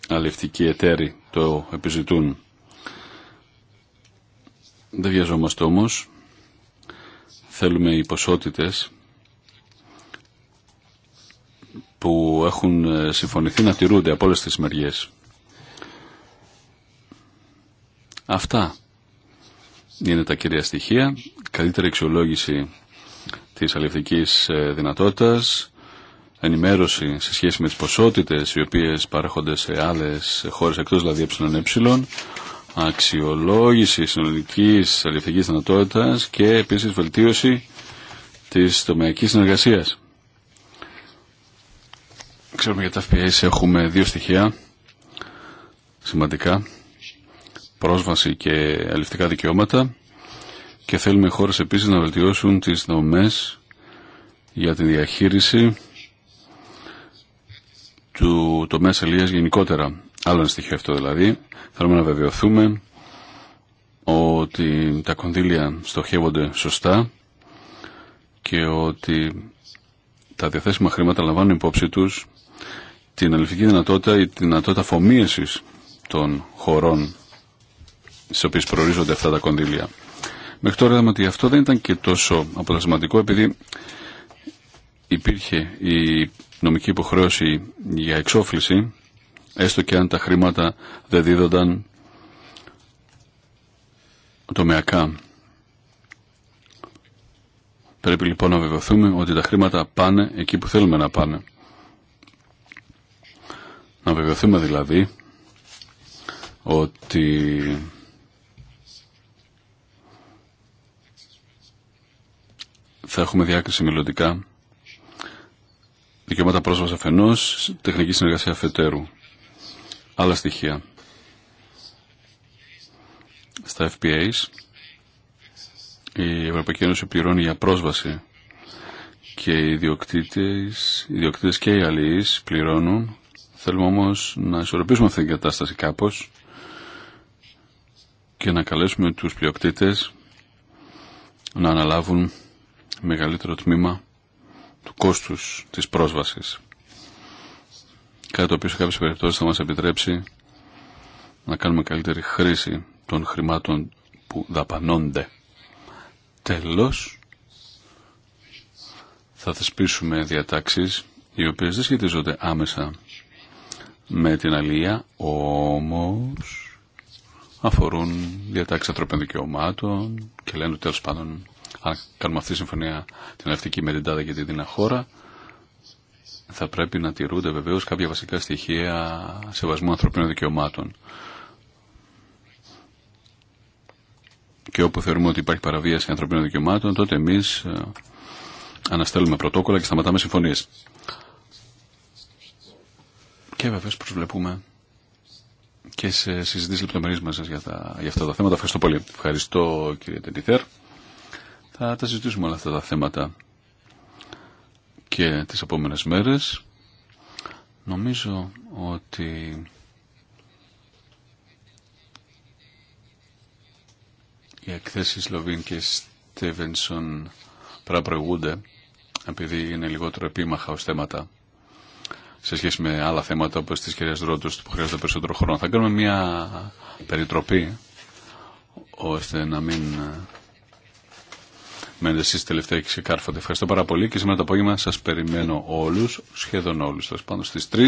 αλευτικοί εταίροι το επιζητούν. Δεν βιαζόμαστε όμως. Θέλουμε οι ποσότητες που έχουν ε, συμφωνηθεί να τηρούνται από όλες τις μεριές. Αυτά είναι τα κυρία στοιχεία. Καλύτερη αξιολόγηση της αλληλευτικής ε, δυνατότητας, ενημέρωση σε σχέση με τις ποσότητες οι οποίες παρέχονται σε άλλες χώρες εκτός δηλαδή ΕΕ, αξιολόγηση συνολικής αλληλευτικής δυνατότητας και επίσης βελτίωση της τομεακής συνεργασίας. Ξέρουμε για τα FPS έχουμε δύο στοιχεία σημαντικά. Πρόσβαση και αληφτικά δικαιώματα. Και θέλουμε οι χώρες επίσης να βελτιώσουν τις νομές για τη διαχείριση του τομέα αλίας γενικότερα. Άλλο ένα στοιχείο αυτό δηλαδή. Θέλουμε να βεβαιωθούμε ότι τα κονδύλια στοχεύονται σωστά και ότι τα διαθέσιμα χρήματα λαμβάνουν υπόψη τους την αληθική δυνατότητα ή τη δυνατότητα αφομοίωσης των χωρών στις οποίες προορίζονται αυτά τα κονδύλια. Μέχρι τώρα είδαμε ότι αυτό δεν ήταν και τόσο αποτελεσματικό επειδή υπήρχε η τη δυνατοτητα φωμιεση των χωρων στις οποιες προοριζονται αυτα τα κονδυλια μεχρι τωρα υποχρέωση για εξόφληση έστω και αν τα χρήματα δεν δίδονταν τομεακά. Πρέπει λοιπόν να βεβαιωθούμε ότι τα χρήματα πάνε εκεί που θέλουμε να πάνε. Να βεβαιωθούμε δηλαδή ότι θα έχουμε διάκριση μελλοντικά δικαιώματα πρόσβαση αφενός, τεχνική συνεργασία αφετέρου. Άλλα στοιχεία. Στα FPAs η Ευρωπαϊκή Ένωση πληρώνει για πρόσβαση και οι ιδιοκτήτες, οι ιδιοκτήτες και οι αλληλείς πληρώνουν Θέλουμε όμως να ισορροπήσουμε αυτή την κατάσταση κάπως και να καλέσουμε τους πλειοκτήτες να αναλάβουν μεγαλύτερο τμήμα του κόστους της πρόσβασης. Κάτι το οποίο σε κάποιες θα μας επιτρέψει να κάνουμε καλύτερη χρήση των χρημάτων που δαπανώνται. Τέλος, θα θεσπίσουμε διατάξεις οι οποίες δεν σχετίζονται άμεσα με την αλία, όμως αφορούν διατάξεις ανθρώπινων δικαιωμάτων και λένε ότι τέλος πάντων αν κάνουμε αυτή τη συμφωνία την αυτική με την τάδα και την δίνα χώρα θα πρέπει να τηρούνται βεβαίω κάποια βασικά στοιχεία σεβασμού ανθρωπίνων δικαιωμάτων. Και όπου θεωρούμε ότι υπάρχει παραβίαση ανθρωπίνων δικαιωμάτων τότε εμεί ε, αναστέλουμε πρωτόκολλα και σταματάμε συμφωνίε. Και βεβαίως προσβλέπουμε και σε συζητήσεις λεπτομερείς μας για, για αυτά τα θέματα. Ευχαριστώ πολύ. Ευχαριστώ κύριε Τεντιθέρ. Θα τα συζητήσουμε όλα αυτά τα θέματα και τις επόμενες μέρες. Νομίζω ότι οι εκθέσεις Λοβίν και Στέβενσον παραπροηγούνται επειδή είναι λιγότερο επίμαχα ως θέματα σε σχέση με άλλα θέματα όπως της κυρίας Ρόντος που χρειάζεται περισσότερο χρόνο. Θα κάνουμε μια περιτροπή ώστε να μην ε, μένετε εσείς τελευταία και ξεκάρφατε. Ευχαριστώ πάρα πολύ και σήμερα το απόγευμα σας περιμένω όλους, σχεδόν όλους, σας πάνω στις 3,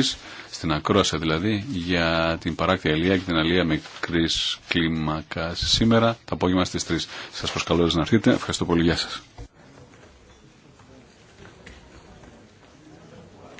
στην Ακρόαση δηλαδή, για την παράκτη Αλία και την αλία μικρή κλίμακα σήμερα, το απόγευμα στις 3. Σας προσκαλώ να έρθετε. Ευχαριστώ πολύ. Γεια σας.